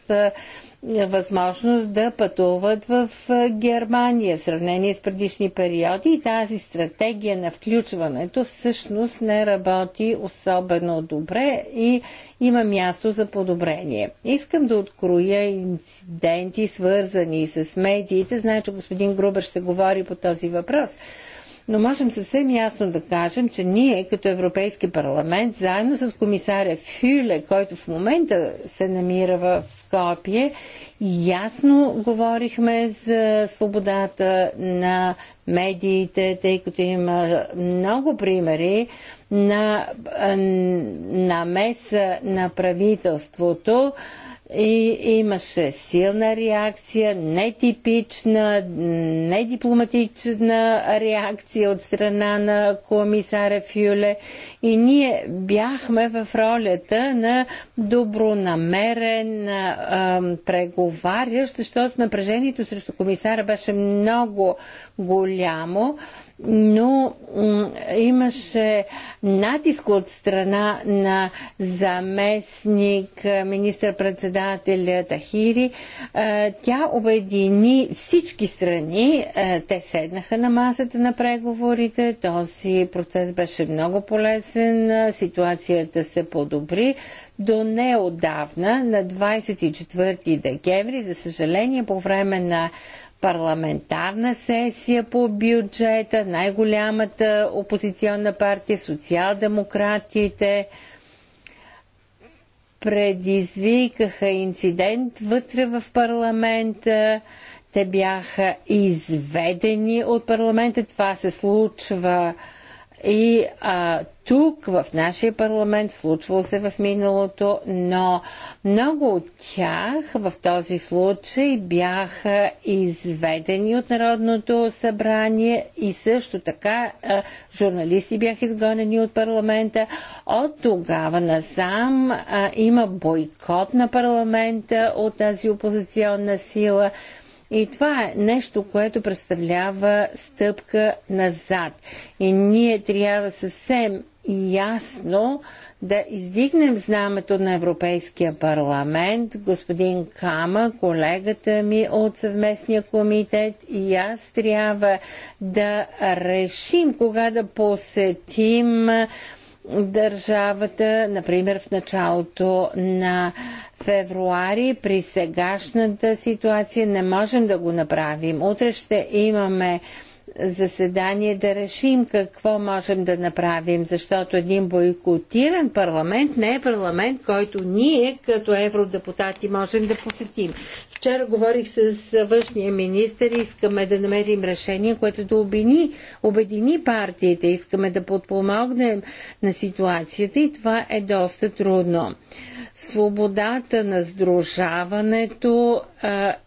възможност да пътуват в Германия в сравнение с предишни периоди и тази стратегия на включването всъщност не работи особено добре и има място за подобрение. Искам да откроя инциденти, свързани с медиите. Знае, че господин Грубер ще говори по този въпрос но можем съвсем ясно да кажем, че ние като Европейски парламент, заедно с комисаря Фюле, който в момента се намира в Скопие, ясно говорихме за свободата на медиите, тъй като има много примери на намеса на правителството и имаше силна реакция, нетипична, недипломатична реакция от страна на комисаря Фюле. И ние бяхме в ролята на добронамерен а, преговарящ, защото напрежението срещу комисара беше много голямо но имаше натиск от страна на заместник е, министър-председателя Тахири. Е, тя обедини всички страни. Е, те седнаха на масата на преговорите. Този процес беше много полезен. Ситуацията се подобри до неодавна, на 24 декември, за съжаление, по време на парламентарна сесия по бюджета, най-голямата опозиционна партия, социал-демократите, предизвикаха инцидент вътре в парламента. Те бяха изведени от парламента. Това се случва и а, тук, в нашия парламент, случвало се в миналото, но много от тях в този случай бяха изведени от Народното събрание и също така а, журналисти бяха изгонени от парламента. От тогава насам а, има бойкот на парламента от тази опозиционна сила. И това е нещо, което представлява стъпка назад. И ние трябва съвсем ясно да издигнем знамето на Европейския парламент. Господин Кама, колегата ми от съвместния комитет и аз трябва да решим кога да посетим държавата, например в началото на февруари, при сегашната ситуация не можем да го направим. Утре ще имаме заседание да решим какво можем да направим, защото един бойкотиран парламент не е парламент, който ние като евродепутати можем да посетим. Вчера говорих с външния министр и искаме да намерим решение, което да обедини, обедини партиите. Искаме да подпомогнем на ситуацията и това е доста трудно. Свободата на сдружаването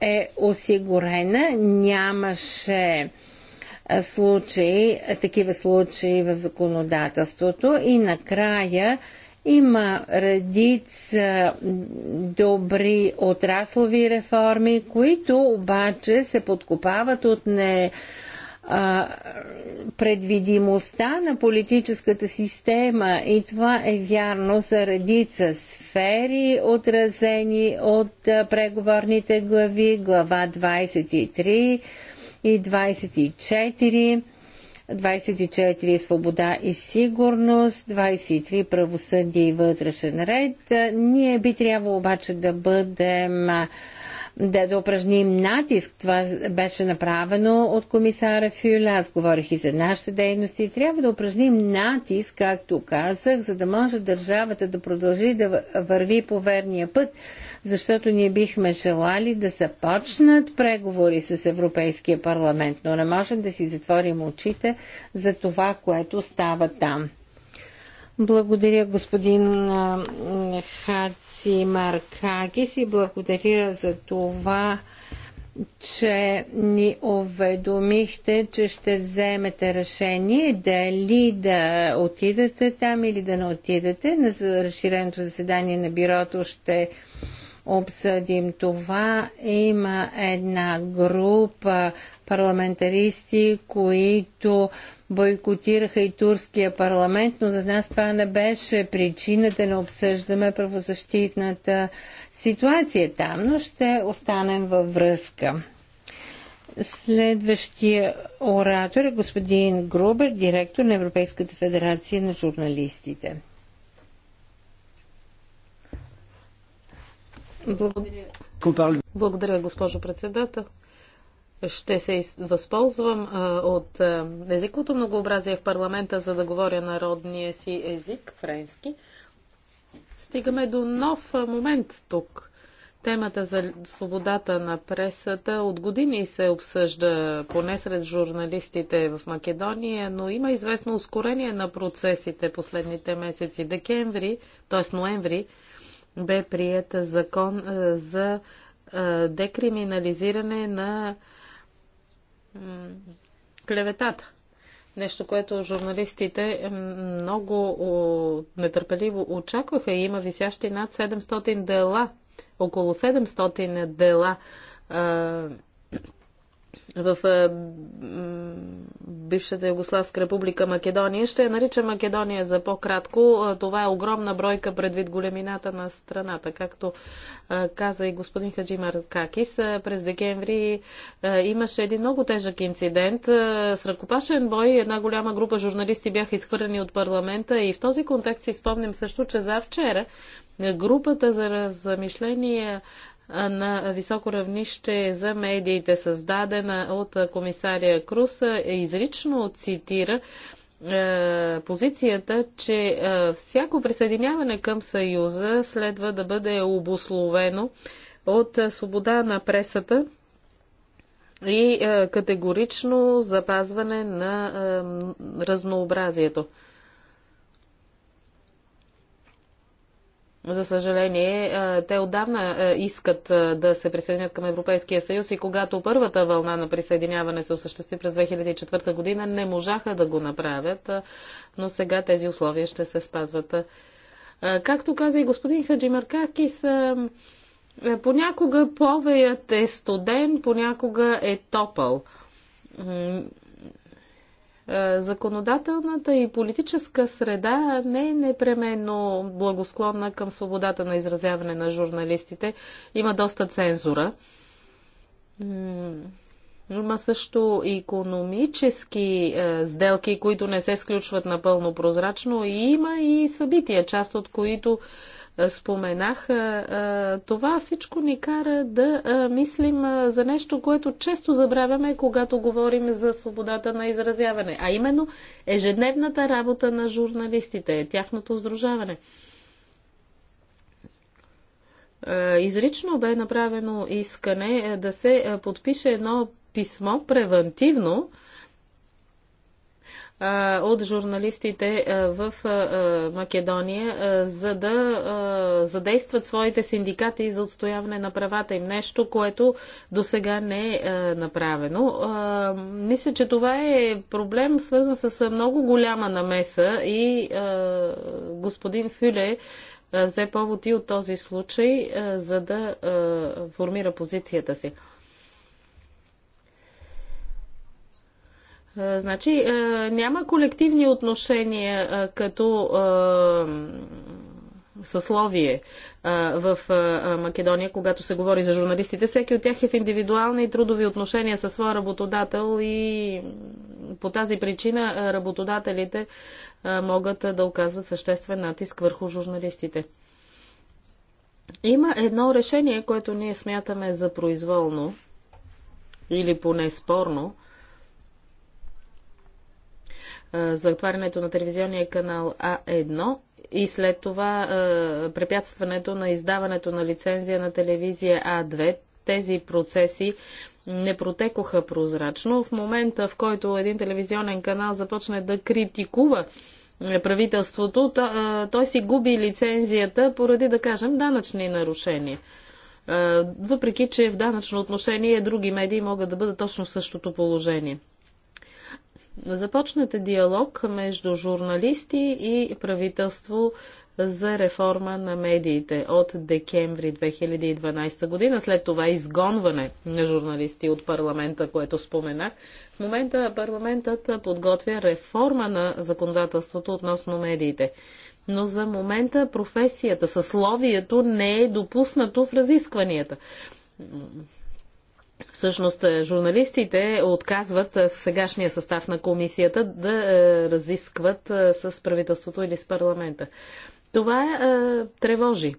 е осигурена. Нямаше случаи, такива случаи в законодателството. И накрая има редица добри отраслови реформи, които обаче се подкопават от не предвидимостта на политическата система и това е вярно за редица сфери, отразени от преговорните глави, глава 23 и 24 24 е свобода и сигурност, 23 е правосъдие и вътрешен ред. Ние би трябвало обаче да бъдем да, да упражним натиск. Това беше направено от комисара Фюля, Аз говорих и за нашите дейности. Трябва да упражним натиск, както казах, за да може държавата да продължи да върви по верния път, защото ние бихме желали да започнат преговори с Европейския парламент, но не можем да си затворим очите за това, което става там. Благодаря господин Хаци Маркакис и благодаря за това, че ни уведомихте, че ще вземете решение дали да отидете там или да не отидете. На разширеното заседание на бюрото ще обсъдим това. Има една група парламентаристи, които бойкотираха и турския парламент, но за нас това не беше причина да не обсъждаме правозащитната ситуация там, но ще останем във връзка. Следващия оратор е господин Грубер, директор на Европейската федерация на журналистите. Благодаря. Благодаря, госпожо председател. Ще се възползвам а, от а, езиковото многообразие в парламента, за да говоря народния си език, френски. Стигаме до нов момент тук. Темата за свободата на пресата от години се обсъжда поне сред журналистите в Македония, но има известно ускорение на процесите последните месеци. Декември, т.е. ноември, бе приета закон за декриминализиране на клеветата. Нещо, което журналистите много нетърпеливо очакваха и има висящи над 700 дела, около 700 дела в е, бившата Югославска република Македония. Ще я нарича Македония за по-кратко. Е, това е огромна бройка предвид големината на страната. Както е, каза и господин Хаджимар Какис, през декември имаше един много тежък инцидент с ръкопашен бой. Една голяма група журналисти бяха изхвърлени от парламента и в този контекст си спомням също, че за вчера групата за размишление на високо равнище за медиите, създадена от комисария Крус. изрично цитира позицията, че всяко присъединяване към Съюза следва да бъде обословено от свобода на пресата и категорично запазване на разнообразието. За съжаление, те отдавна искат да се присъединят към Европейския съюз и когато първата вълна на присъединяване се осъществи през 2004 година, не можаха да го направят, но сега тези условия ще се спазват. Както каза и господин Хаджимаркакис, понякога повеят е студен, понякога е топъл. Е, законодателната и политическа среда не е непременно благосклонна към свободата на изразяване на журналистите. Има доста цензура. Има също и економически е, сделки, които не се сключват напълно прозрачно и има и събития, част от които споменах, това всичко ни кара да мислим за нещо, което често забравяме, когато говорим за свободата на изразяване, а именно ежедневната работа на журналистите, тяхното сдружаване. Изрично бе направено искане е, да се е, подпише едно писмо превентивно, от журналистите в Македония, за да задействат своите синдикати за отстояване на правата им. Нещо, което до сега не е направено. Мисля, че това е проблем свързан с много голяма намеса и господин Фюле взе повод и от този случай, за да формира позицията си. Е, значи е, няма колективни отношения е, като съсловие в Македония, когато се говори за журналистите. Всеки от тях е в индивидуални и трудови отношения със своя работодател и по тази причина работодателите могат да оказват съществен натиск върху журналистите. Има едно решение, което ние смятаме за произволно или поне спорно за отварянето на телевизионния канал А1 и след това препятстването на издаването на лицензия на телевизия А2. Тези процеси не протекоха прозрачно. В момента, в който един телевизионен канал започне да критикува правителството, той си губи лицензията поради, да кажем, данъчни нарушения. Въпреки, че в данъчно отношение други медии могат да бъдат точно в същото положение започнете диалог между журналисти и правителство за реформа на медиите от декември 2012 година, след това изгонване на журналисти от парламента, което споменах. В момента парламентът подготвя реформа на законодателството относно медиите. Но за момента професията, съсловието не е допуснато в разискванията. Всъщност, е, журналистите отказват е, в сегашния състав на комисията да е, разискват с правителството или с парламента. Това е, тревожи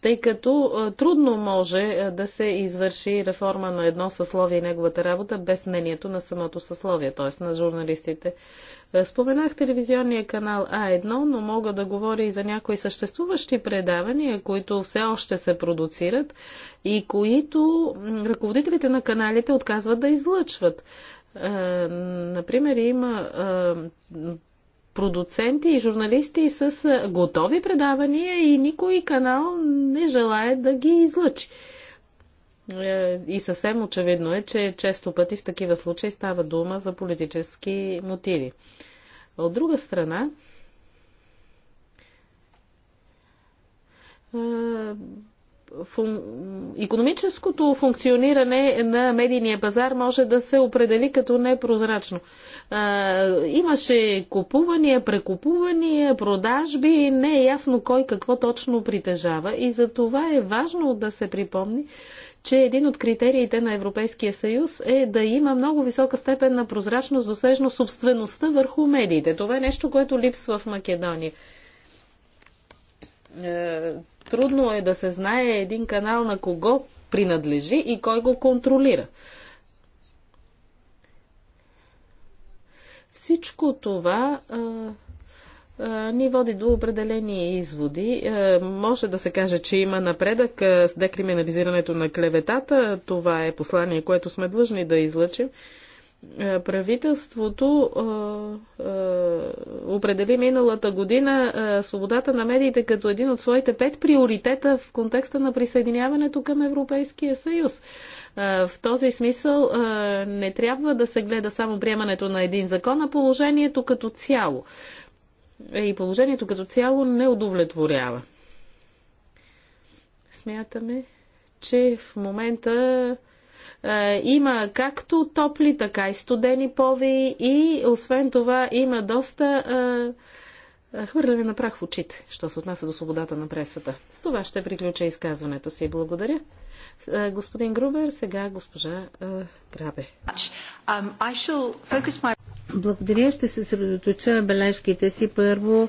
тъй като трудно може да се извърши реформа на едно съсловие и неговата работа без мнението на самото съсловие, т.е. на журналистите. Споменах телевизионния канал А1, но мога да говоря и за някои съществуващи предавания, които все още се продуцират и които ръководителите на каналите отказват да излъчват. Например, има продуценти и журналисти с готови предавания и никой канал не желая да ги излъчи. Е, и съвсем очевидно е, че често пъти в такива случаи става дума за политически мотиви. От друга страна, е, фун... економическото функциониране на медийния пазар може да се определи като непрозрачно. А, имаше купувания, прекупувания, продажби не е ясно кой какво точно притежава. И за това е важно да се припомни, че един от критериите на Европейския съюз е да има много висока степен на прозрачност, досежно собствеността върху медиите. Това е нещо, което липсва в Македония. Е, трудно е да се знае един канал на кого принадлежи и кой го контролира. Всичко това а, е, а, е, ни води до определени изводи. А, може да се каже, че има напредък а, с декриминализирането на клеветата. Това е послание, което сме длъжни да излъчим. А, е, правителството е, е, определи миналата година свободата на медиите като един от своите пет приоритета в контекста на присъединяването към Европейския съюз. В този смисъл не трябва да се гледа само приемането на един закон, а положението като цяло. И положението като цяло не удовлетворява. Смятаме, че в момента е, има както топли, така и студени пови и освен това има доста е, хвърляне на прах в очите, що се отнася до свободата на пресата. С това ще приключа изказването си. Благодаря. Е, господин Грубер, сега госпожа Грабе. Um, Благодаря. Ще се съсредоточа на бележките си първо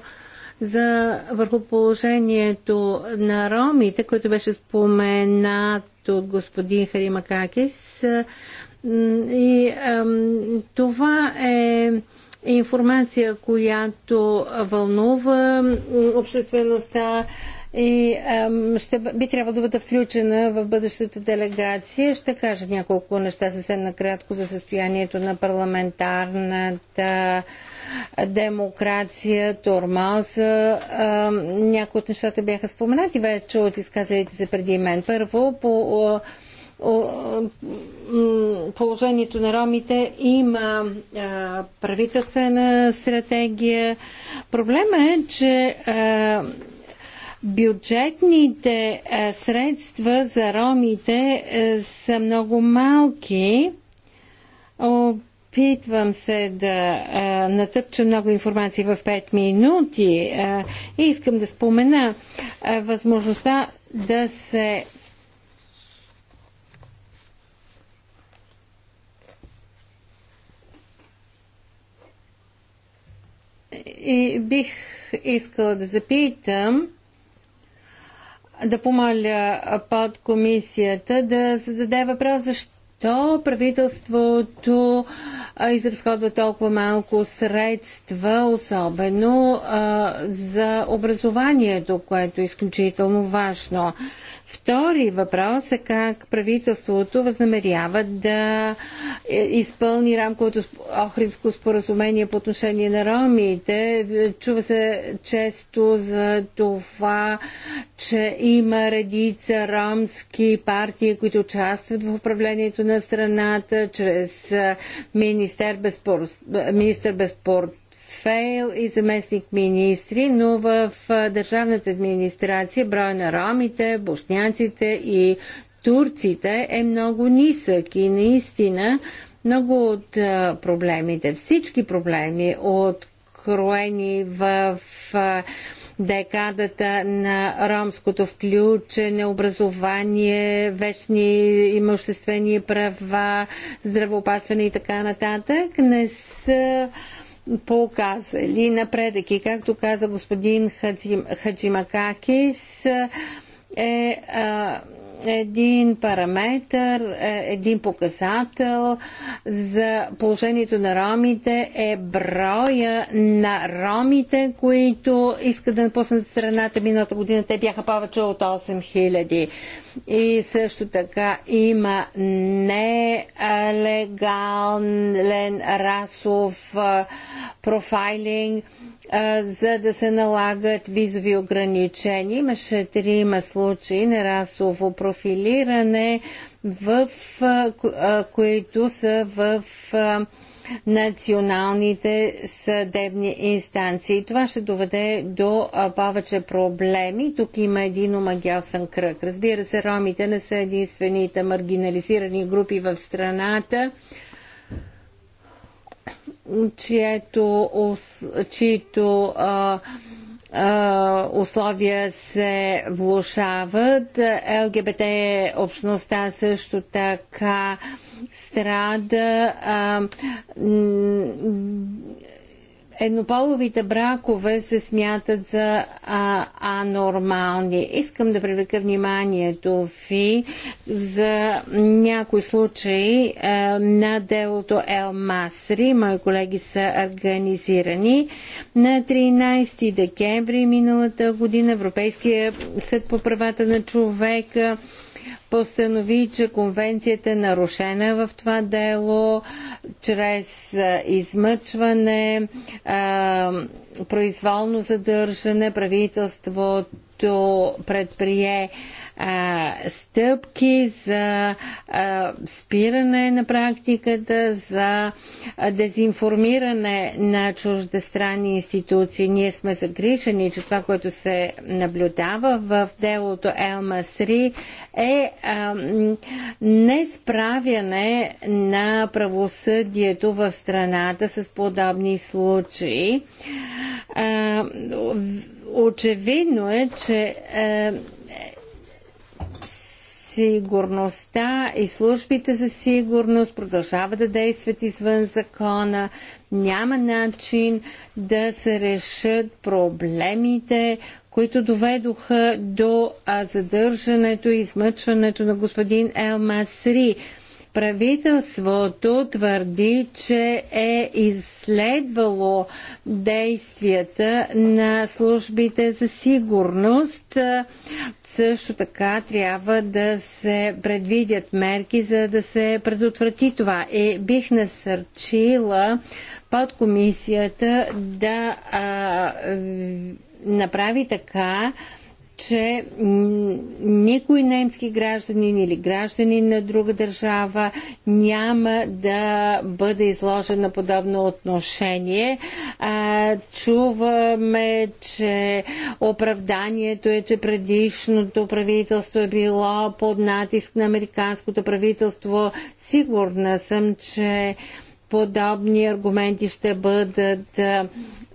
за върху положението на ромите, което беше споменато от господин Харимакакис. И ам, това е информация, която вълнува обществеността и ам, ще, би трябвало да бъде включена в бъдещата делегация. Ще кажа няколко неща съвсем накратко за състоянието на парламентарната демокрация, турмоза. някои от нещата бяха споменати вече от изказалите се преди мен. Първо, по положението на ромите, има правителствена стратегия. Проблема е, че а, Бюджетните е, средства за ромите е, са много малки. Опитвам се да а, е, натъпча много информация в 5 минути. А, искам да спомена а, възможността да се и бих искала да запитам да помоля под комисията да зададе въпрос защо защо правителството изразходва толкова малко средства, особено а, за образованието, което е изключително важно. Втори въпрос е как правителството възнамерява да е, изпълни рамковото охридско споразумение по отношение на ромите. Чува се често за това, че има редица ромски партии, които участват в управлението на страната чрез министър без, министър без портфейл и заместник министри, но в държавната администрация броя на ромите, бошняците и турците е много нисък и наистина много от проблемите, всички проблеми, откроени в декадата на ромското включене, образование, вечни имуществени права, здравеопасване и така нататък, не са показали напредък. И както каза господин Хаджимакакис, е а, един параметр, е, един показател за положението на ромите е броя на ромите, които искат да напуснат страната. Миналата година те бяха повече от 8000. И също така има нелегален расов е, профайлинг за да се налагат визови ограничения. Имаше трима случаи на расово профилиране, в, които са в националните съдебни инстанции. Това ще доведе до повече проблеми. Тук има един омагиосен кръг. Разбира се, ромите не са единствените маргинализирани групи в страната чието, чието а, условия се влушават. ЛГБТ общността също така страда еднополовите бракове се смятат за а, анормални. Искам да привлека вниманието ви за някои случаи а, е, на делото Ел Масри. Мои колеги са организирани. На 13 декември миналата година Европейския съд по правата на човека постанови, че конвенцията е нарушена в това дело чрез измъчване, произволно задържане, правителството предприе а, стъпки за а, спиране на практиката, за дезинформиране на чуждестранни институции. Ние сме загрижени, че това, което се наблюдава в делото Елма Сри е а, несправяне на правосъдието в страната с подобни случаи. А, очевидно е, че сигурността и службите за сигурност продължават да действат извън закона. Няма начин да се решат проблемите, които доведоха до задържането и измъчването на господин Елмасри. Правителството твърди, че е изследвало действията на службите за сигурност. Също така трябва да се предвидят мерки, за да се предотврати това. И бих насърчила под комисията да а, направи така, че никой немски гражданин или гражданин на друга държава няма да бъде изложен на подобно отношение. А, чуваме, че оправданието е, че предишното правителство е било под натиск на американското правителство. Сигурна съм, че подобни аргументи ще бъдат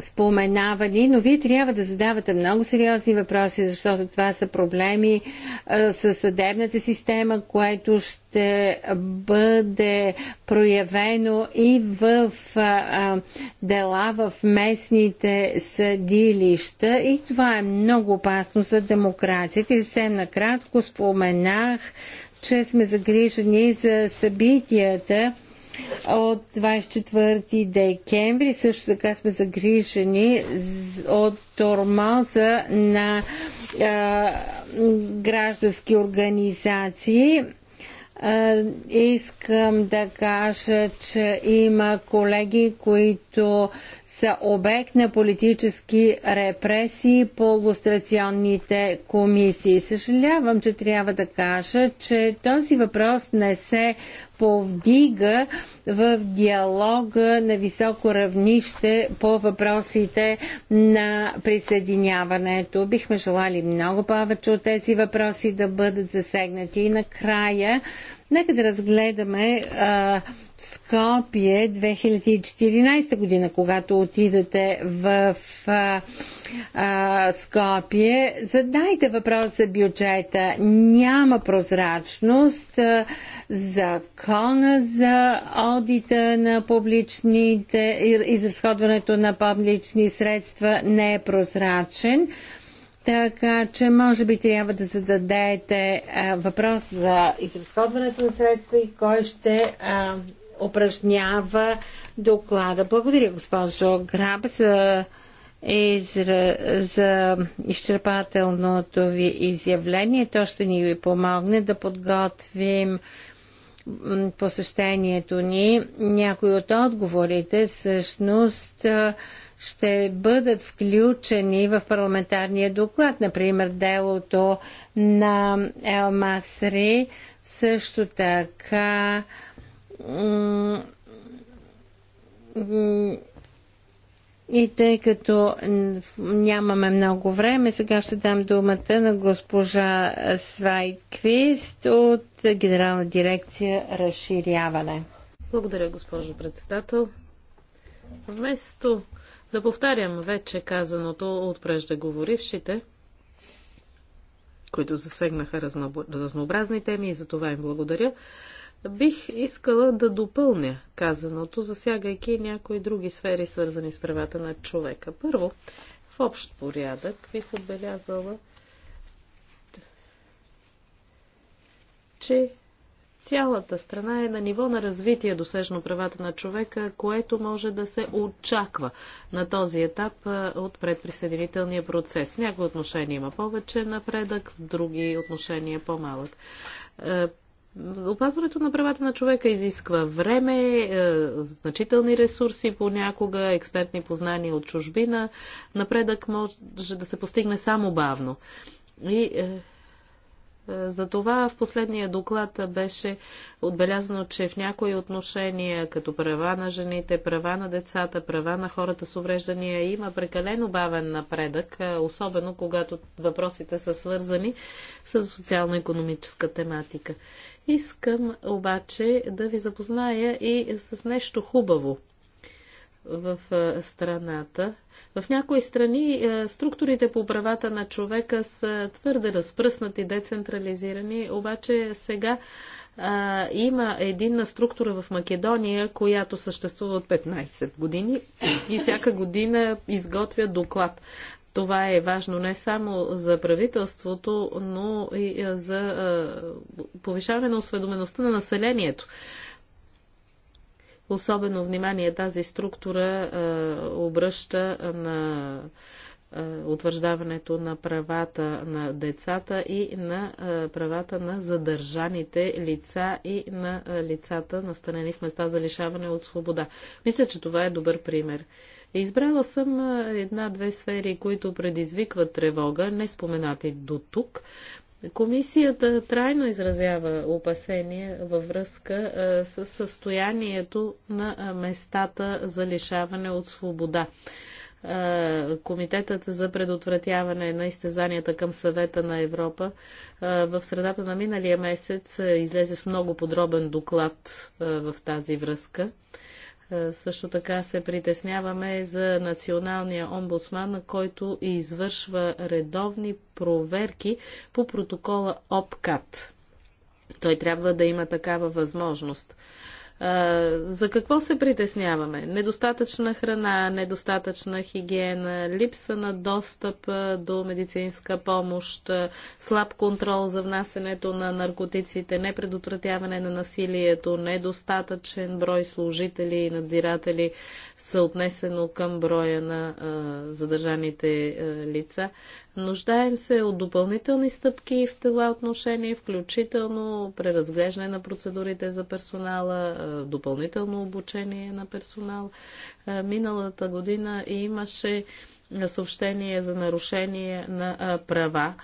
споменавани, но вие трябва да задавате много сериозни въпроси, защото това са проблеми със съдебната система, което ще бъде проявено и в дела в местните съдилища и това е много опасно за демокрацията. И съвсем накратко споменах, че сме загрижени за събитията, от 24 декември. Също така сме загрижени от тормоза на а, граждански организации. А, искам да кажа, че има колеги, които са обект на политически репресии по лустрационните комисии. Съжалявам, че трябва да кажа, че този въпрос не се повдига в диалога на високо равнище по въпросите на присъединяването. Бихме желали много повече от тези въпроси да бъдат засегнати. И накрая Нека да разгледаме а, Скопие 2014 година, когато отидете в а, а, Скопие. Задайте въпрос за бюджета. Няма прозрачност. закона за одита на публичните, изразходването на публични средства не е прозрачен. Така че може би трябва да зададете а, въпрос за изразходването на средства и кой ще а, упражнява доклада. Благодаря, госпожо Граб, за, изра... за изчерпателното ви изявление. То ще ни ви помогне да подготвим посещението ни. Някои от отговорите всъщност ще бъдат включени в парламентарния доклад, например делото на Ел Масри, също така и тъй като нямаме много време, сега ще дам думата на госпожа Свайквист от Генерална дирекция Разширяване. Благодаря, госпожо председател. Вместо да повтарям вече казаното от преждеговорившите, които засегнаха разнообразни теми и за това им благодаря. Бих искала да допълня казаното, засягайки някои други сфери, свързани с правата на човека. Първо, в общ порядък бих отбелязала, че Цялата страна е на ниво на развитие досежно правата на човека, което може да се очаква на този етап от предприсъединителния процес. В някои отношения има повече напредък, в други отношения по-малък. Опазването на правата на човека изисква време, значителни ресурси, понякога експертни познания от чужбина. Напредък може да се постигне само бавно. И затова в последния доклад беше отбелязано, че в някои отношения, като права на жените, права на децата, права на хората с увреждания, има прекалено бавен напредък, особено когато въпросите са свързани с социално-економическа тематика. Искам обаче да ви запозная и с нещо хубаво в страната. В някои страни структурите по правата на човека са твърде разпръснати, децентрализирани, обаче сега а, има единна структура в Македония, която съществува от 15 години и всяка година изготвя доклад. Това е важно не само за правителството, но и за повишаване на осведомеността на населението Особено внимание тази структура обръща на утвърждаването на правата на децата и на правата на задържаните лица и на лицата настанени в места за лишаване от свобода. Мисля, че това е добър пример. Избрала съм една-две сфери, които предизвикват тревога, не споменати до тук, Комисията трайно изразява опасения във връзка с състоянието на местата за лишаване от свобода. Комитетът за предотвратяване на изтезанията към съвета на Европа в средата на миналия месец излезе с много подробен доклад в тази връзка. Е, също така се притесняваме за националния омбудсман, който извършва редовни проверки по протокола ОПКАТ. Той трябва да има такава възможност. За какво се притесняваме? Недостатъчна храна, недостатъчна хигиена, липса на достъп до медицинска помощ, слаб контрол за внасенето на наркотиците, непредотвратяване на насилието, недостатъчен брой служители и надзиратели съотнесено към броя на задържаните лица. Нуждаем се от допълнителни стъпки в това отношение, включително преразглеждане на процедурите за персонала, е, допълнително обучение на персонал. Е, миналата година имаше съобщение за нарушение на е, права.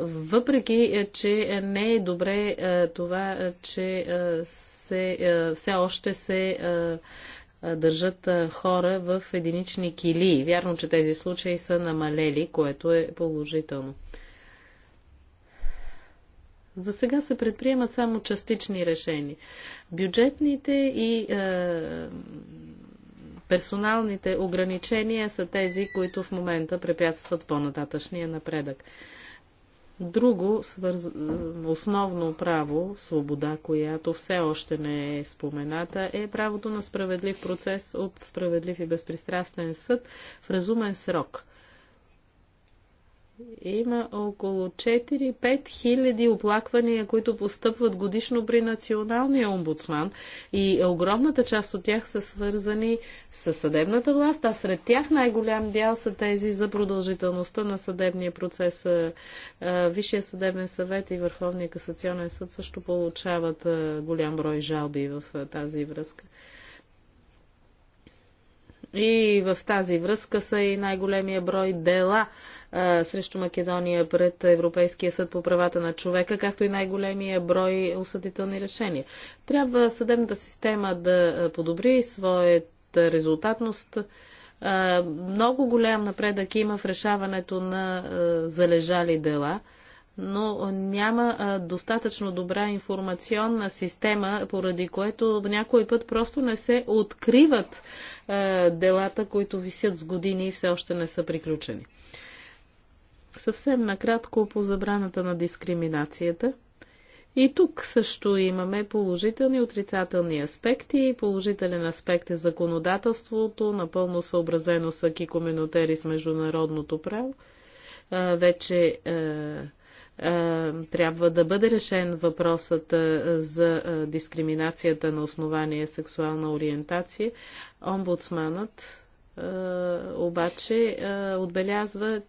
Въпреки, че не е добре това, че се, все още се държат хора в единични килии. Вярно, че тези случаи са намалели, което е положително. За сега се предприемат само частични решения. Бюджетните и е, персоналните ограничения са тези, които в момента препятстват по-нататъчния напредък. Друго свърз... основно право, свобода, която все още не е спомената, е правото на справедлив процес от справедлив и безпристрастен съд в разумен срок – има около 4-5 хиляди оплаквания, които постъпват годишно при националния омбудсман и огромната част от тях са свързани с съдебната власт, а сред тях най-голям дял са тези за продължителността на съдебния процес. Висшия съдебен съвет и Върховния касационен съд също получават голям брой жалби в тази връзка. И в тази връзка са и най-големия брой дела, срещу Македония пред Европейския съд по правата на човека, както и най-големия брой осъдителни решения. Трябва съдебната система да подобри своята резултатност. много голям напредък има в решаването на залежали дела но няма достатъчно добра информационна система, поради което някой път просто не се откриват делата, които висят с години и все още не са приключени. Съвсем накратко по забраната на дискриминацията. И тук също имаме положителни и отрицателни аспекти. Положителен аспект е законодателството, напълно съобразено с Аки Коминотери с международното право. Вече е, е, трябва да бъде решен въпросът е, за дискриминацията на основание сексуална ориентация. Омбудсманът обаче отбелязва,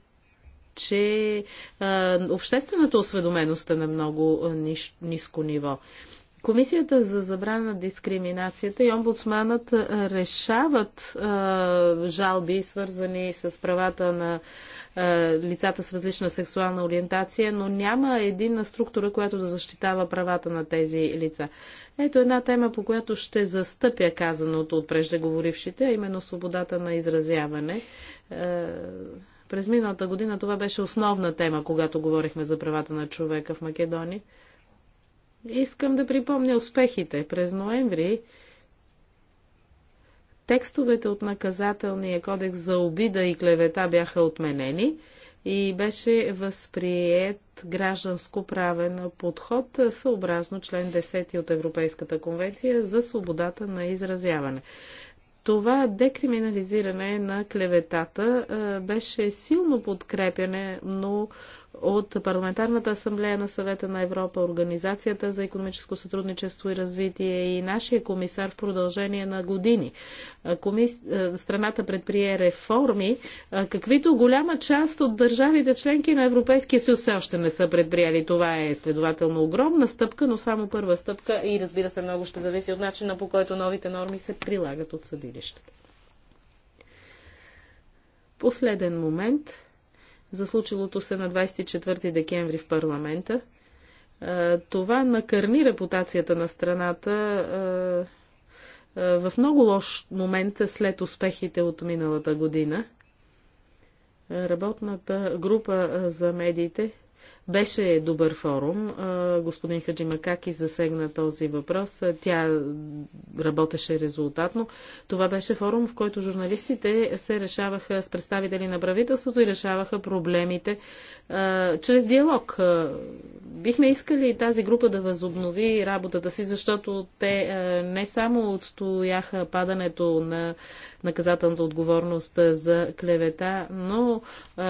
че а, обществената осведоменост е на много ниш, ниско ниво. Комисията за забрана на дискриминацията и омбудсманът решават а, жалби, свързани с правата на а, лицата с различна сексуална ориентация, но няма единна структура, която да защитава правата на тези лица. Ето една тема, по която ще застъпя казаното от преждеговорившите, а именно свободата на изразяване. А, през миналата година това беше основна тема, когато говорихме за правата на човека в Македония. Искам да припомня успехите. През ноември текстовете от наказателния кодекс за обида и клевета бяха отменени и беше възприят гражданско-правен подход съобразно член 10 от Европейската конвенция за свободата на изразяване. Това декриминализиране на клеветата беше силно подкрепяне, но от Парламентарната асамблея на съвета на Европа, Организацията за економическо сътрудничество и развитие и нашия комисар в продължение на години. Комис... Страната предприе реформи, каквито голяма част от държавите членки на Европейския съюз все още не са предприели. Това е следователно огромна стъпка, но само първа стъпка и разбира се много ще зависи от начина по който новите норми се прилагат от съдили жилищата. Последен момент за случилото се на 24 декември в парламента. Е, това накърни репутацията на страната е, е, в много лош момент след успехите от миналата година. Работната група за медиите беше добър форум. Господин Хаджимакаки засегна този въпрос. Тя работеше резултатно. Това беше форум, в който журналистите се решаваха с представители на правителството и решаваха проблемите чрез диалог. Бихме искали тази група да възобнови работата си, защото те не само отстояха падането на наказателната отговорност за клевета, но а,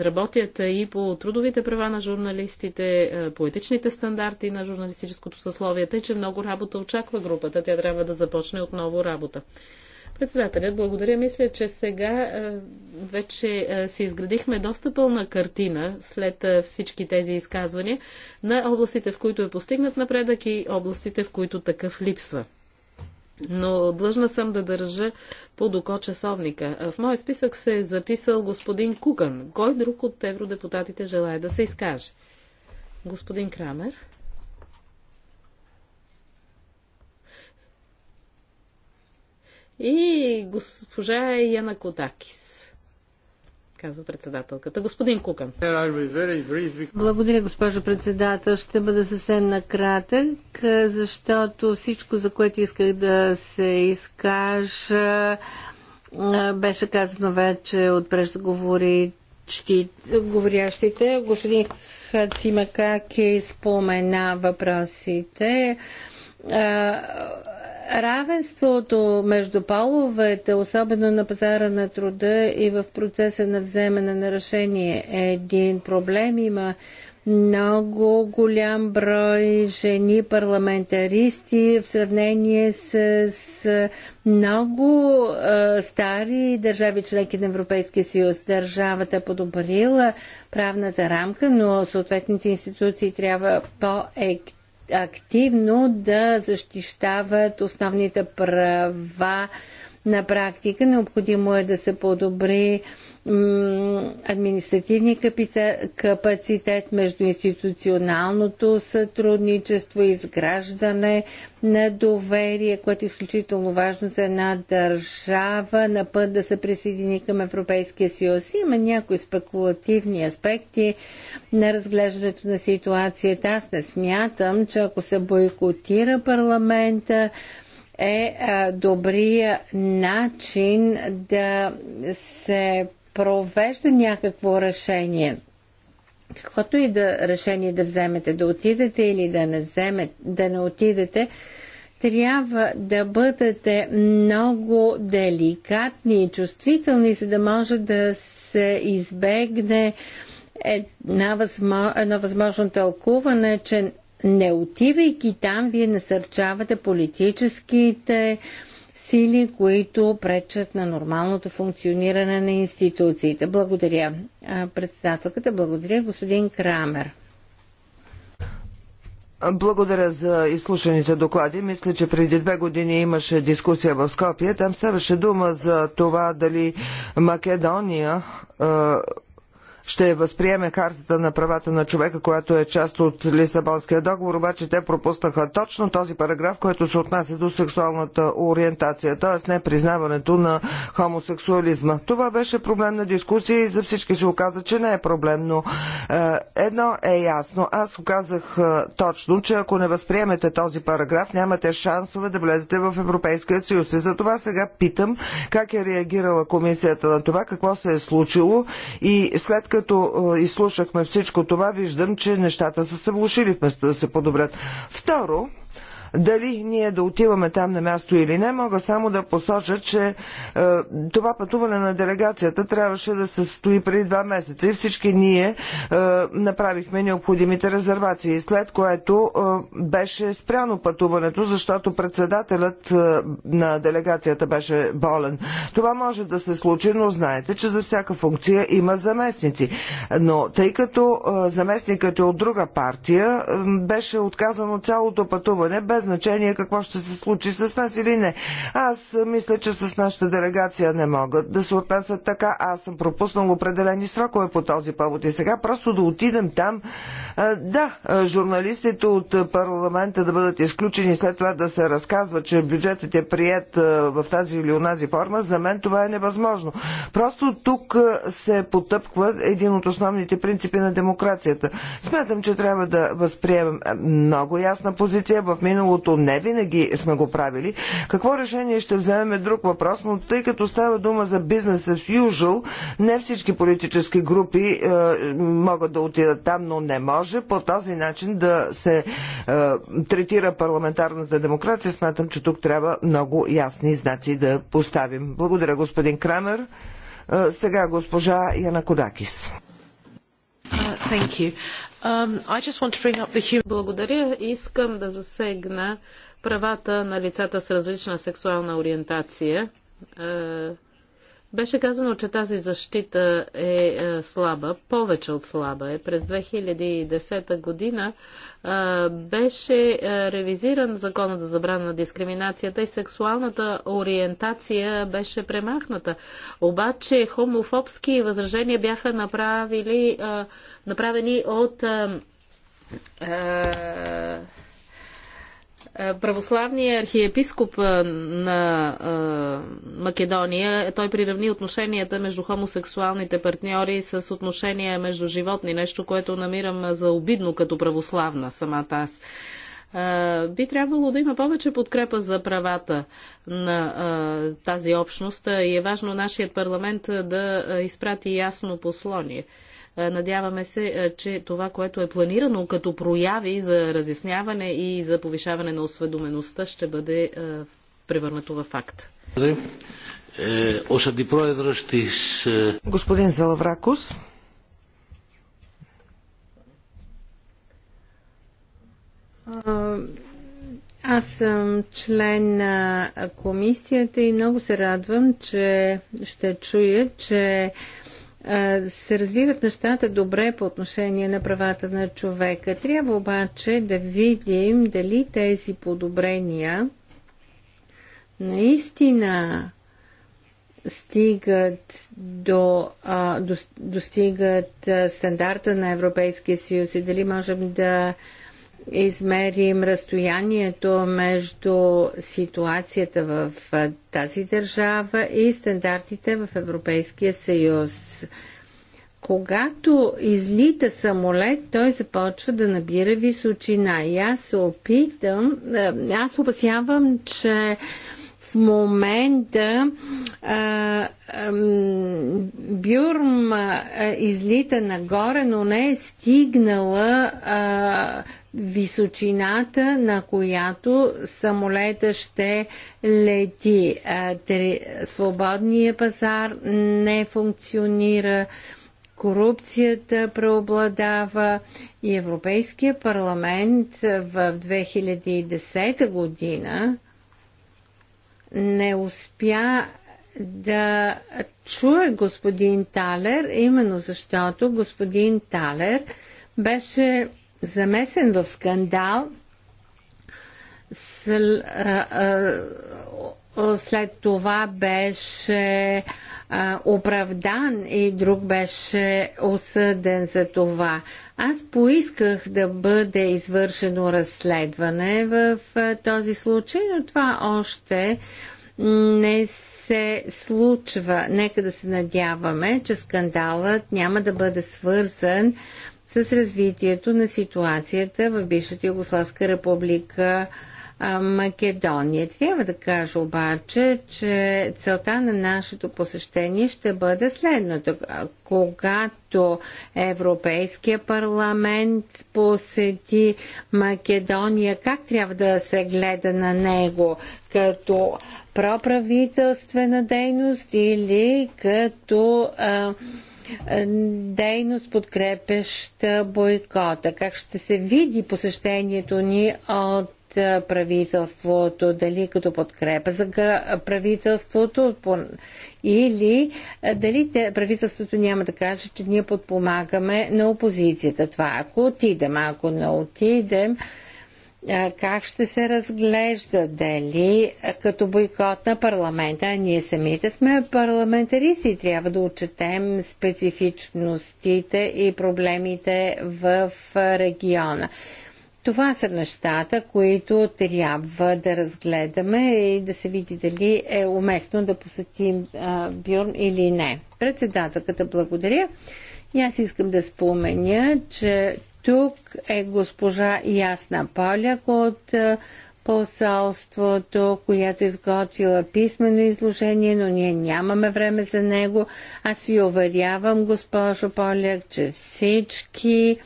работят и по трудовите права на журналистите, а, по етичните стандарти на журналистическото съсловие, тъй че много работа очаква групата. Тя трябва да започне отново работа. Председателят, благодаря. Мисля, че сега вече си изградихме доста пълна картина след всички тези изказвания на областите, в които е постигнат напредък и областите, в които такъв липсва но длъжна съм да държа под око часовника. В моят списък се е записал господин Кукан. Кой друг от евродепутатите желая да се изкаже? Господин Крамер. И госпожа Яна Котакис казва председателката. Господин Кукан. Благодаря, госпожо председател. Ще бъда съвсем накратък, е, защото всичко, за което исках да се изкажа, е, беше казано вече от преждеговорящите. Господин е спомена въпросите е, равенството между половете, особено на пазара на труда и в процеса на вземане на решение е един проблем. Има много голям брой жени парламентаристи в сравнение с, с много е, стари държави членки на Европейския съюз. Държавата е подобрила правната рамка, но съответните институции трябва по ективно активно да защищават основните права на практика. Необходимо е да се подобри административния капацитет, междуинституционалното сътрудничество, изграждане на доверие, което е изключително важно за една държава на път да се присъедини към Европейския съюз. Има някои спекулативни аспекти на разглеждането на ситуацията. Аз не смятам, че ако се бойкотира парламента, е добрия начин да се провежда някакво решение, каквото и да решение да вземете, да отидете или да не вземете, да не отидете, трябва да бъдете много деликатни и чувствителни, за да може да се избегне една възможно, едно възможно тълкуване, че не отивайки там, вие насърчавате политическите сили, които пречат на нормалното функциониране на институциите. Благодаря. Председателката, благодаря. Господин Крамер. Благодаря за изслушаните доклади. Мисля, че преди две години имаше дискусия в Скопия. Там ставаше дума за това дали Македония ще възприеме картата на правата на човека, която е част от Лисабонския договор, обаче те пропуснаха точно този параграф, който се отнася до сексуалната ориентация, т.е. не признаването на хомосексуализма. Това беше проблем на дискусия и за всички се оказа, че не е проблем, но е, едно е ясно. Аз оказах е, точно, че ако не възприемете този параграф, нямате шансове да влезете в Европейския съюз. И затова сега питам как е реагирала комисията на това, какво се е случило и след като е, изслушахме всичко това, виждам, че нещата са се влушили вместо да се подобрят. Второ, дали ние да отиваме там на място или не, мога само да посоча, че е, това пътуване на делегацията трябваше да се състои преди два месеца и всички ние е, направихме необходимите резервации, след което е, беше спряно пътуването, защото председателят е, на делегацията беше болен. Това може да се случи, но знаете, че за всяка функция има заместници. Но тъй като е, заместникът е от друга партия, е, беше отказано цялото пътуване без значение какво ще се случи с нас или не. Аз мисля, че с нашата делегация не могат да се отнасят така. Аз съм пропуснал определени срокове по този повод и сега просто да отидем там. Да, журналистите от парламента да бъдат изключени след това да се разказва, че бюджетът е прият в тази или онази форма, за мен това е невъзможно. Просто тук се потъпква един от основните принципи на демокрацията. Смятам, че трябва да възприемем много ясна позиция. В минало миналото не винаги сме го правили. Какво решение ще вземем е друг въпрос, но тъй като става дума за бизнес as usual, не всички политически групи е, могат да отидат там, но не може по този начин да се е, третира парламентарната демокрация. Смятам, че тук трябва много ясни знаци да поставим. Благодаря, господин Крамер. Е, сега госпожа Яна Кодакис. Uh, Um, the... Благодаря. Искам да засегна правата на лицата с различна сексуална ориентация. Е, беше казано, че тази защита е, е слаба, повече от слаба е. През 2010 година беше ревизиран законът за забрана на дискриминацията и сексуалната ориентация беше премахната. Обаче хомофобски възражения бяха направили, направени от е, православният архиепископ е, на е, Македония, той приравни отношенията между хомосексуалните партньори с отношения между животни, нещо, което намирам за обидно като православна самата аз би трябвало да има повече подкрепа за правата на тази общност и е важно нашият парламент да изпрати ясно послание. Е, надяваме се, е, че това, което е планирано като прояви за разясняване и за повишаване на осведомеността, ще бъде е, превърнато в факт. Господин Залавракус, Аз съм член на комисията и много се радвам, че ще чуя, че се развиват нещата добре по отношение на правата на човека. Трябва обаче да видим дали тези подобрения наистина стигат до, а, до достигат стандарта на Европейския съюз и дали можем да измерим разстоянието между ситуацията в тази държава и стандартите в Европейския съюз. Когато излита самолет, той започва да набира височина. И аз се опитам, аз опасявам, че в момента а, а, Бюрм а, излита нагоре, но не е стигнала а, височината, на която самолета ще лети. Е, свободният пазар не функционира, корупцията преобладава и Европейския парламент в 2010 година не успя да чуе господин Талер, именно защото господин Талер беше замесен в скандал, след това беше оправдан и друг беше осъден за това. Аз поисках да бъде извършено разследване в този случай, но това още не се случва. Нека да се надяваме, че скандалът няма да бъде свързан с развитието на ситуацията в бившата Югославска република Македония. Трябва да кажа обаче, че целта на нашето посещение ще бъде следното. Когато Европейския парламент посети Македония, как трябва да се гледа на него? Като проправителствена дейност или като а, е, дейност, подкрепеща бойкота? Как ще се види посещението ни от е, правителството, дали е като подкрепа за правителството или дали правителството няма да каже, че ние подпомагаме на опозицията. Това ако отидем, ако не отидем, как ще се разглежда, дали като бойкот на парламента, ние самите сме парламентаристи, трябва да отчетем специфичностите и проблемите в региона. Това са нещата, които трябва да разгледаме и да се види дали е уместно да посетим Бюрн или не. Председателката благодаря. И аз искам да споменя, че тук е госпожа Ясна Поляк от е, посолството, която е изготвила писмено изложение, но ние нямаме време за него. Аз ви уверявам, госпожо Поляк, че всички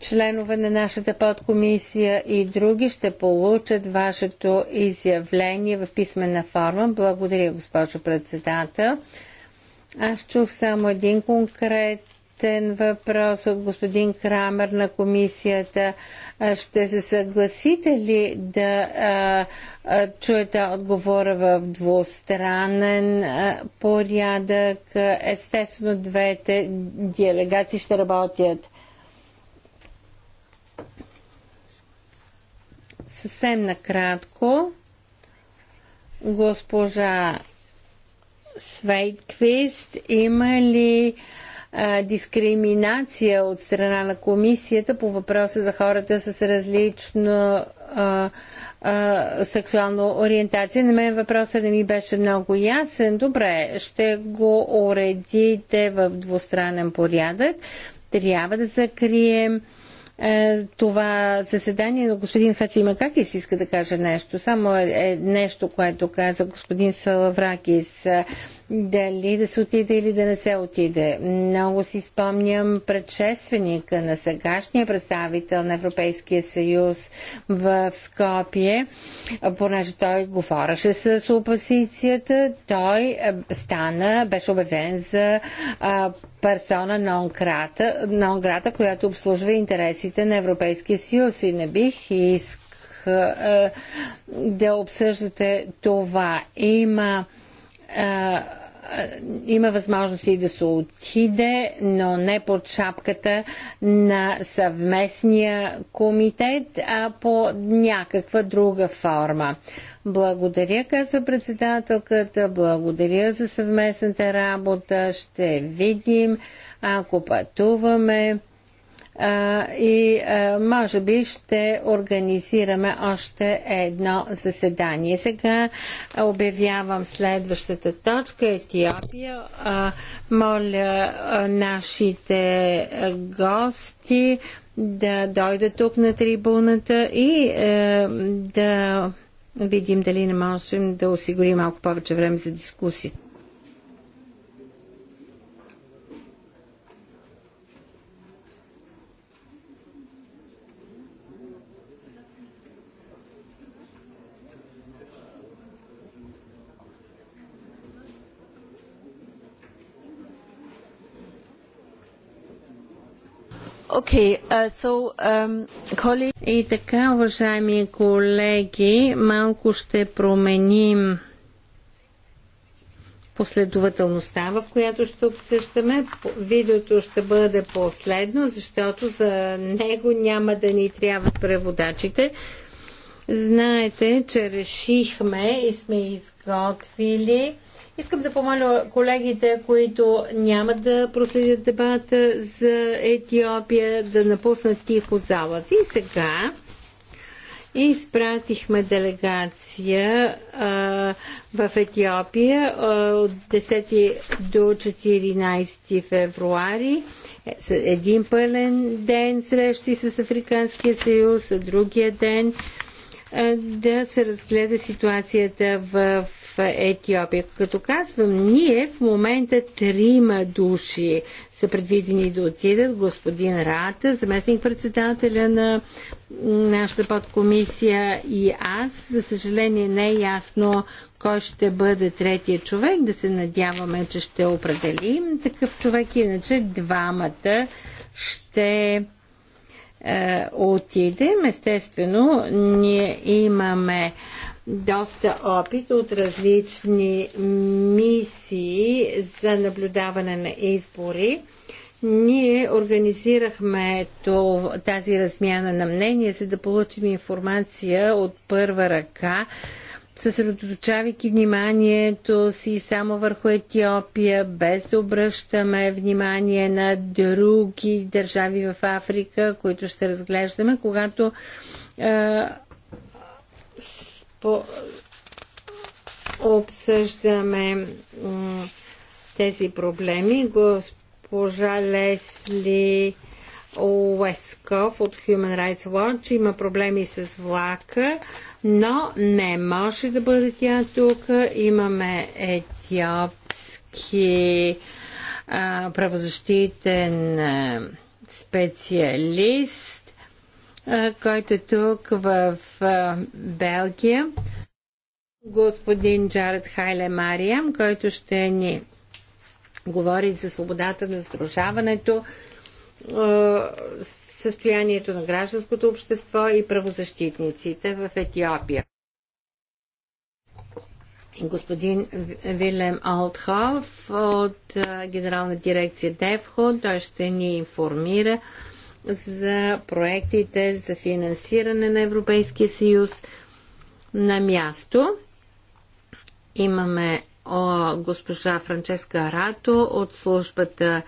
членове на нашата подкомисия и други ще получат вашето изявление в писмена форма. Благодаря, госпожо председател. Аз чух само един конкретен Стен въпрос от господин Крамер на комисията. Ще се съгласите ли да а, а, чуете отговора в двустранен а, порядък? Естествено, двете делегации ще работят съвсем накратко. Госпожа Свейтквист, има ли а, дискриминация от страна на комисията по въпроса за хората с различно сексуална ориентация. На мен въпросът не ми беше много ясен. Добре, ще го уредите в двустранен порядък. Трябва да закрием това заседание на господин Хацима, си иска да каже нещо. Само е, е нещо, което каза господин Салавракис дали да се отиде или да не се отиде. Много си спомням предшественика на сегашния представител на Европейския съюз в Скопие, понеже той говореше с опозицията, той е, стана, беше обявен за персона нон грата, която обслужва интересите на Европейския съюз и не бих искал е, да обсъждате това. Има има възможност и да се отиде, но не под шапката на съвместния комитет, а по някаква друга форма. Благодаря, казва председателката, благодаря за съвместната работа, ще видим, ако пътуваме и може би ще организираме още едно заседание. Сега обявявам следващата точка Етиопия. Моля нашите гости да дойдат тук на трибуната и да видим дали не можем да осигурим малко повече време за дискусията. Okay, uh, so, um, colleague... И така, уважаеми колеги, малко ще променим последователността, в която ще обсъждаме. Видеото ще бъде последно, защото за него няма да ни трябват преводачите. Знаете, че решихме и сме изготвили Искам да помоля колегите, които няма да проследят дебата за Етиопия, да напуснат тихо залата. И сега изпратихме делегация а, в Етиопия а, от 10 до 14 февруари. Един пълен ден срещи с Африканския съюз, а другия ден да се разгледа ситуацията в Етиопия. Като казвам, ние в момента трима души са предвидени да отидат. Господин Рата, заместник председателя на нашата подкомисия и аз. За съжаление не е ясно кой ще бъде третия човек. Да се надяваме, че ще определим такъв човек. Иначе двамата ще е, отидем. Естествено, ние имаме доста опит от различни мисии за наблюдаване на избори. Ние организирахме тази размяна на мнение, за да получим информация от първа ръка съсредоточавайки вниманието си само върху Етиопия, без да обръщаме внимание на други държави в Африка, които ще разглеждаме, когато е, спо, обсъждаме е, тези проблеми. Госпожа Лесли Уесков от Human Rights Watch има проблеми с влака, но не може да бъде тя тук. Имаме етиопски а, правозащитен а, специалист, а, който е тук в а, Белгия. Господин Джаред Хайле Мария, който ще ни говори за свободата на сдружаването състоянието на гражданското общество и правозащитниците в Етиопия. Господин Вилем Алтхов от Генерална дирекция ДЕВХО, той ще ни информира за проектите за финансиране на Европейския съюз на място. Имаме госпожа Франческа Рато от службата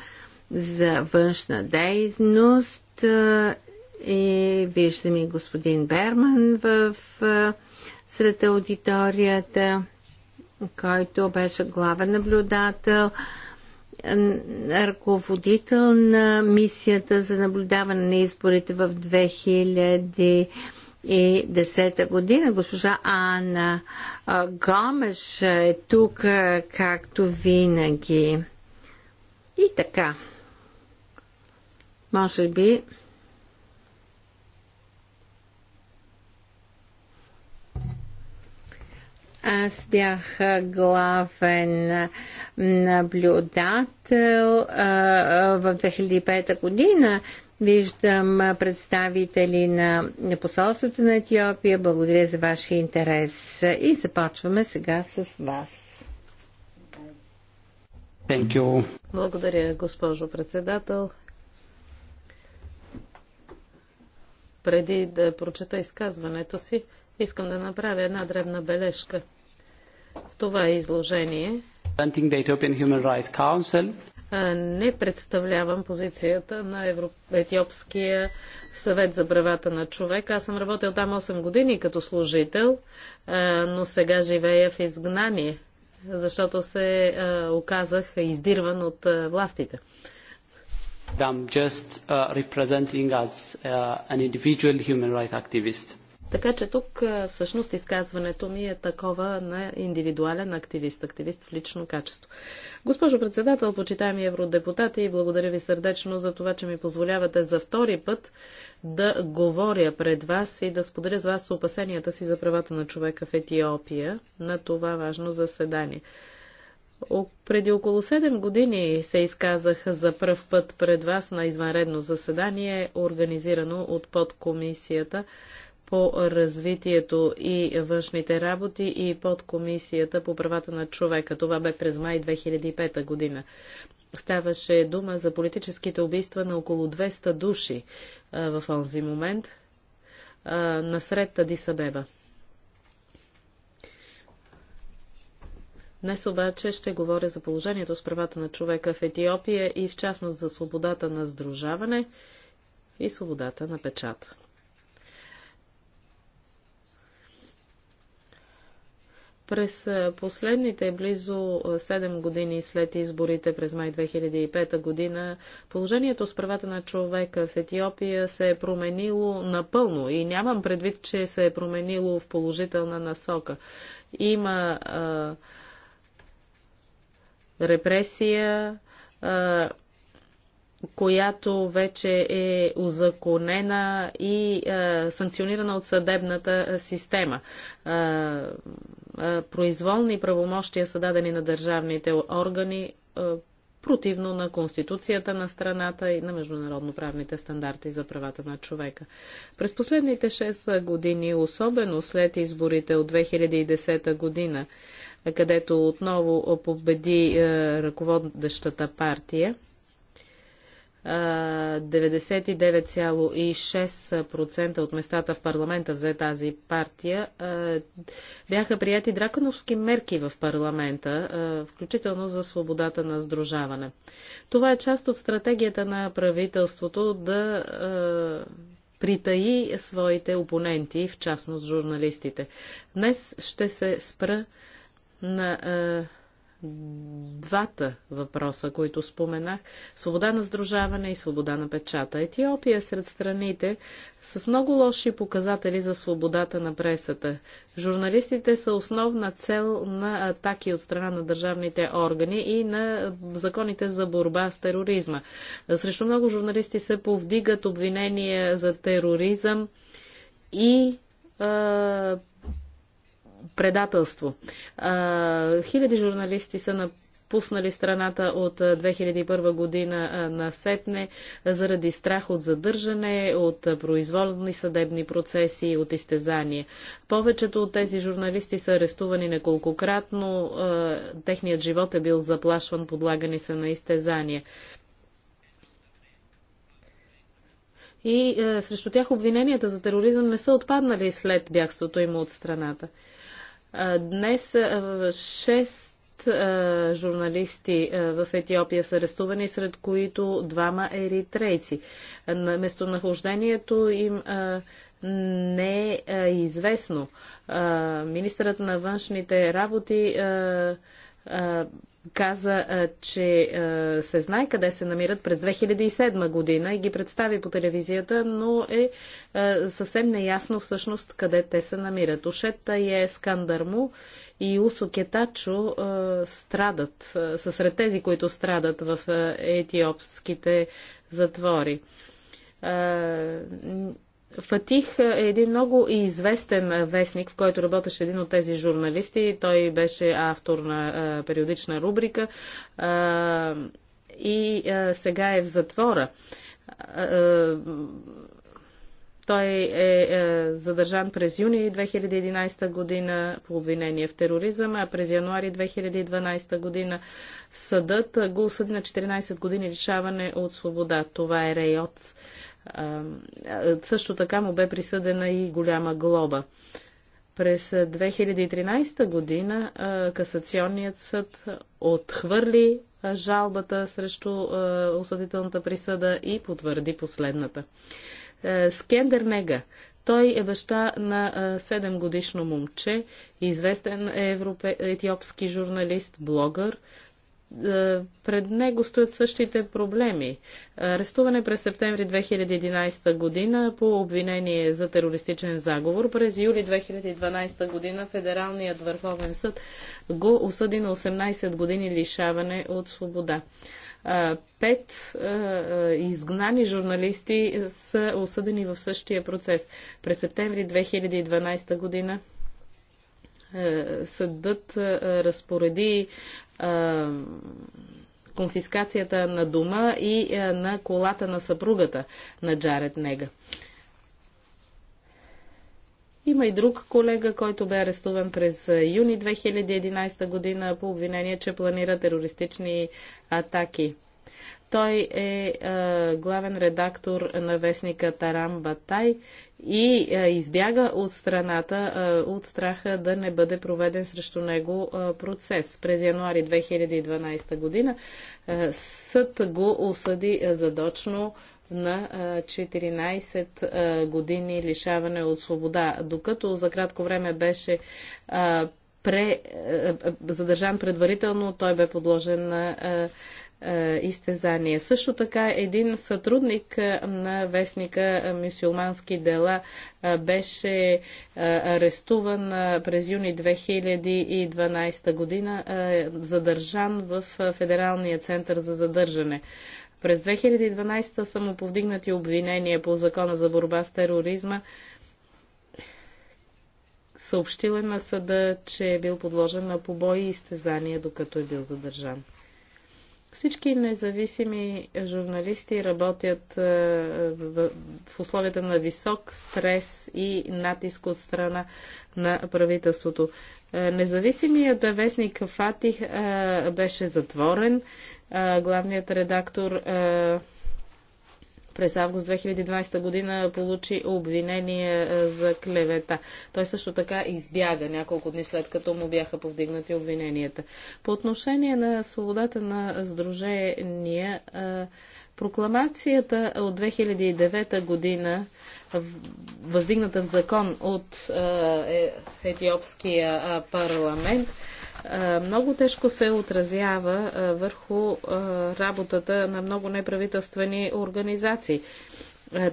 за външна дейност и виждам и господин Берман в сред аудиторията, който беше главен наблюдател, ръководител на мисията за наблюдаване на изборите в 2010 година. Госпожа Анна Гомеш е тук, както винаги. И така. Може би Аз бях главен наблюдател в 2005 година. Виждам представители на посолството на Етиопия. Благодаря за вашия интерес. И започваме сега с вас. Thank you. Благодаря, госпожо председател. преди да прочета изказването си, искам да направя една дребна бележка. В това изложение не представлявам позицията на Етиопския съвет за правата на човека. Аз съм работил там 8 години като служител, но сега живея в изгнание, защото се оказах издирван от властите just uh, representing as uh, an individual human activist. Така че тук е, всъщност изказването ми е такова на индивидуален активист, активист в лично качество. Госпожо председател, почитаеми евродепутати, и благодаря ви сърдечно за това, че ми позволявате за втори път да говоря пред вас и да споделя с вас опасенията си за правата на човека в Етиопия на това важно заседание. Преди около 7 години се изказах за пръв път пред вас на извънредно заседание, организирано от подкомисията по развитието и външните работи и подкомисията по правата на човека. Това бе през май 2005 година. Ставаше дума за политическите убийства на около 200 души а, в онзи момент а, насред Адисабеба. Днес обаче ще говоря за положението с правата на човека в Етиопия и в частност за свободата на сдружаване и свободата на печата. През последните близо 7 години след изборите през май 2005 година, положението с правата на човека в Етиопия се е променило напълно и нямам предвид, че се е променило в положителна насока. Има а, репресия, която вече е узаконена и санкционирана от съдебната система. произволни правомощия са дадени на държавните органи противно на Конституцията на страната и на международноправните стандарти за правата на човека. През последните 6 години, особено след изборите от 2010 година, където отново победи е, ръководещата партия, 99,6% от местата в парламента за тази партия, бяха прияти драконовски мерки в парламента, включително за свободата на сдружаване. Това е част от стратегията на правителството да притаи своите опоненти, в частност журналистите. Днес ще се спра на двата въпроса, които споменах свобода на сдружаване и свобода на печата. Етиопия е сред страните с много лоши показатели за свободата на пресата. Журналистите са основна цел на атаки от страна на държавните органи и на законите за борба с тероризма. Срещу много журналисти се повдигат обвинения за тероризъм и предателство. Хиляди журналисти са на пуснали страната от 2001 година на сетне заради страх от задържане, от произволни съдебни процеси, от изтезания. Повечето от тези журналисти са арестувани неколкократно, техният живот е бил заплашван, подлагани са на изтезания. И е, срещу тях обвиненията за тероризъм не са отпаднали след бягството им от страната. Днес шест журналисти в Етиопия са арестувани, сред които двама еритрейци. Местонахождението им не е известно. Министърът на външните работи каза, че се знае къде се намират през 2007 година и ги представи по телевизията, но е съвсем неясно всъщност къде те се намират. Ушета и Ескандарму и Усо Кетачо страдат, са сред тези, които страдат в етиопските затвори Фатих е един много известен вестник, в който работеше един от тези журналисти. Той беше автор на а, периодична рубрика а, и а, сега е в затвора. Той е, е задържан през юни 2011 година по обвинение в тероризъм, а през януари 2012 година съдът го осъди на 14 години лишаване от свобода. Това е Рейоц. Също така му бе присъдена и голяма глоба. През 2013 година касационният съд отхвърли жалбата срещу осъдителната присъда и потвърди последната. Скендер Нега. Той е баща на 7-годишно момче, известен е европе... етиопски журналист, блогър, е, пред него стоят същите проблеми. Арестуване през септември 2011 година по обвинение за терористичен заговор. През юли 2012 година Федералният Върховен съд го осъди на 18 години лишаване от свобода. Е, пет е, изгнани журналисти са осъдени в същия процес. През септември 2012 година съдът разпореди конфискацията на дома и на колата на съпругата на Джаред Нега. Има и друг колега, който бе арестуван през юни 2011 година по обвинение, че планира терористични атаки. Той е, е главен редактор на вестника Тарам Батай и е, избяга от страната е, от страха да не бъде проведен срещу него процес. През януари 2012 година съд го осъди задочно на 14 години лишаване от свобода, докато за кратко време беше пре, задържан предварително, той бе подложен на е, изтезания. Също така един сътрудник е, на вестника е, Мюсюлмански дела беше арестуван през юни 2012 година, задържан в Федералния център за задържане. През 2012 са му повдигнати обвинения по закона за борба с тероризма. съобщила на съда, че е бил подложен на побои и изтезания, докато е бил задържан. Всички независими журналисти работят е, в условията на висок стрес и натиск от страна на правителството. Е, независимият вестник Фатих е, беше затворен. Главният редактор през август 2012 година получи обвинение е, за клевета. Той също така избяга няколко дни след като му бяха повдигнати обвиненията. По отношение на свободата на сдружения, е, Прокламацията от 2009 година, въздигната в закон от е, етиопския парламент, е, много тежко се отразява е, върху е, работата на много неправителствени организации.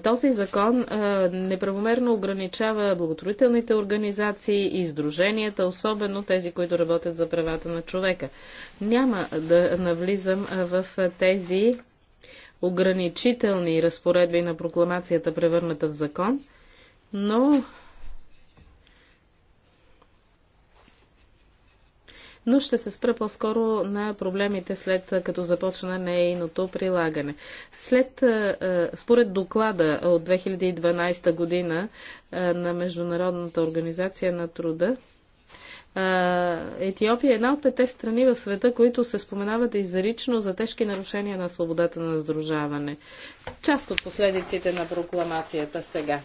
Този закон неправомерно ограничава благотворителните организации и издруженията, особено тези, които работят за правата на човека. Няма да навлизам в тези ограничителни разпоредби на прокламацията, превърната в закон, но но ще се спра по-скоро на проблемите след като започна нейното прилагане. След, според доклада от 2012 година на Международната организация на труда, Етиопия е една от пете страни в света, които се споменават изрично за тежки нарушения на свободата на сдружаване. Част от последиците на прокламацията сега.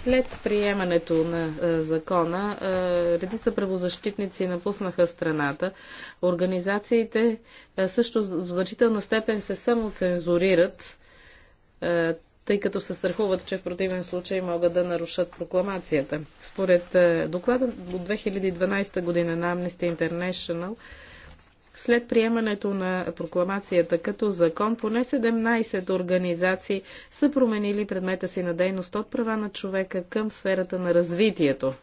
След приемането на е, закона, е, редица правозащитници напуснаха страната. Организациите е, също в значителна степен се самоцензурират, тъй като се страхуват, че в противен случай могат да нарушат прокламацията. Според доклада от 2012 година на Amnesty International, след приемането на прокламацията като закон, поне 17 организации са променили предмета си на дейност от права на човека към сферата на развитието.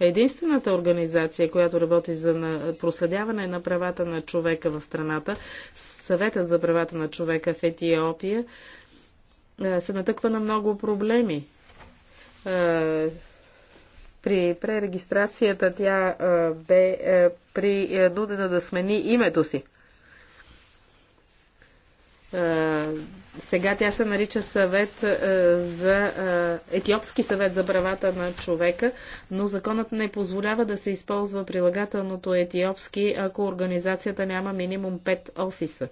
Единствената организация, която работи за проследяване на правата на човека в страната, Съветът за правата на човека в Етиопия, се натъква на много проблеми при пререгистрацията тя бе принудена да смени името си. Сега тя се нарича съвет за Етиопски съвет за правата на човека, но законът не позволява да се използва прилагателното етиопски, ако организацията няма минимум 5 офиса.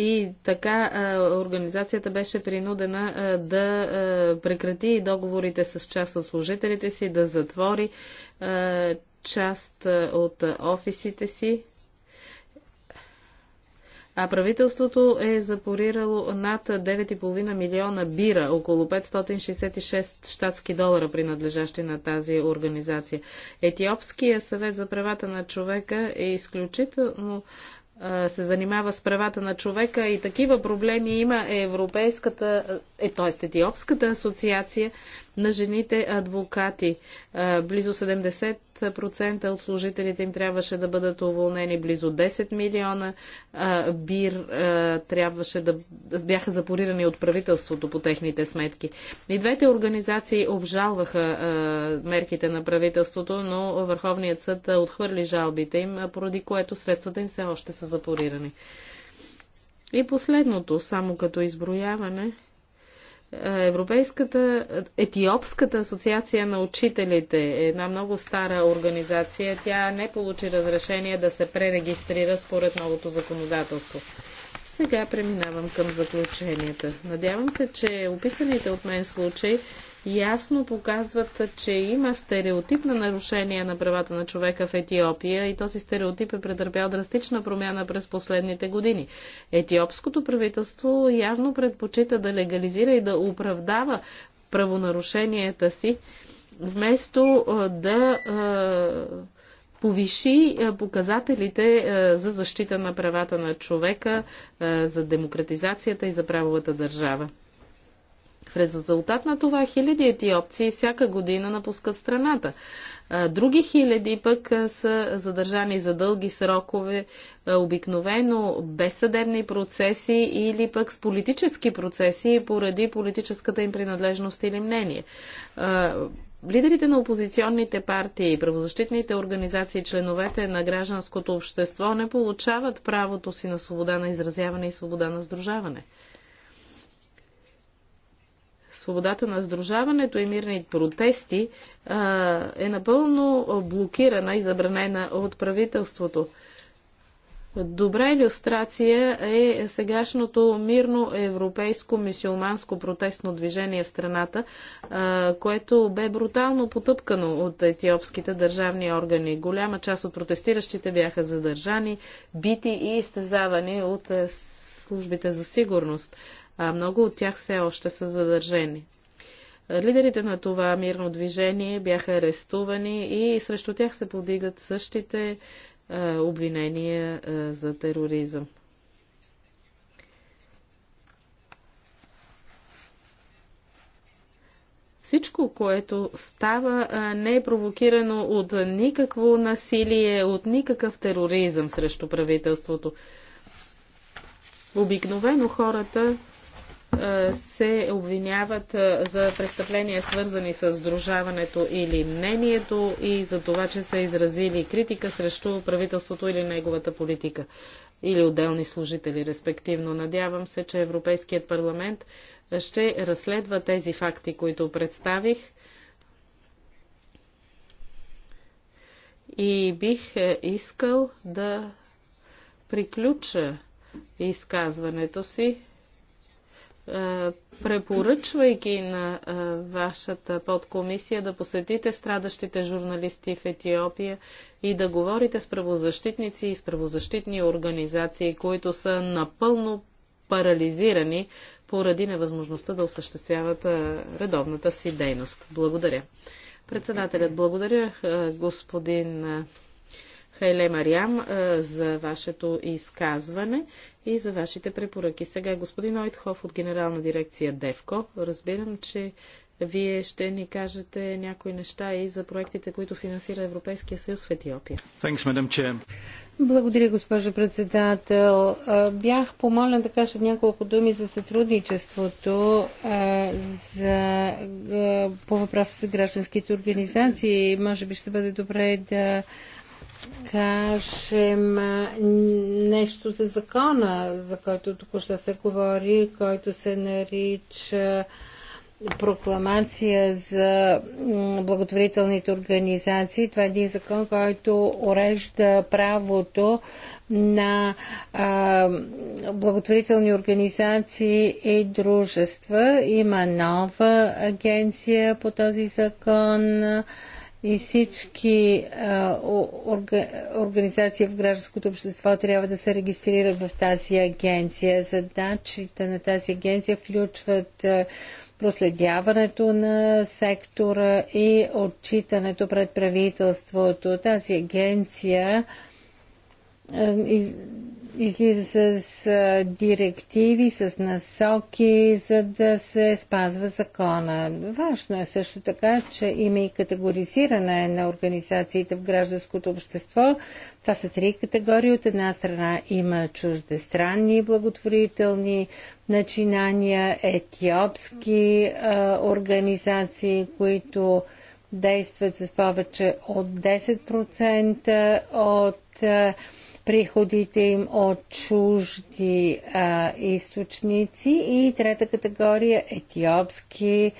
И така организацията беше принудена да прекрати договорите с част от служителите си, да затвори част от офисите си. А правителството е запорирало над 9,5 милиона бира, около 566 штатски долара, принадлежащи на тази организация. Етиопския съвет за правата на човека е изключително се занимава с правата на човека и такива проблеми има Европейската, е, т.е. Етиопската асоциация на жените адвокати. Близо 70 50% от служителите им трябваше да бъдат уволнени, близо 10 милиона а, бир а, трябваше да бяха запорирани от правителството по техните сметки. И двете организации обжалваха а, мерките на правителството, но Върховният съд отхвърли жалбите им, поради което средствата им все още са запорирани. И последното, само като изброяване, Европейската етиопската асоциация на учителите е една много стара организация. Тя не получи разрешение да се пререгистрира според новото законодателство. Сега преминавам към заключенията. Надявам се, че описаните от мен случаи ясно показват, че има стереотип на нарушение на правата на човека в Етиопия и този стереотип е претърпял драстична промяна през последните години. Етиопското правителство явно предпочита да легализира и да оправдава правонарушенията си, вместо да повиши показателите за защита на правата на човека, за демократизацията и за правовата държава. В резултат на това хиляди етиопци всяка година напускат страната. Други хиляди пък са задържани за дълги срокове, обикновено без съдебни процеси или пък с политически процеси поради политическата им принадлежност или мнение. Лидерите на опозиционните партии, правозащитните организации, членовете на гражданското общество не получават правото си на свобода на изразяване и свобода на сдружаване свободата на сдружаването и мирни протести е напълно блокирана и забранена от правителството. Добра иллюстрация е сегашното мирно европейско мисиоманско протестно движение в страната, което бе брутално потъпкано от етиопските държавни органи. Голяма част от протестиращите бяха задържани, бити и изтезавани от службите за сигурност а много от тях все още са задържени. Лидерите на това мирно движение бяха арестувани и срещу тях се подигат същите а, обвинения а, за тероризъм. Всичко, което става, не е провокирано от никакво насилие, от никакъв тероризъм срещу правителството. Обикновено хората е, се обвиняват е, за престъпления, свързани с дружаването или мнението и за това, че са изразили критика срещу правителството или неговата политика или отделни служители, респективно. Надявам се, че Европейският парламент ще разследва тези факти, които представих. И бих е, искал да приключа изказването си е, препоръчвайки на е, вашата подкомисия да посетите страдащите журналисти в Етиопия и да говорите с правозащитници и с правозащитни организации, които са напълно парализирани поради невъзможността да осъществяват е, редовната си дейност. Благодаря. Председателят, благодаря господин Хайле Мариам, за вашето изказване и за вашите препоръки. Сега господин Ойтхов от Генерална дирекция ДЕВКО. Разбирам, че вие ще ни кажете някои неща и за проектите, които финансира Европейския съюз в Етиопия. Thanks, Благодаря, госпожо председател. Бях помолен да кажа няколко думи за сътрудничеството за, по въпроса с гражданските организации. Може би ще бъде добре да кажем нещо за закона, за който току-що се говори, който се нарича прокламация за благотворителните организации. Това е един закон, който урежда правото на а, благотворителни организации и дружества. Има нова агенция по този закон. А, и всички а, орга, организации в гражданското общество трябва да се регистрират в тази агенция. Задачите на тази агенция включват а, проследяването на сектора и отчитането пред правителството. Тази агенция а, и, излиза с а, директиви, с насоки, за да се спазва закона. Важно е също така, че има и категоризиране на организациите в гражданското общество. Това са три категории. От една страна има чуждестранни благотворителни начинания, етиопски а, организации, които действат с повече от 10% от а, приходите им от чужди а, източници и трета категория етиопски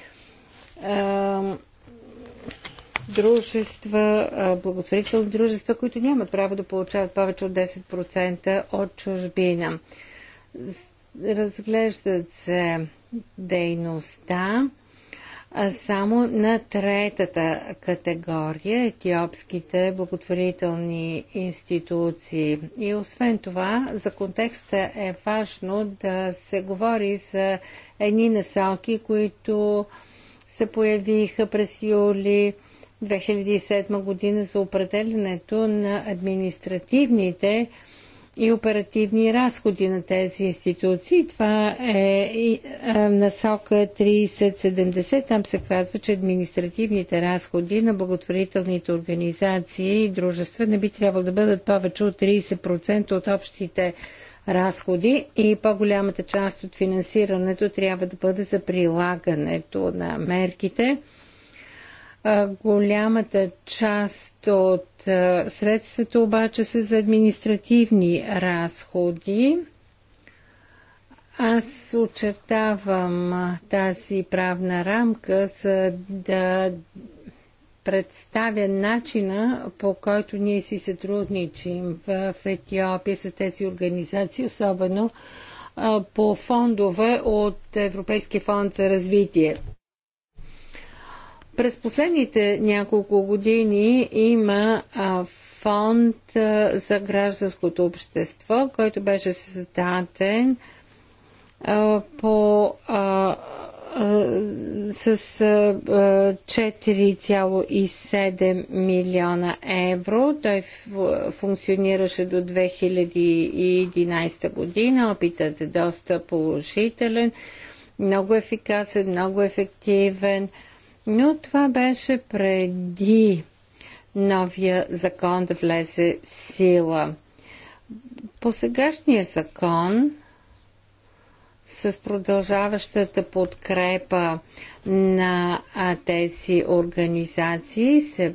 а, дружества, а, благотворителни дружества, които нямат право да получават повече от 10% от чужбина. Разглеждат се дейността а само на третата категория етиопските благотворителни институции. И освен това, за контекста е важно да се говори за едни насалки, които се появиха през юли 2007 година за определенето на административните и оперативни разходи на тези институции. Това е, е насока 3070. Там се казва, че административните разходи на благотворителните организации и дружества не би трябвало да бъдат повече от 30% от общите разходи и по-голямата част от финансирането трябва да бъде за прилагането на мерките – Голямата част от средствата обаче са за административни разходи. Аз очертавам тази правна рамка, за да представя начина по който ние си сътрудничим в Етиопия с тези организации, особено по фондове от Европейския фонд за развитие. През последните няколко години има а, фонд за гражданското общество, който беше създаден а, по а, с 4,7 милиона евро. Той функционираше до 2011 година. Опитът е доста положителен, много ефикасен, много ефективен. Но това беше преди новия закон да влезе в сила. По сегашния закон с продължаващата подкрепа на тези организации се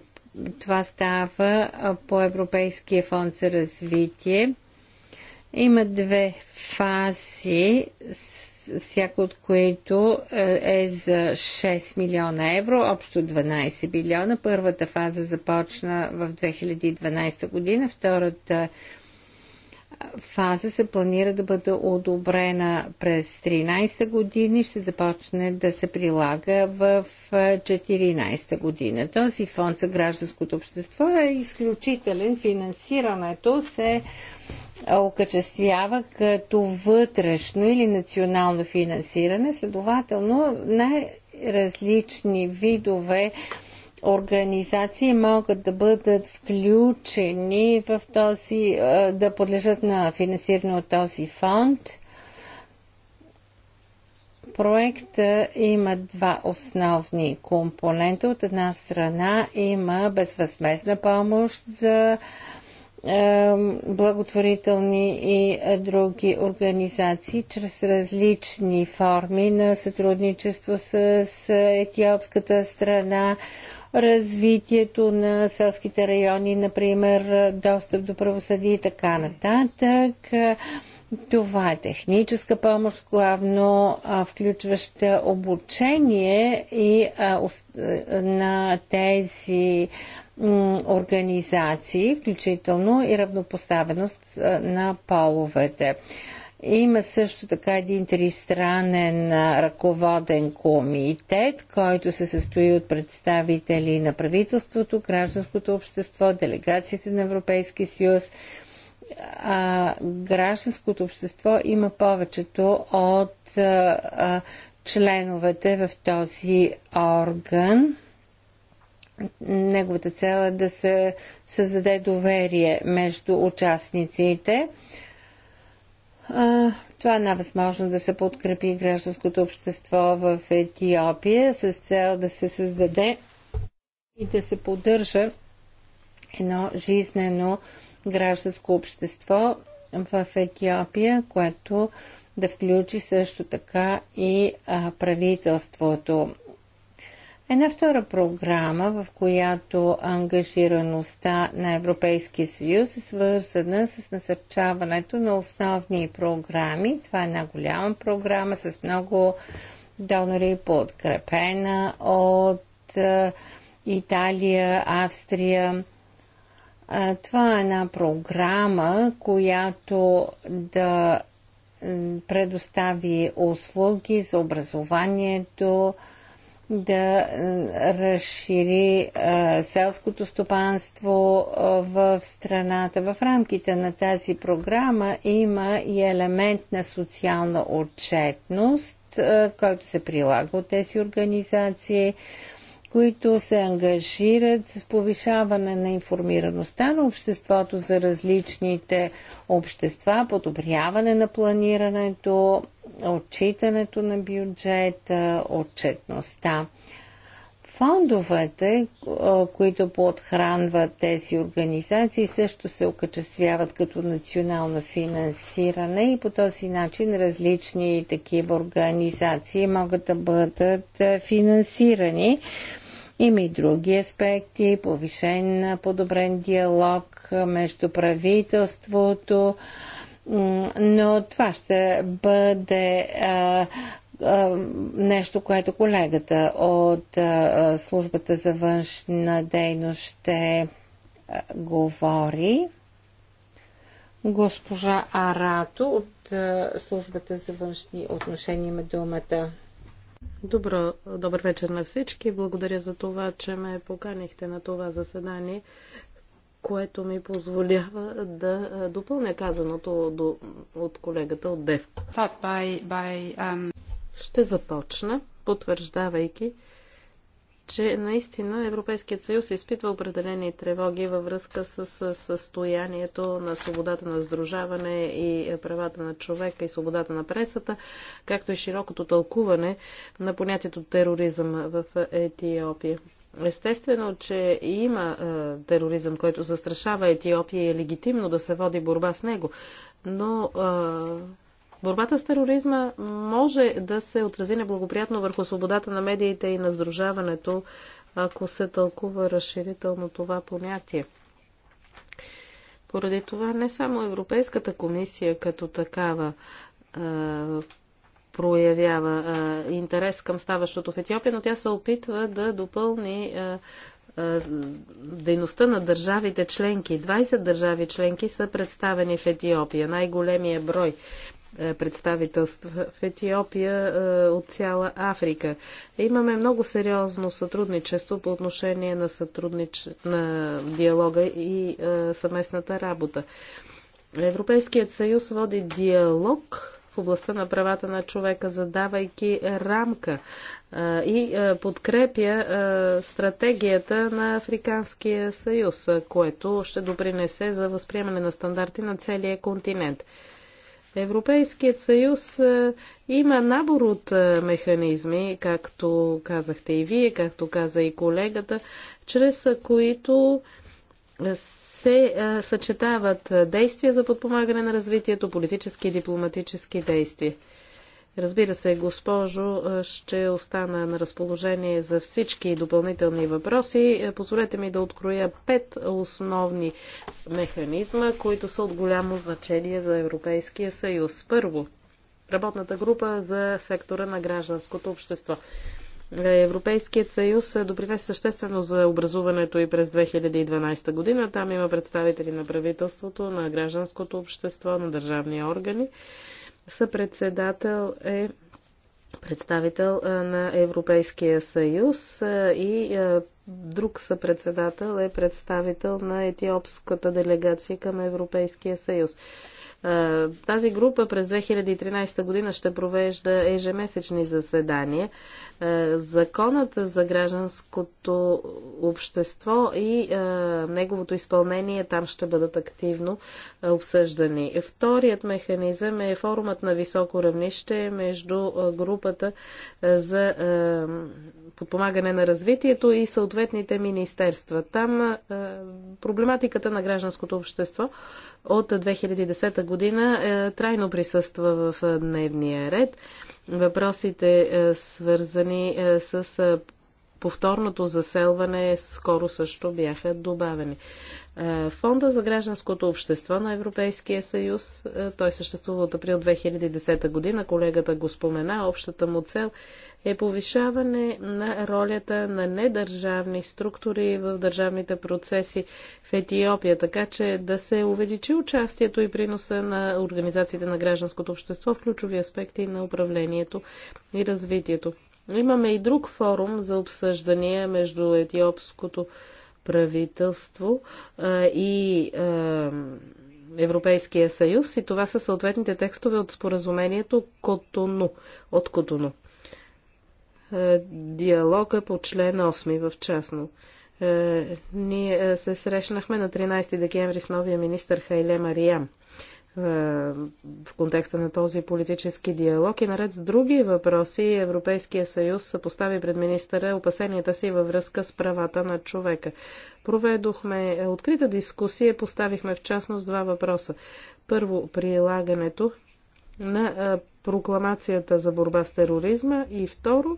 това става по Европейския фонд за развитие. Има две фази всяко от които е, е за 6 милиона евро, общо 12 милиона. Първата фаза започна в 2012 година, втората фаза се планира да бъде одобрена през 13-та година и ще започне да се прилага в 14-та година. Този фонд за гражданското общество е изключителен. Финансирането се окачествява като вътрешно или национално финансиране, следователно най-различни видове организации могат да бъдат включени в този, да подлежат на финансиране от този фонд. Проекта има два основни компонента. От една страна има безвъзмезна помощ за благотворителни и други организации чрез различни форми на сътрудничество с етиопската страна, развитието на селските райони, например, достъп до правосъдие и така нататък. Това е техническа помощ, главно включваща обучение и на тези организации, включително и равнопоставеност на половете. Има също така един тристранен ръководен комитет, който се състои от представители на правителството, гражданското общество, делегациите на Европейския съюз. А, гражданското общество има повечето от а, членовете в този орган. Неговата цел е да се създаде доверие между участниците. А, това е една възможност да се подкрепи гражданското общество в Етиопия с цел да се създаде и да се поддържа едно жизнено гражданско общество в Етиопия, което да включи също така и а, правителството. Една втора програма, в която ангажираността на Европейския съюз е свързана с насърчаването на основни програми. Това е една голяма програма с много донори, подкрепена от е, Италия, Австрия. Е, това е една програма, която да предостави услуги за образованието, да е, разшири е, селското стопанство е, в страната. В рамките на тази програма има и елемент на социална отчетност, който се прилага от тези организации които се ангажират с повишаване на информираността на обществото за различните общества, подобряване на планирането, отчитането на бюджета, отчетността. Фондовете, които подхранват тези организации, също се окачествяват като национално финансиране и по този начин различни такива организации могат да бъдат е, финансирани. Има и други аспекти, повишен, подобрен диалог между правителството, но това ще бъде а, а, нещо, което колегата от а, службата за външна дейност ще говори. Госпожа Арато от службата за външни отношения има думата. Добро, добър вечер на всички. Благодаря за това, че ме поканихте на това заседание, което ми позволява да допълня казаното от колегата от ДЕВ. By, by, um... Ще започна, потвърждавайки че наистина Европейският съюз изпитва определени тревоги във връзка с състоянието на свободата на сдружаване и правата на човека и свободата на пресата, както и широкото тълкуване на понятието тероризъм в Етиопия. Естествено, че има е, тероризъм, който застрашава Етиопия и е легитимно да се води борба с него, но е, Борбата с тероризма може да се отрази неблагоприятно върху свободата на медиите и на сдружаването, ако се тълкува разширително това понятие. Поради това не само Европейската комисия като такава проявява интерес към ставащото в Етиопия, но тя се опитва да допълни дейността на държавите членки. 20 държави членки са представени в Етиопия. Най-големия брой е, представителства в Етиопия е, от цяла Африка. Имаме много сериозно сътрудничество по отношение на, сътруднич... на диалога и е, съместната работа. Европейският съюз води диалог в областта на правата на човека, задавайки рамка и подкрепя стратегията на Африканския съюз, което ще допринесе за възприемане на стандарти на целия континент. Европейският съюз е, има набор от е, механизми, както казахте и вие, както каза и колегата, чрез които се е, съчетават действия за подпомагане на развитието, политически и дипломатически действия. Разбира се, госпожо, ще остана на разположение за всички допълнителни въпроси. Е, позволете ми да откроя пет основни механизма, които са от голямо значение за Европейския съюз. Първо, работната група за сектора на гражданското общество. Е, Европейският съюз е, допринесе съществено за образуването и през 2012 година. Там има представители на правителството, на гражданското общество, на държавни органи съпредседател е представител на Европейския съюз и друг съпредседател е представител на етиопската делегация към Европейския съюз. Тази група през 2013 година ще провежда ежемесечни заседания. Законът за гражданското общество и неговото изпълнение там ще бъдат активно обсъждани. Вторият механизъм е форумът на високо равнище между групата за подпомагане на развитието и съответните министерства. Там проблематиката на гражданското общество от 2010 година е, трайно присъства в е, дневния ред. Въпросите е, свързани е, с е, повторното заселване скоро също бяха добавени. Е, Фонда за гражданското общество на Европейския съюз, той съществува от април 2010 година, колегата го спомена, общата му цел е е повишаване на ролята на недържавни структури в държавните процеси в Етиопия, така че да се увеличи участието и приноса на организациите на гражданското общество в ключови аспекти на управлението и развитието. Имаме и друг форум за обсъждания между етиопското правителство а, и а, Европейския съюз и това са съответните текстове от споразумението Котону, от Котону. Е, диалога по член 8 в частно. Е, ние е, се срещнахме на 13 декември с новия министр Хайле Мариям в контекста на този политически диалог и наред с други въпроси Европейския съюз постави пред министъра опасенията си във връзка с правата на човека. Проведохме открита дискусия, поставихме в частност два въпроса. Първо, прилагането на прокламацията за борба с тероризма и второ,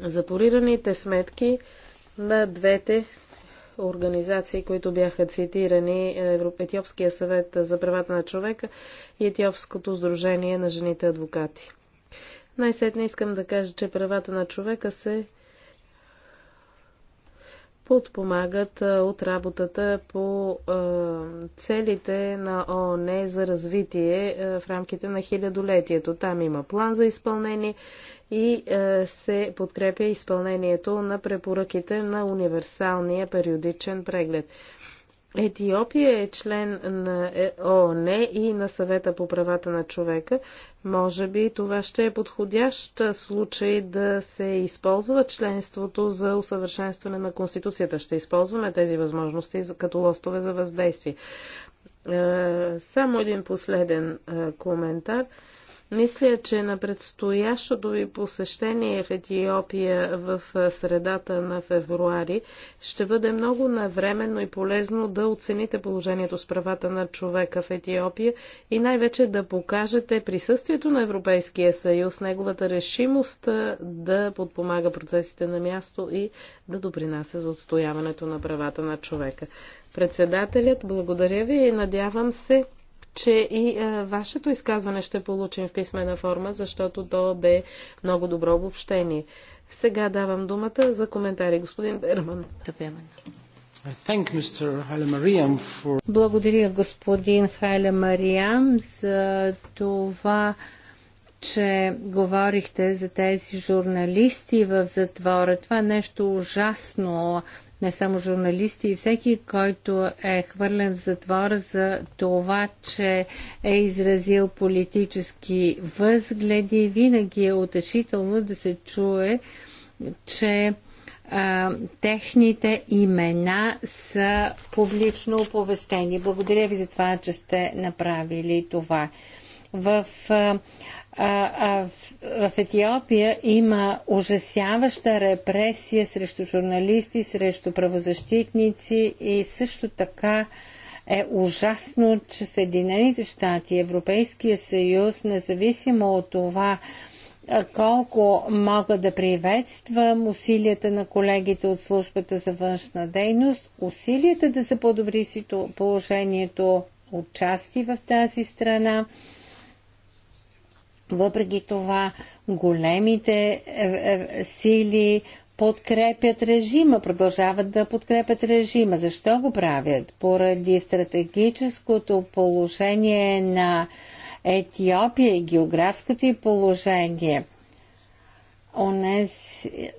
запорираните сметки на двете организации, които бяха цитирани е, Етиопския съвет за правата на човека и Етиопското сдружение на жените адвокати. Най-сетне искам да кажа, че правата на човека се подпомагат от работата по целите на ООН за развитие в рамките на хилядолетието. Там има план за изпълнение и се подкрепя изпълнението на препоръките на универсалния периодичен преглед. Етиопия е член на ООН и на съвета по правата на човека. Може би това ще е подходящ случай да се използва членството за усъвършенстване на Конституцията. Ще използваме тези възможности като лостове за въздействие. Е, само един последен е, коментар. Мисля, че на предстоящото ви посещение в Етиопия в средата на февруари ще бъде много навременно и полезно да оцените положението с правата на човека в Етиопия и най-вече да покажете присъствието на Европейския съюз, неговата решимост да подпомага процесите на място и да допринася за отстояването на правата на човека. Председателят, благодаря ви и надявам се че и а, е, вашето изказване ще получим в писмена форма, защото то бе много добро обобщение. Сега давам думата за коментари. Господин Берман. Благодаря господин Хайле Мариам за това, че говорихте за тези журналисти в затвора. Това е нещо ужасно не само журналисти и всеки, който е хвърлен в затвора за това, че е изразил политически възгледи. Винаги е утешително да се чуе, че а, техните имена са публично оповестени. Благодаря ви за това, че сте направили това. В а, в Етиопия има ужасяваща репресия срещу журналисти, срещу правозащитници и също така е ужасно, че Съединените щати Европейския съюз, независимо от това колко мога да приветствам усилията на колегите от службата за външна дейност, усилията да се подобри положението участи в тази страна, въпреки това, големите е, е, сили подкрепят режима, продължават да подкрепят режима. Защо го правят? Поради стратегическото положение на Етиопия и географското и положение. Онес е,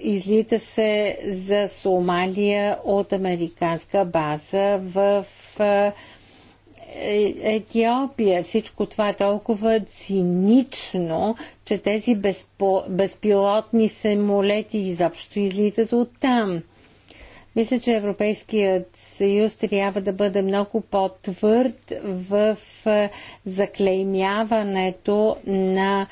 излита се за Сомалия от американска база в е, Етиопия. Всичко това е толкова цинично, че тези безпо, безпилотни самолети изобщо излитат от там. Мисля, че Европейският съюз трябва да бъде много по-твърд в е, заклеймяването на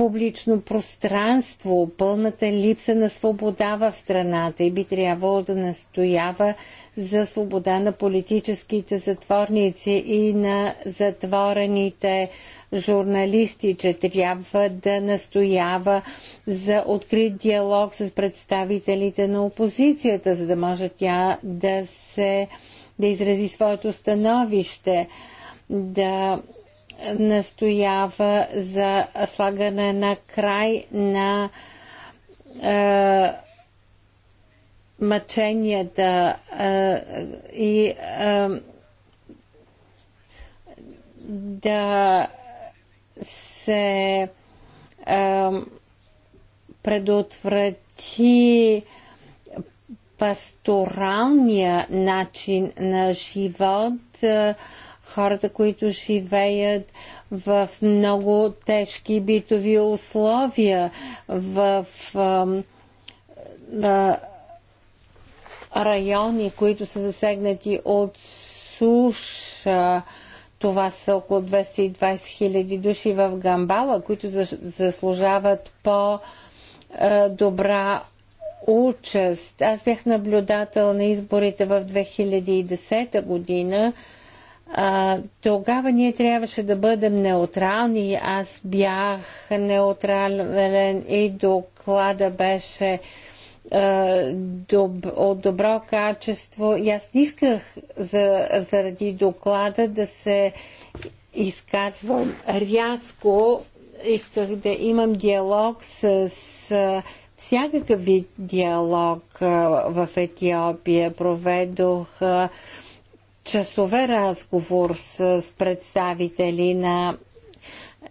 публично пространство, пълната липса на свобода в страната и би трябвало да настоява за свобода на политическите затворници и на затворените журналисти, че трябва да настоява за открит диалог с представителите на опозицията, за да може тя да се да изрази своето становище, да настоява за слагане на край на е, мъченията е, и е, да се е, предотврати пасторалния начин на живот. Е, хората, които живеят в много тежки битови условия, в а, а, райони, които са засегнати от суша. Това са около 220 хиляди души в Гамбала, които заслужават по-добра участ. Аз бях наблюдател на изборите в 2010 година а, тогава ние трябваше да бъдем неутрални. Аз бях неутрален и доклада беше а, доб, от добро качество. И аз не исках за, заради доклада да се изказвам рязко. Исках да имам диалог с, с всякакъв вид диалог в Етиопия. Проведох часове разговор с, с представители на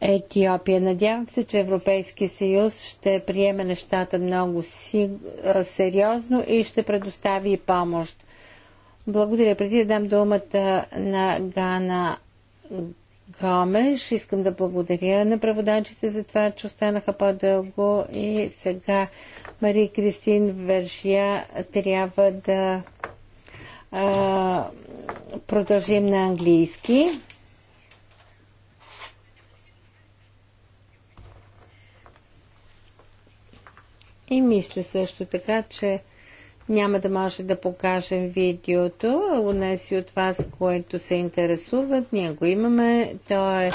Етиопия. Надявам се, че Европейския съюз ще приеме нещата много си, сериозно и ще предостави помощ. Благодаря. Преди да дам думата на Гана Гомеш, искам да благодаря на преводачите за това, че останаха по-дълго и сега Мари Кристин Вершия трябва да продължим на английски. И мисля също така, че няма да може да покажем видеото. Унеси от вас, които се интересуват, ние го имаме. То е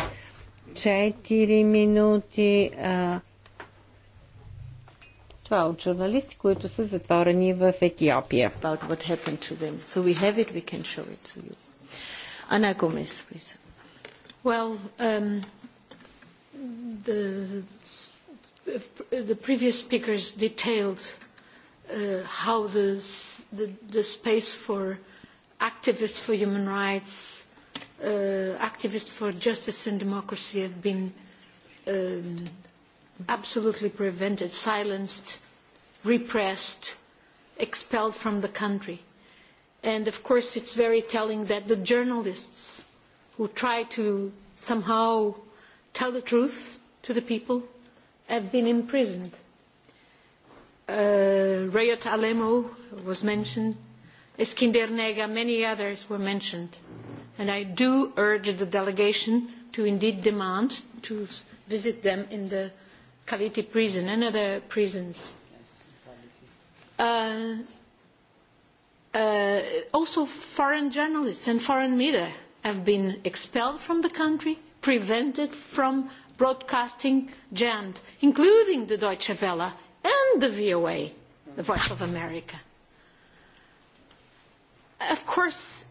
4 минути. А, това е от журналисти, които са затворени в Етиопия. So we it, Ana Gomez, please. Well, um, the, the previous speakers detailed uh, how the, the, the space for activists for human rights, uh, activists for justice and democracy have been um, absolutely prevented, silenced, repressed, expelled from the country. And of course, it's very telling that the journalists who try to somehow tell the truth to the people have been imprisoned. Uh, Rayot Alemo was mentioned, Eskinder Nega, many others were mentioned. And I do urge the delegation to indeed demand to visit them in the Kaliti prison and other prisons. Uh, uh, also, foreign journalists and foreign media have been expelled from the country, prevented from broadcasting jammed, including the Deutsche Welle and the VOA, the Voice of America. Of course,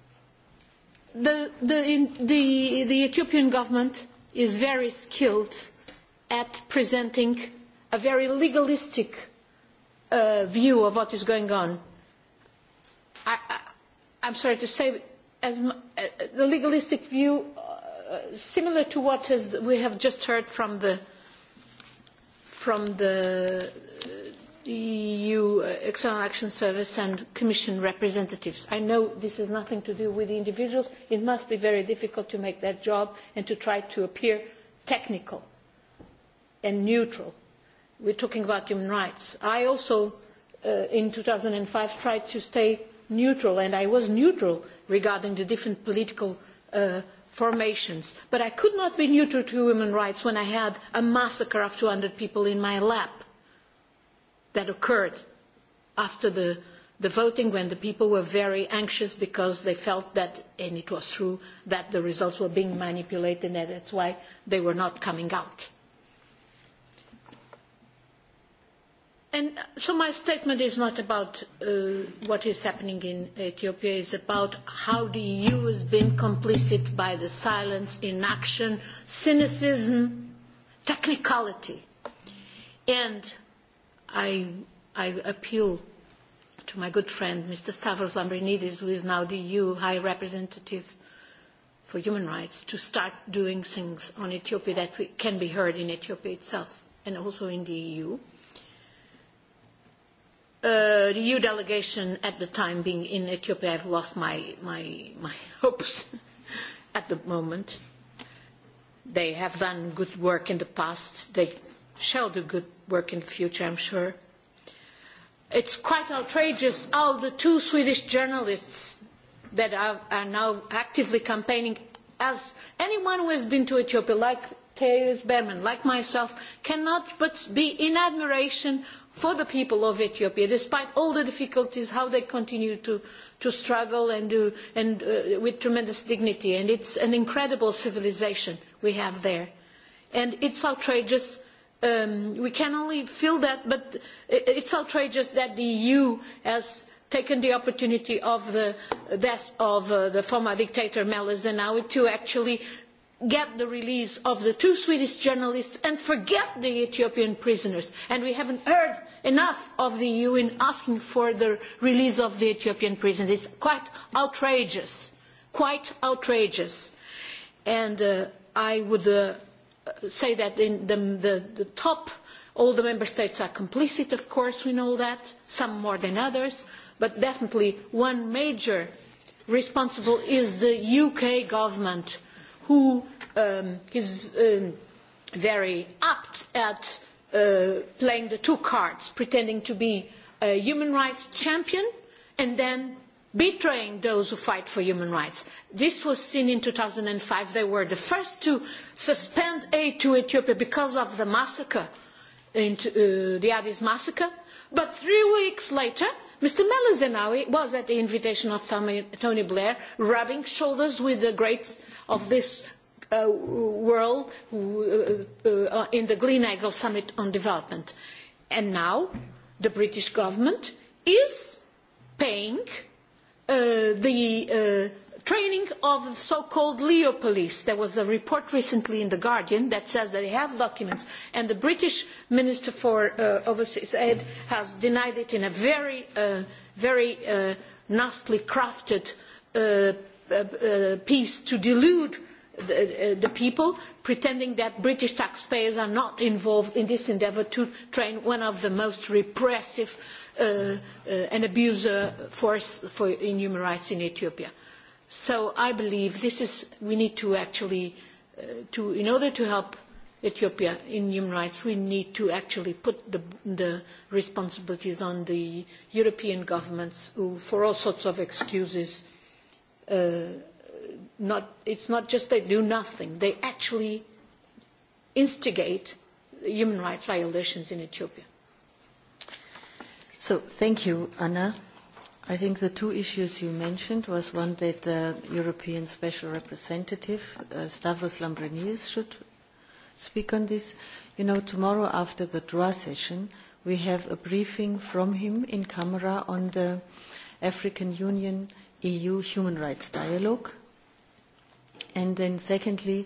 the, the, the, the Ethiopian government is very skilled at presenting a very legalistic view of what is going on. I, I, am sorry to say, as, the legalistic view, similar to what has, we have just heard from the from the EU External Action Service and Commission representatives. I know this has nothing to do with the individuals. It must be very difficult to make that job and to try to appear technical and neutral. We're talking about human rights. I also, uh, in 2005, tried to stay neutral, and I was neutral regarding the different political uh, formations. But I could not be neutral to human rights when I had a massacre of 200 people in my lap that occurred after the, the voting when the people were very anxious because they felt that, and it was true, that the results were being manipulated and that's why they were not coming out. And so my statement is not about what is happening in Ethiopia, it's about how the EU has been complicit by the silence, inaction, cynicism, technicality. And I, I appeal to my good friend, Mr. Stavros Lambrinidis, who is now the EU High Representative for Human Rights, to start doing things on Ethiopia that we, can be heard in Ethiopia itself and also in the EU the EU delegation at the time being in Ethiopia, I've lost my, my, my hopes at the moment. They have done good work in the past. They shall do good work in the future, I'm sure. It's quite outrageous all the two Swedish journalists that are, are now actively campaigning, as anyone who has been to Ethiopia, like Teres Berman, like myself, cannot but be in admiration for the people of Ethiopia, despite all the difficulties, how they continue to, to struggle and, do, and uh, with tremendous dignity. And it's an incredible civilization we have there. And it's outrageous. Um, we can only feel that, but it's outrageous that the EU has taken the opportunity of the death of the former dictator Meles Zenawi to actually get the release of the two Swedish journalists and forget the Ethiopian prisoners. And we haven't heard enough of the EU in asking for the release of the Ethiopian prisoners. It's quite outrageous, quite outrageous. And I would say that in the, the, the top, all the member states are complicit, of course, we know that, some more than others, but definitely one major responsible is the UK government who is very apt at playing the two cards, pretending to be a human rights champion and then betraying those who fight for human rights. This was seen in two thousand five. They were the first to suspend aid to Ethiopia because of the massacre, the Addis massacre. But three weeks later, Mr. Meles was, at the invitation of Tony Blair, rubbing shoulders with the greats of this world in the Glenagle Summit on Development. And now the British government is paying the training of the so-called Leo police. There was a report recently in The Guardian that says that they have documents, and the British Minister for Overseas Aid has denied it in a very, very nastily crafted piece to delude the people, pretending that British taxpayers are not involved in this endeavour to train one of the most repressive and abuser force for in human rights in Ethiopia. So I believe this is, we need to actually, to, in order to help Ethiopia in human rights, we need to actually put the, the responsibilities on the European governments who, for all sorts of excuses, not, it's not just they do nothing, they actually instigate human rights violations in Ethiopia. So thank you, Anna. I think the two issues you mentioned was one that the European Special Representative, uh, Stavros Lambrinidis, should speak on this. You know, tomorrow after the draw session, we have a briefing from him in camera on the African Union EU human rights dialogue. And then secondly,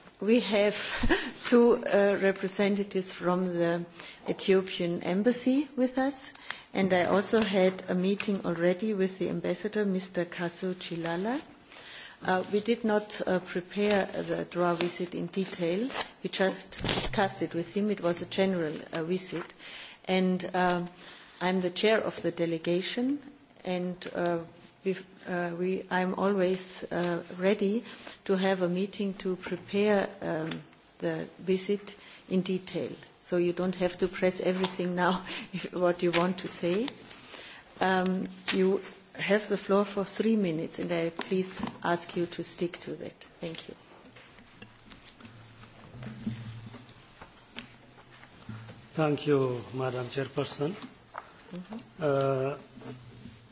we have two uh, representatives from the Ethiopian embassy with us, and I also had a meeting already with the ambassador, Mr. Kasu Chilala. Uh, we did not uh, prepare the draw visit in detail. We just discussed it with him. It was a general uh, visit. And uh, I'm the chair of the delegation, and uh, we, I'm always uh, ready to have a meeting to prepare um, the visit in detail. So you don't have to press everything now, if, what you want to say. Um, you have the floor for three minutes, and I please ask you to stick to that. Thank you. Thank you, Madam Chairperson. Mm-hmm. Uh,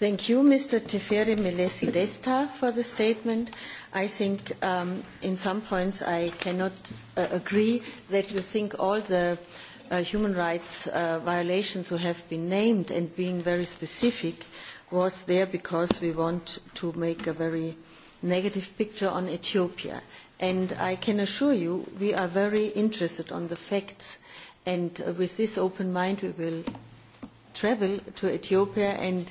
Thank you, Mr. Teferi Meles Desta, for the statement. I think um, in some points I cannot uh, agree that you think all the uh, human rights uh, violations who have been named and being very specific was there because we want to make a very negative picture on Ethiopia. And I can assure you we are very interested on the facts and with this open mind we will travel to Ethiopia and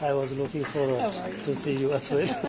I was looking forward to see you as well.